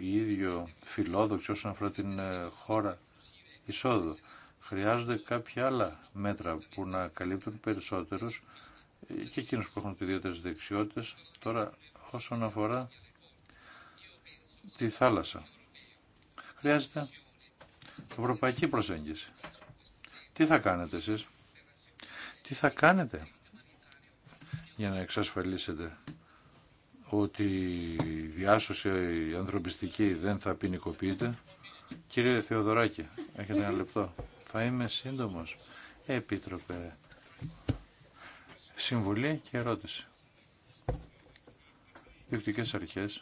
ίδιο φιλόδοξο όσον αφορά την ε, χώρα εισόδου. Χρειάζονται κάποια άλλα μέτρα που να καλύπτουν περισσότερους ε, και εκείνους που έχουν ιδιαίτερες δεξιότητες. Τώρα όσον αφορά τη θάλασσα. Χρειάζεται ευρωπαϊκή προσέγγιση. Τι θα κάνετε εσείς, τι θα κάνετε για να εξασφαλίσετε ότι η διάσωση ανθρωπιστική δεν θα ποινικοποιείται. Κύριε Θεοδωράκη, έχετε ένα λεπτό. Θα είμαι σύντομος. Επίτροπε. Συμβουλή και ερώτηση. Διοκτικές αρχές.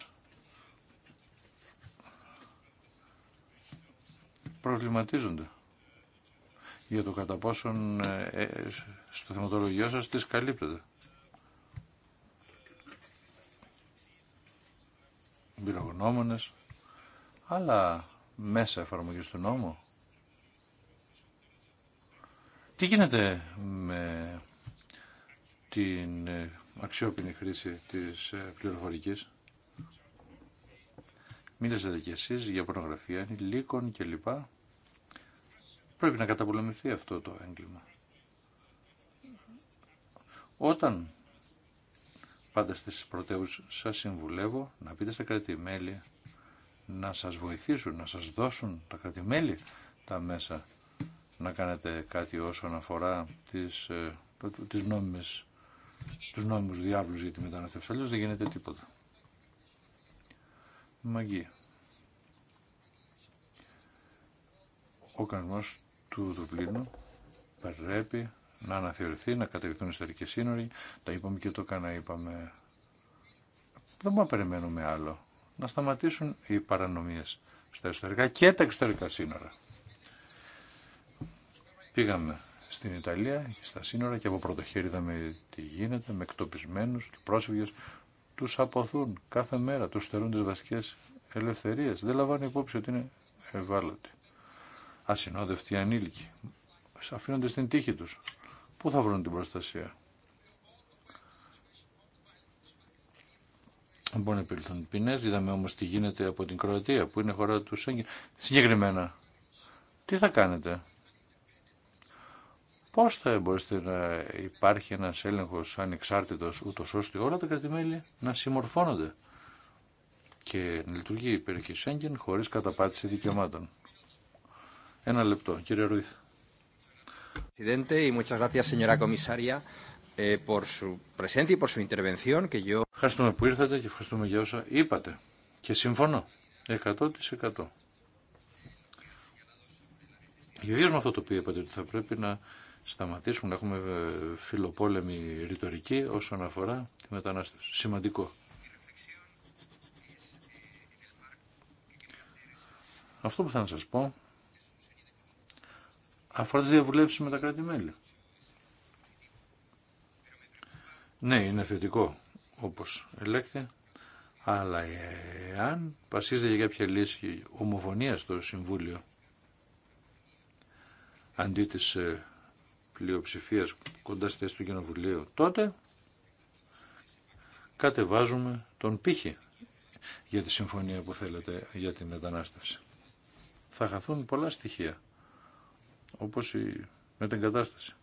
Προβληματίζονται για το κατά πόσον ε, ε, στο θεματολογιό σας τις καλύπτεται. πυρογνώμονες, άλλα μέσα εφαρμογής του νόμου. Τι γίνεται με την ε, αξιόπινη χρήση της ε, πληροφορικής. Μίλησατε κι εσείς για πορνογραφία, και κλπ. Πρέπει να καταπολεμηθεί αυτό το έγκλημα. Όταν πάντα στις πρωτεύους σας συμβουλεύω να πείτε στα κρατημέλη να σας βοηθήσουν, να σας δώσουν τα κρατημέλη τα μέσα να κάνετε κάτι όσον αφορά τις, ε, τις νόμιμες, τους νόμιμους διάβλους για τη μεταναστεύση. δεν γίνεται τίποτα. Μαγεία. Ο κανονισμός του Δουβλίνου πρέπει να αναθεωρηθεί, να κατευθυνθούν ιστορικοί σύνοροι. Τα είπαμε και το έκανα, είπαμε. Δεν μπορούμε να περιμένουμε άλλο. Να σταματήσουν οι παρανομίε στα ιστορικά και τα εξωτερικά σύνορα. Πήγαμε στην Ιταλία, στα σύνορα και από πρώτο χέρι είδαμε τι γίνεται με εκτοπισμένου και πρόσφυγε. Του αποθούν κάθε μέρα, Του στερούν τι βασικές ελευθερίες. Δεν λαμβάνουν υπόψη ότι είναι ευάλωτοι. Ασυνόδευτοι ανήλικοι. Αφήνονται στην τύχη του πού θα βρουν την προστασία. Μπορεί να επιληθούν ποινέ. Είδαμε όμω τι γίνεται από την Κροατία που είναι χώρα του Σέγγιν. Συγκεκριμένα, τι θα κάνετε. Πώ θα μπορέσετε να υπάρχει ένα έλεγχο ανεξάρτητο ούτω ώστε όλα τα κρατημέλη να συμμορφώνονται και να λειτουργεί η περιοχή Σέγγιν χωρί καταπάτηση δικαιωμάτων. Ένα λεπτό, κύριε Ρουίθ. Ευχαριστούμε που ήρθατε και ευχαριστούμε για όσα είπατε. Και συμφωνώ. 100%. Ιδίω με αυτό το οποίο είπατε ότι θα πρέπει να σταματήσουμε να έχουμε ε, φιλοπόλεμη ρητορική όσον αφορά τη μετανάστευση. Σημαντικό. Αυτό που θα σα σας πω αφορά τι διαβουλεύσει με τα κράτη-μέλη. Ναι, είναι θετικό, όπως ελέγχεται, αλλά εάν πασίζεται για κάποια λύση ομοφωνία στο Συμβούλιο, αντί τη ε, πλειοψηφία κοντά στη θέση του Κοινοβουλίου, τότε κατεβάζουμε τον πύχη για τη συμφωνία που θέλετε για την μετανάστευση. Θα χαθούν πολλά στοιχεία όπως η κατάσταση.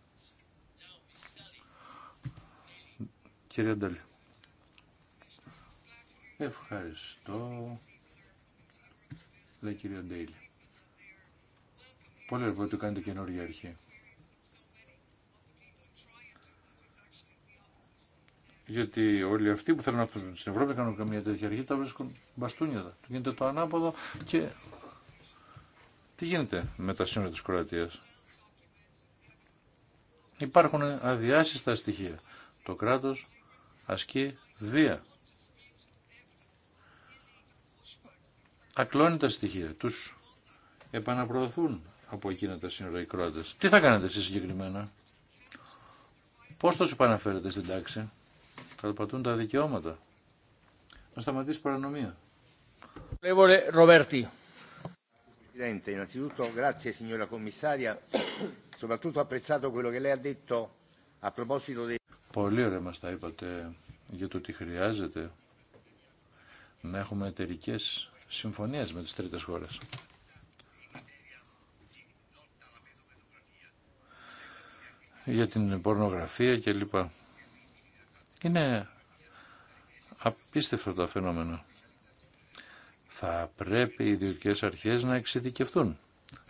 Κύριε Αντέλη. Ευχαριστώ. Λέει κύριο Αντέλη. Πολύ ωραία ότι κάνετε καινούργια αρχή. Γιατί όλοι αυτοί που θέλουν να έρθουν στην Ευρώπη κάνουν καμία τέτοια αρχή, τα βρίσκουν μπαστούνια. Γίνεται το ανάποδο και τι γίνεται με τα σύνορα της Κροατίας. Υπάρχουν αδιάσυστα στοιχεία. Το κράτος ασκεί βία. Ακλώνει τα στοιχεία. Τους επαναπροωθούν από εκείνα τα σύνορα οι Κροάτες. Τι θα κάνετε εσείς συγκεκριμένα. Πώς τους επαναφέρετε στην τάξη. Καταπατούν τα δικαιώματα. Να σταματήσει παρανομία. Ροβέρτη. Presidente, innanzitutto grazie signora Commissaria, soprattutto ho apprezzato quello che lei ha detto a proposito dei... Πολύ ωραία μας τα είπατε για το τι χρειάζεται να έχουμε εταιρικέ συμφωνίες με τις τρίτες χώρες. Για την πορνογραφία και λοιπά. Είναι απίστευτο το φαινόμενο. Θα πρέπει οι ιδιωτικέ αρχές να εξειδικευτούν.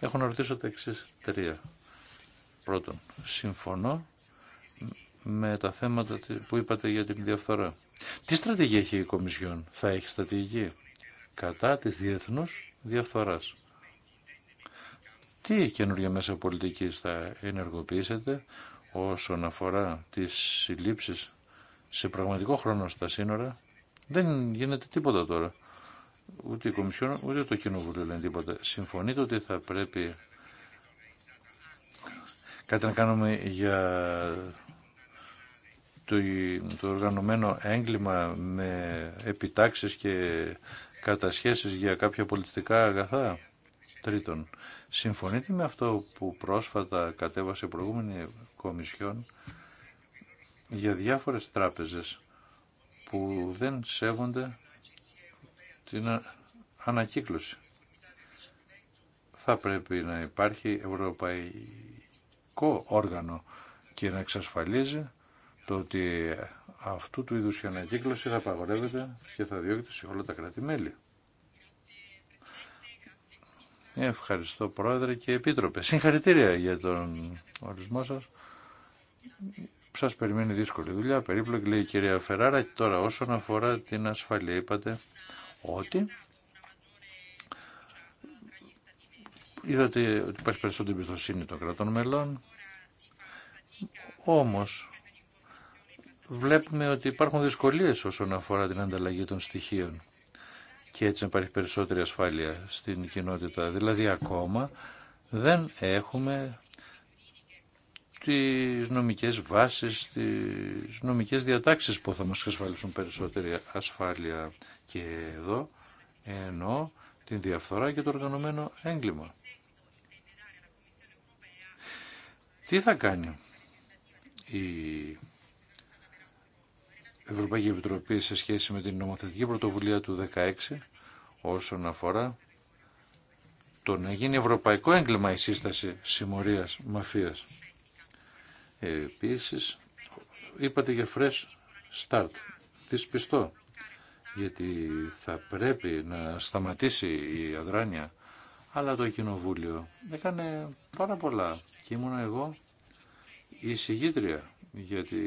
Έχω να ρωτήσω τα εξή τρία. Πρώτον, συμφωνώ με τα θέματα που είπατε για την διαφθορά. Τι στρατηγία έχει η Κομισιόν, θα έχει στρατηγική κατά της διεθνούς διαφθοράς. Τι καινούργια μέσα πολιτικής θα ενεργοποιήσετε όσον αφορά τις συλλήψεις σε πραγματικό χρόνο στα σύνορα. Δεν γίνεται τίποτα τώρα. Ούτε η Κομισιόν, ούτε το Κοινοβούλιο λένε τίποτα. Συμφωνείτε ότι θα πρέπει κάτι να κάνουμε για το, το οργανωμένο έγκλημα με επιτάξεις και κατασχέσεις για κάποια πολιτιστικά αγαθά. Τρίτον, συμφωνείτε με αυτό που πρόσφατα κατέβασε η προηγούμενη Κομισιόν για διάφορες τράπεζες που δεν σέβονται την ανακύκλωση. Θα πρέπει να υπάρχει ευρωπαϊκό όργανο και να εξασφαλίζει το ότι αυτού του είδους η ανακύκλωση θα απαγορεύεται και θα διώκεται σε όλα τα κράτη-μέλη. Ευχαριστώ Πρόεδρε και Επίτροπε. Συγχαρητήρια για τον ορισμό σας. Σας περιμένει δύσκολη δουλειά, περίπλοκη λέει η κυρία Φεράρα. Τώρα όσον αφορά την ασφαλεία είπατε ότι είδατε ότι υπάρχει περισσότερη εμπιστοσύνη των κρατών μελών, όμως βλέπουμε ότι υπάρχουν δυσκολίες όσον αφορά την ανταλλαγή των στοιχείων και έτσι υπάρχει περισσότερη ασφάλεια στην κοινότητα. Δηλαδή ακόμα δεν έχουμε τις νομικές βάσεις, τις νομικές διατάξεις που θα μας ασφαλίσουν περισσότερη ασφάλεια και εδώ εννοώ την διαφθορά και το οργανωμένο έγκλημα. Τι θα κάνει η Ευρωπαϊκή Επιτροπή σε σχέση με την νομοθετική πρωτοβουλία του 16 όσον αφορά το να γίνει ευρωπαϊκό έγκλημα η σύσταση συμμορίας μαφίας. Επίσης, είπατε για fresh start. Τις πιστώ γιατί θα πρέπει να σταματήσει η αδράνεια. Αλλά το κοινοβούλιο έκανε πάρα πολλά και ήμουν εγώ η συγγήτρια για τη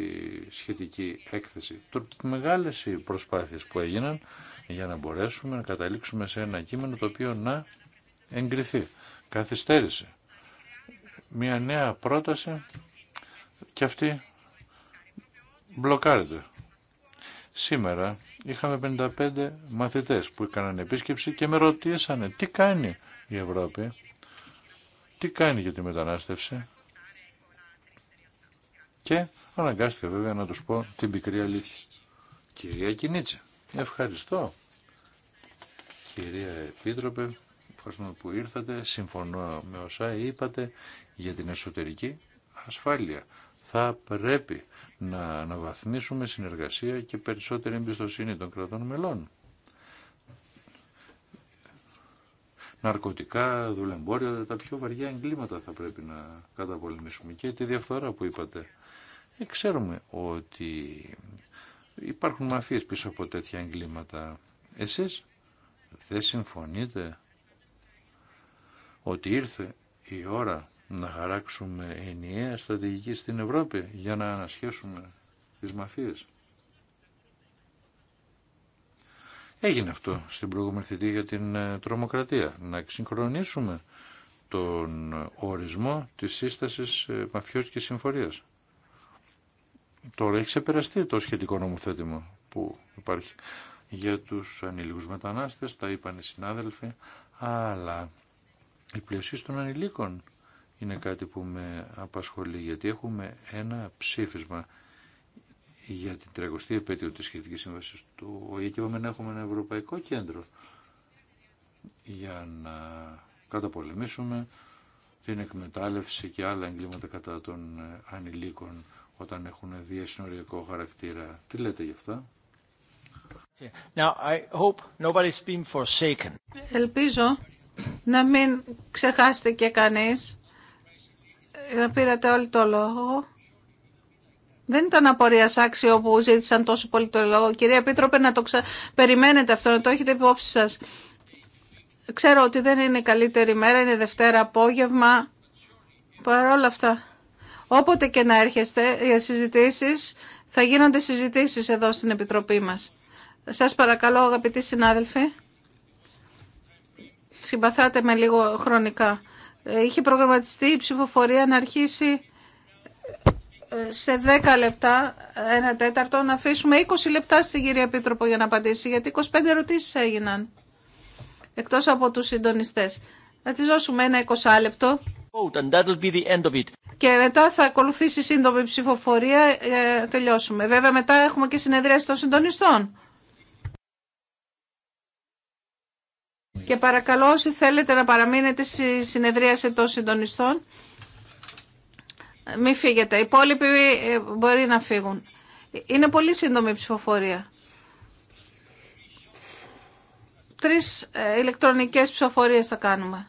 σχετική έκθεση. Μεγάλες οι προσπάθειες που έγιναν για να μπορέσουμε να καταλήξουμε σε ένα κείμενο το οποίο να εγκριθεί. Καθυστέρησε. Μια νέα πρόταση και αυτή μπλοκάρεται. Σήμερα είχαμε 55 μαθητές που έκαναν επίσκεψη και με ρωτήσανε τι κάνει η Ευρώπη, τι κάνει για τη μετανάστευση και αναγκάστηκα βέβαια να τους πω την πικρή αλήθεια. Κυρία Κινίτσε, ευχαριστώ. Κυρία Επίτροπε, ευχαριστούμε που ήρθατε. Συμφωνώ με όσα είπατε για την εσωτερική ασφάλεια θα πρέπει να αναβαθμίσουμε συνεργασία και περισσότερη εμπιστοσύνη των κρατών μελών. Ναρκωτικά, δουλεμπόρια, τα πιο βαριά εγκλήματα θα πρέπει να καταπολεμήσουμε και τη διαφθορά που είπατε. Ε, ξέρουμε ότι υπάρχουν μαφίες πίσω από τέτοια εγκλήματα. Εσείς δεν συμφωνείτε ότι ήρθε η ώρα να χαράξουμε ενιαία στρατηγική στην Ευρώπη για να ανασχέσουμε τις μαφίες. Έγινε αυτό στην προηγούμενη θητή για την ε, τρομοκρατία. Να εξυγχρονίσουμε τον ορισμό της σύστασης ε, μαφιός και συμφορίας. Τώρα έχει ξεπεραστεί το σχετικό νομοθέτημα που υπάρχει για τους ανήλικους μετανάστες, τα είπαν οι συνάδελφοι, αλλά η πλειοσύνη των ανηλίκων είναι κάτι που με απασχολεί γιατί έχουμε ένα ψήφισμα για την 30η επέτειο της σχετικής σύμβασης του ΟΗΕ και είπαμε να έχουμε ένα ευρωπαϊκό κέντρο για να καταπολεμήσουμε την εκμετάλλευση και άλλα εγκλήματα κατά των ανηλίκων όταν έχουν διασυνοριακό χαρακτήρα. Τι λέτε γι' αυτά? Ελπίζω να μην ξεχάσετε και κανείς να ε, πήρατε όλοι το λόγο. Δεν ήταν απορία άξιο που ζήτησαν τόσο πολύ το λόγο. Κυρία Επίτροπε, να το περιμένετε αυτό, να το έχετε υπόψη σα. Ξέρω ότι δεν είναι καλύτερη μέρα, είναι Δευτέρα απόγευμα. Παρ' όλα αυτά, όποτε και να έρχεστε για συζητήσεις, θα γίνονται συζητήσεις εδώ στην Επιτροπή μας. Σας παρακαλώ, αγαπητοί συνάδελφοι, συμπαθάτε με λίγο χρονικά. Ε, είχε προγραμματιστεί η ψηφοφορία να αρχίσει ε, σε 10 λεπτά, ένα τέταρτο, να αφήσουμε 20 λεπτά στην κυρία Πίτροπο για να απαντήσει, γιατί 25 ερωτήσεις έγιναν, εκτός από τους συντονιστές. Να τη δώσουμε ένα 20 λεπτό και μετά θα ακολουθήσει σύντομη ψηφοφορία, ε, τελειώσουμε. Βέβαια μετά έχουμε και συνεδρίαση των συντονιστών. Και παρακαλώ όσοι θέλετε να παραμείνετε στη συνεδρίαση των συντονιστών, μην φύγετε. Οι υπόλοιποι ε, μπορεί να φύγουν. Είναι πολύ σύντομη η ψηφοφορία. Τρεις ε, ηλεκτρονικές ψηφοφορίες θα κάνουμε.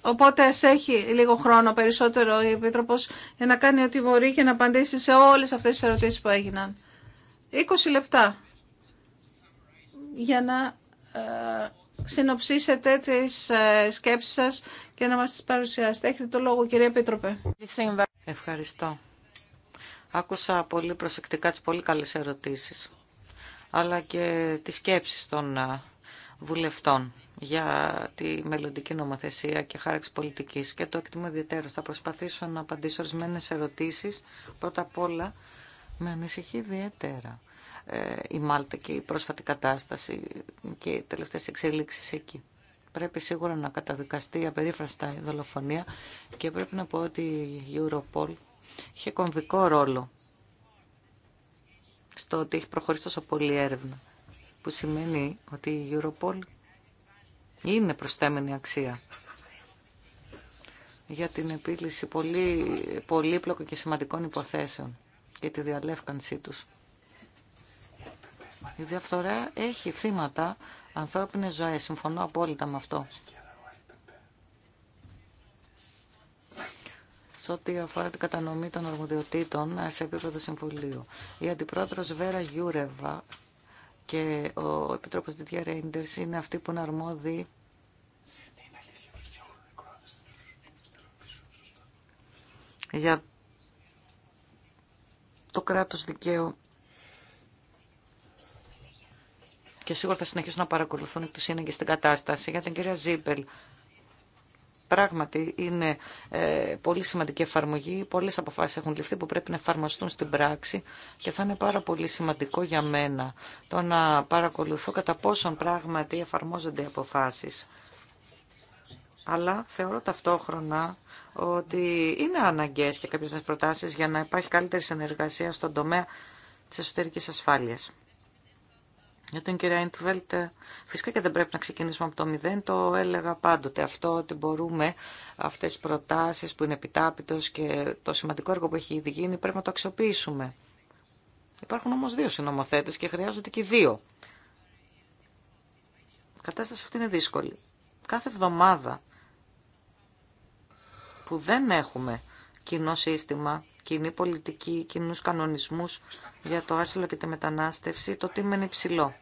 Οπότε ας έχει λίγο χρόνο περισσότερο η Επίτροπος για να κάνει ό,τι μπορεί και να απαντήσει σε όλες αυτές τις ερωτήσεις που έγιναν. 20 λεπτά για να ε, συνοψίσετε τις ε, σκέψεις σας και να μας τις παρουσιάσετε. Έχετε το λόγο κυρία Πίτροπε. Ευχαριστώ. Άκουσα πολύ προσεκτικά τις πολύ καλές ερωτήσεις αλλά και τις σκέψεις των ε, βουλευτών για τη μελλοντική νομοθεσία και χάραξη πολιτικής και το εκτιμώ ιδιαίτερα. Θα προσπαθήσω να απαντήσω ορισμένε ερωτήσεις. Πρώτα απ' όλα, με ανησυχεί ιδιαίτερα ε, η Μάλτα και η πρόσφατη κατάσταση και οι τελευταίες εξέλιξεις εκεί. Πρέπει σίγουρα να καταδικαστεί απερίφραστα η δολοφονία και πρέπει να πω ότι η Europol είχε κομβικό ρόλο στο ότι έχει προχωρήσει τόσο πολύ έρευνα που σημαίνει ότι η Europol είναι προστέμενη αξία για την επίλυση πολύ, πολύπλοκων και σημαντικών υποθέσεων και τη διαλεύκανσή τους. Η διαφθορά έχει θύματα ανθρώπινες ζωές. Συμφωνώ απόλυτα με αυτό. σε ό,τι αφορά την κατανομή των αρμοδιοτήτων σε επίπεδο συμβουλίου. Η αντιπρόεδρος Βέρα Γιούρεβα και ο Επιτρόπος Διτιά Ρέιντερς είναι αυτοί που είναι αρμόδιοι για το κράτος δικαίου και σίγουρα θα συνεχίσουν να παρακολουθούν εκ του σύνεγγυ στην κατάσταση. Για την κυρία Ζήπελ, πράγματι είναι ε, πολύ σημαντική εφαρμογή. Πολλές αποφάσεις έχουν ληφθεί που πρέπει να εφαρμοστούν στην πράξη και θα είναι πάρα πολύ σημαντικό για μένα το να παρακολουθώ κατά πόσον πράγματι εφαρμόζονται οι αποφάσεις. Αλλά θεωρώ ταυτόχρονα ότι είναι αναγκαίες και κάποιες προτάσεις για να υπάρχει καλύτερη συνεργασία στον τομέα της εσωτερικής ασφάλειας. Για την κυρία Ιντβέλτ, ε, φυσικά και δεν πρέπει να ξεκινήσουμε από το μηδέν, το έλεγα πάντοτε αυτό, ότι μπορούμε αυτές τι προτάσεις που είναι επιτάπητο και το σημαντικό έργο που έχει ήδη γίνει πρέπει να το αξιοποιήσουμε. Υπάρχουν όμως δύο συνομοθέτες και χρειάζονται και δύο. Η κατάσταση αυτή είναι δύσκολη. Κάθε εβδομάδα που δεν έχουμε κοινό σύστημα κοινή πολιτική, κοινού κανονισμούς για το άσυλο και τη μετανάστευση, το τίμημα είναι υψηλό.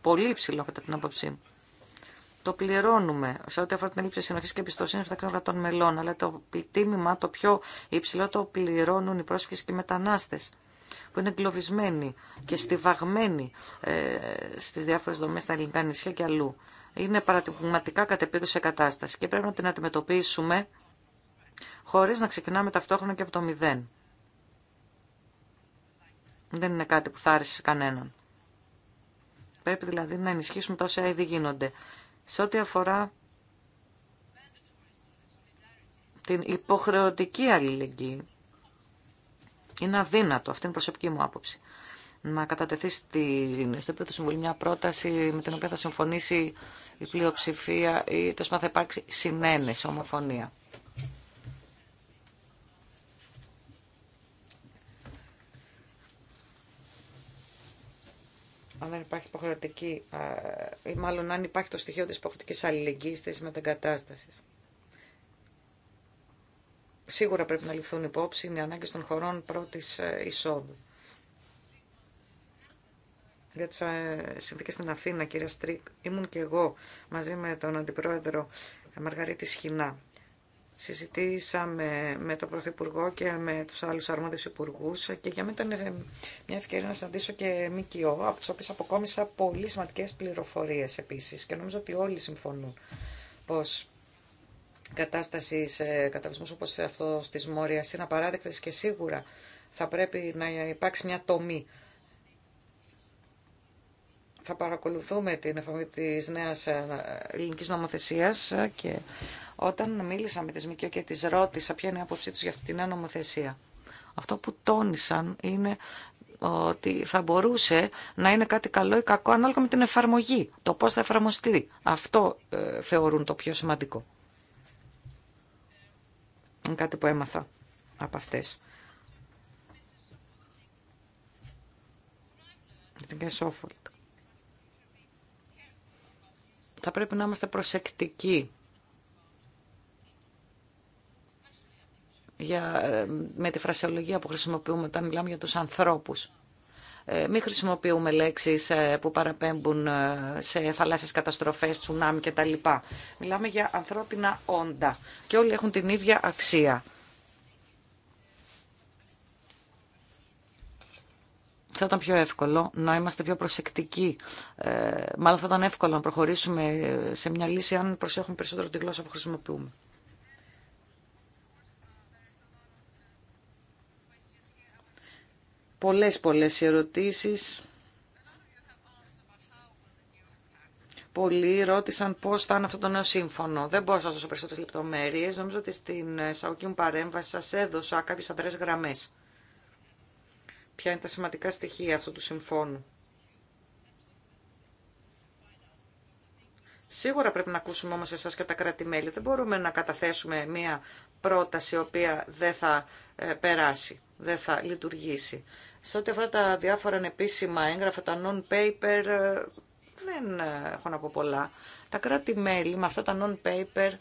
Πολύ υψηλό κατά την άποψή μου. Το πληρώνουμε σε ό,τι αφορά την έλλειψη συνοχή και εμπιστοσύνη μεταξύ των μελών, αλλά το τίμημα το πιο υψηλό το πληρώνουν οι πρόσφυγες και οι μετανάστες που είναι εγκλωβισμένοι και στιβαγμένοι ε, στις διάφορες δομές στα ελληνικά νησιά και αλλού. Είναι παραδειγματικά κατεπίδουσα κατάσταση και πρέπει να την αντιμετωπίσουμε χωρίς να ξεκινάμε ταυτόχρονα και από το μηδέν. Δεν είναι κάτι που θα άρεσε κανέναν. Πρέπει δηλαδή να ενισχύσουμε τα όσα ήδη γίνονται. Σε ό,τι αφορά την υποχρεωτική αλληλεγγύη, είναι αδύνατο, αυτή είναι η προσωπική μου άποψη, να κατατεθεί στη, στο επίπεδο συμβουλή μια πρόταση με την οποία θα συμφωνήσει η πλειοψηφία ή τόσο θα υπάρξει συνένεση, ομοφωνία. αν δεν υπάρχει υποχρεωτική, ή μάλλον αν υπάρχει το στοιχείο της υποχρεωτικής αλληλεγγύης της μεταγκατάστασης. Σίγουρα πρέπει να ληφθούν υπόψη οι ανάγκες των χωρών πρώτης ε, εισόδου. Για τις ε, συνθήκες στην Αθήνα, κυρία Στρίκ, ήμουν και εγώ μαζί με τον Αντιπρόεδρο ε, Μαργαρίτη Σχοινά Συζητήσαμε με τον Πρωθυπουργό και με τους άλλους αρμόδιους υπουργούς και για μένα ήταν ε, μια ευκαιρία να συναντήσω και ΜΚΟ, από τις οποίες αποκόμισα πολύ σημαντικές πληροφορίες επίσης και νομίζω ότι όλοι συμφωνούν πως κατάσταση σε καταλυσμούς όπως αυτό της Μόριας είναι απαράδεκτες και σίγουρα θα πρέπει να υπάρξει μια τομή θα παρακολουθούμε την εφαρμογή της νέας ε, ελληνικής νομοθεσίας ε, και όταν μίλησα με τις ΜΚΟ και τις ρώτησα ποια είναι η άποψή τους για αυτή τη νέα νομοθεσία. Αυτό που τόνισαν είναι ότι θα μπορούσε να είναι κάτι καλό ή κακό ανάλογα με την εφαρμογή, το πώς θα εφαρμοστεί. Αυτό ε, θεωρούν το πιο σημαντικό. Είναι κάτι που έμαθα από αυτές. Την Κεσόφολτ θα πρέπει να είμαστε προσεκτικοί για, ε, με τη φρασιολογία που χρησιμοποιούμε όταν μιλάμε για τους ανθρώπους. Ε, μην χρησιμοποιούμε λέξεις ε, που παραπέμπουν ε, σε θαλάσσιες καταστροφές, τσουνάμι κτλ. Μιλάμε για ανθρώπινα όντα και όλοι έχουν την ίδια αξία. θα ήταν πιο εύκολο να είμαστε πιο προσεκτικοί. Ε, μάλλον θα ήταν εύκολο να προχωρήσουμε σε μια λύση αν προσέχουμε περισσότερο τη γλώσσα που χρησιμοποιούμε. Πολλές, πολλές ερωτήσεις. Πολλοί ρώτησαν πώς θα είναι αυτό το νέο σύμφωνο. Δεν μπορώ να σας δώσω περισσότερες λεπτομέρειες. Νομίζω ότι στην σαουκή μου παρέμβαση σας έδωσα κάποιες αδρές γραμμές ποια είναι τα σημαντικά στοιχεία αυτού του συμφώνου. Σίγουρα πρέπει να ακούσουμε όμως εσάς και τα κράτη-μέλη. Δεν μπορούμε να καταθέσουμε μία πρόταση η οποία δεν θα ε, περάσει, δεν θα λειτουργήσει. Σε ό,τι αφορά τα διάφορα επίσημα έγγραφα, τα non-paper, ε, δεν ε, έχω να πω πολλά. Τα κράτη-μέλη με αυτά τα non-paper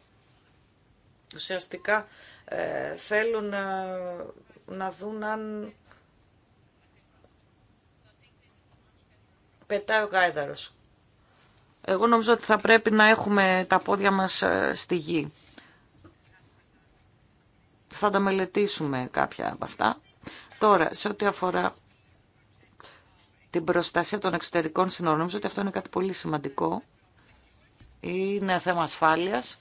ουσιαστικά θέλουν να δουν αν πετάει ο γάιδαρος. Εγώ νομίζω ότι θα πρέπει να έχουμε τα πόδια μας ε, στη γη. Θα τα μελετήσουμε κάποια από αυτά. Τώρα, σε ό,τι αφορά την προστασία των εξωτερικών συνόρων, νομίζω ότι αυτό είναι κάτι πολύ σημαντικό. Είναι θέμα ασφάλειας.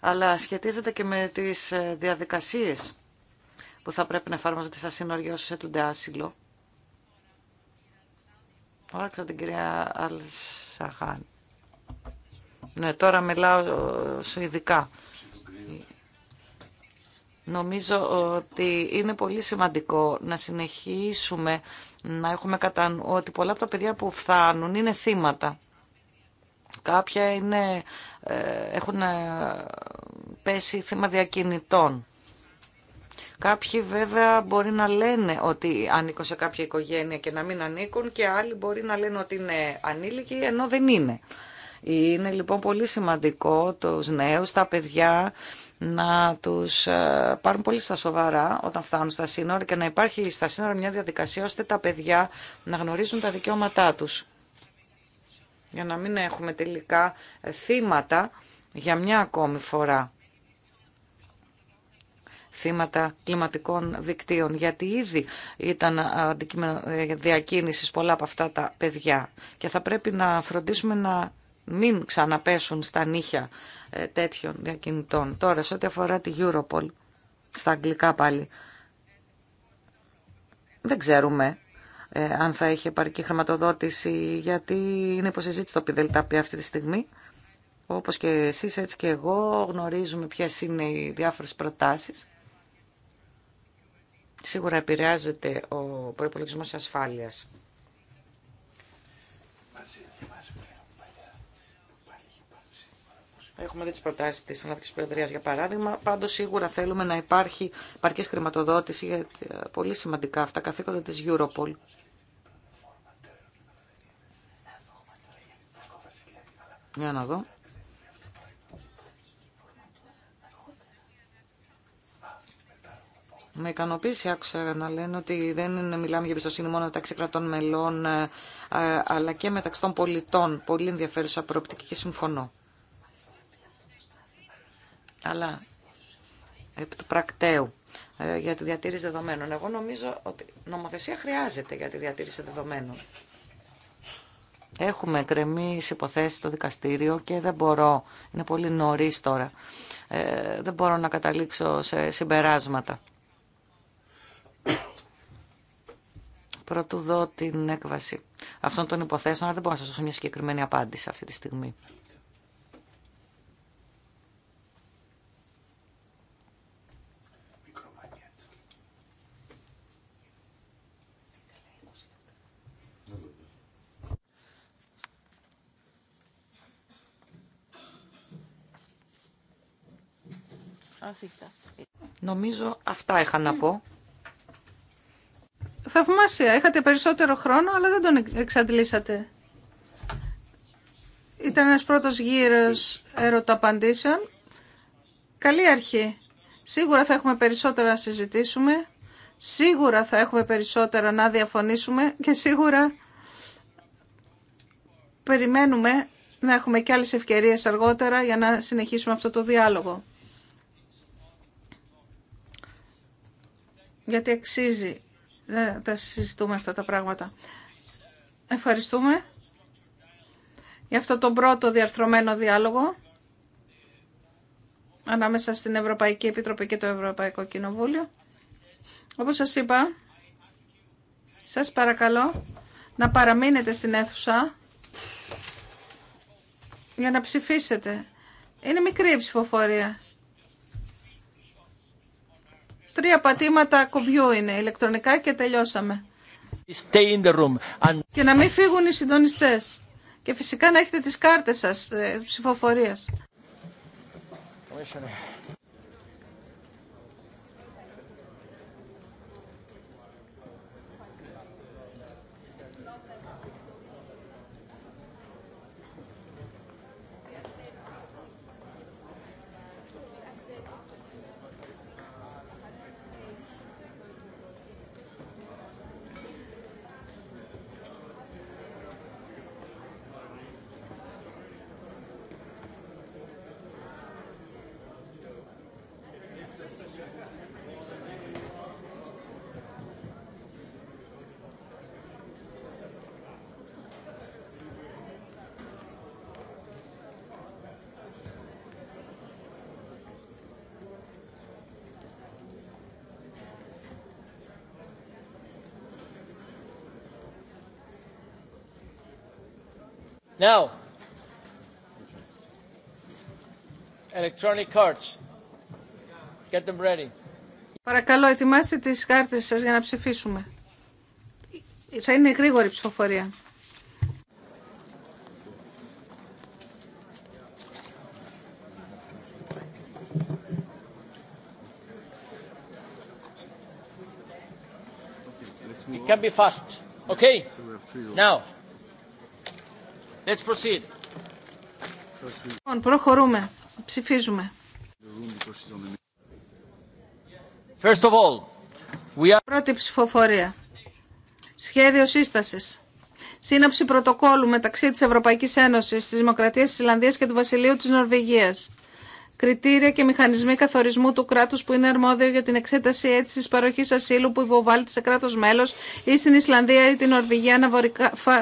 Αλλά σχετίζεται και με τις ε, διαδικασίες που θα πρέπει να εφαρμόζονται στα σύνορα για όσους έτουνται άσυλο. την κυρία Αλσαχάν. Ναι, τώρα μιλάω ε, σου ειδικά. Νομίζω ότι είναι πολύ σημαντικό να συνεχίσουμε να έχουμε κατά νου ότι πολλά από τα παιδιά που φθάνουν είναι θύματα. Κάποια είναι, ε, έχουν ε, πέσει θύμα διακινητών. Κάποιοι βέβαια μπορεί να λένε ότι ανήκουν σε κάποια οικογένεια και να μην ανήκουν και άλλοι μπορεί να λένε ότι είναι ανήλικοι ενώ δεν είναι. Είναι λοιπόν πολύ σημαντικό τους νέους, τα παιδιά να τους ε, πάρουν πολύ στα σοβαρά όταν φτάνουν στα σύνορα και να υπάρχει στα σύνορα μια διαδικασία ώστε τα παιδιά να γνωρίζουν τα δικαιώματά τους. Για να μην έχουμε τελικά θύματα για μια ακόμη φορά θύματα κλιματικών δικτύων, γιατί ήδη ήταν αντικείμενο διακίνησης πολλά από αυτά τα παιδιά και θα πρέπει να φροντίσουμε να μην ξαναπέσουν στα νύχια ε, τέτοιων διακινητών. Τώρα, σε ό,τι αφορά τη Europol, στα αγγλικά πάλι, δεν ξέρουμε ε, αν θα έχει επαρκή χρηματοδότηση, γιατί είναι υποσυζήτητο το πια αυτή τη στιγμή. Όπως και εσείς, έτσι και εγώ, γνωρίζουμε ποιες είναι οι διάφορες προτάσεις σίγουρα επηρεάζεται ο προϋπολογισμός της ασφάλειας. Έχουμε δει τι προτάσει τη Συνάδελφη Προεδρία, για παράδειγμα. Πάντω, σίγουρα θέλουμε να υπάρχει παρκές χρηματοδότηση για ε, πολύ σημαντικά αυτά καθήκοντα τη Europol. Για να δω. Με ικανοποίηση άκουσα να λένε ότι δεν μιλάμε για εμπιστοσύνη μόνο μεταξύ κρατών μελών, ε, αλλά και μεταξύ των πολιτών. Πολύ ενδιαφέρουσα προοπτική και συμφωνώ. Αλλά επί του πρακτέου ε, για τη διατήρηση δεδομένων. Εγώ νομίζω ότι νομοθεσία χρειάζεται για τη διατήρηση δεδομένων. Έχουμε κρεμίσει υποθέσει στο δικαστήριο και δεν μπορώ, είναι πολύ νωρί τώρα, ε, δεν μπορώ να καταλήξω σε συμπεράσματα. Πρωτού δω την έκβαση αυτών των υποθέσεων, αλλά δεν μπορώ να σας δώσω μια συγκεκριμένη απάντηση αυτή τη στιγμή. Νομίζω αυτά είχα να πω. Θαυμάσια. Είχατε περισσότερο χρόνο, αλλά δεν τον εξαντλήσατε. Ήταν ένας πρώτος γύρος ερωταπαντήσεων. Καλή αρχή. Σίγουρα θα έχουμε περισσότερα να συζητήσουμε. Σίγουρα θα έχουμε περισσότερα να διαφωνήσουμε και σίγουρα περιμένουμε να έχουμε και άλλες ευκαιρίες αργότερα για να συνεχίσουμε αυτό το διάλογο. Γιατί αξίζει δεν ναι, τα συζητούμε αυτά τα πράγματα. Ευχαριστούμε για αυτό τον πρώτο διαρθρωμένο διάλογο ανάμεσα στην Ευρωπαϊκή Επιτροπή και το Ευρωπαϊκό Κοινοβούλιο. Όπως σας είπα, σας παρακαλώ να παραμείνετε στην αίθουσα για να ψηφίσετε. Είναι μικρή η ψηφοφορία. Τρία πατήματα κουμπιού είναι ηλεκτρονικά και τελειώσαμε. Stay in the room Και να μην φύγουν οι συντονιστές. Και φυσικά να έχετε τις κάρτες σας ε, ψηφοφορίας. Now, electronic cards. Get them ready. Παρακαλώ, ετοιμάστε τις κάρτες σας για να ψηφίσουμε. Θα είναι γρήγορη ψηφοφορία. It can be fast. Okay. Now. Let's proceed. Λοιπόν, προχωρούμε. Ψηφίζουμε. First of all, we are... Πρώτη ψηφοφορία. Σχέδιο σύστασης. Σύναψη πρωτοκόλλου μεταξύ της Ευρωπαϊκής Ένωσης, της Δημοκρατίας της Ισλανδίας και του Βασιλείου της Νορβηγίας κριτήρια και μηχανισμοί καθορισμού του κράτου που είναι αρμόδιο για την εξέταση αίτησης παροχή ασύλου που υποβάλλεται σε κράτο μέλο ή στην Ισλανδία ή την Ορβηγία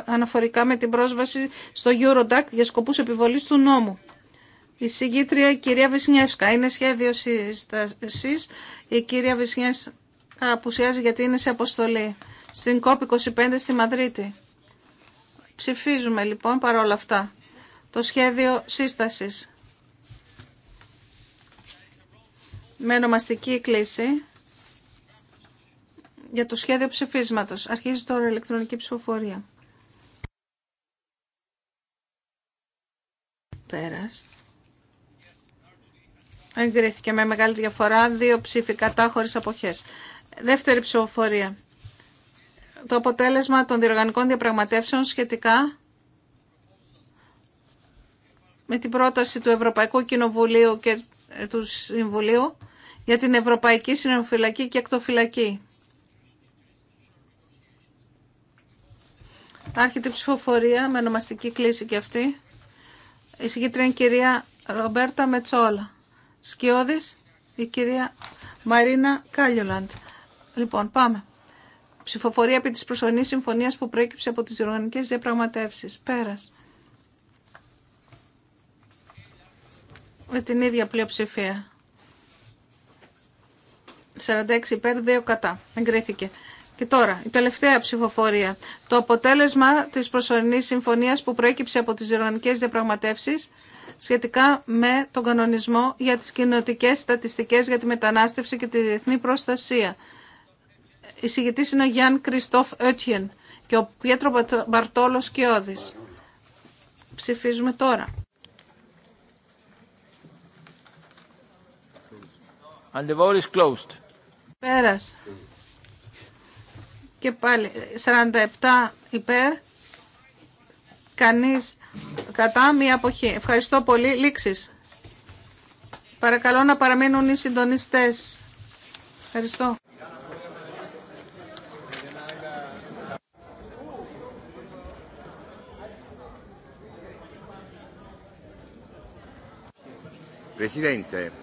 αναφορικά με την πρόσβαση στο Eurodac για σκοπούς επιβολή του νόμου. Η συγκήτρια κυρία Βυσνιεύσκα. Είναι σχέδιο σύσταση, Η κυρία Βυσνιεύσκα απουσιάζει γιατί είναι σε αποστολή στην COP25 στη Μαδρίτη. Ψηφίζουμε λοιπόν παρόλα αυτά το σχέδιο σύσταση. με ονομαστική κλίση για το σχέδιο ψηφίσματος. Αρχίζει τώρα η ηλεκτρονική ψηφοφορία. Πέρας. Εγκρίθηκε με μεγάλη διαφορά, δύο ψήφοι κατά χωρίς αποχές. Δεύτερη ψηφοφορία. Το αποτέλεσμα των διοργανικών διαπραγματεύσεων σχετικά με την πρόταση του Ευρωπαϊκού Κοινοβουλίου και του Συμβουλίου για την Ευρωπαϊκή Συνοφυλακή και Εκτοφυλακή. Άρχεται η ψηφοφορία με νομαστική κλίση και αυτή. Η συγκεκριμένη είναι η κυρία Ρομπέρτα Μετσόλα. Σκιώδης η κυρία Μαρίνα Κάλιολαντ. Λοιπόν, πάμε. Ψηφοφορία επί της προσωρινής συμφωνίας που προέκυψε από τις οργανικές διαπραγματεύσεις. Πέρας. Με την ίδια πλειοψηφία. 46 υπέρ, 2 κατά. Εγκρίθηκε. Και τώρα, η τελευταία ψηφοφορία. Το αποτέλεσμα τη προσωρινή συμφωνία που προέκυψε από τι γερμανικέ διαπραγματεύσει σχετικά με τον κανονισμό για τι κοινοτικέ στατιστικέ για τη μετανάστευση και τη διεθνή προστασία. Η συγητής είναι ο Γιάνν Κριστόφ Ότιεν και ο Πιέτρο Μπαρτόλο Κιώδη. Ψηφίζουμε τώρα. And the vote is closed. Πέρας. Και πάλι 47 υπέρ. Κανείς κατά μία αποχή. Ευχαριστώ πολύ. Λήξεις. Παρακαλώ να παραμείνουν οι συντονιστές. Ευχαριστώ. Presidente.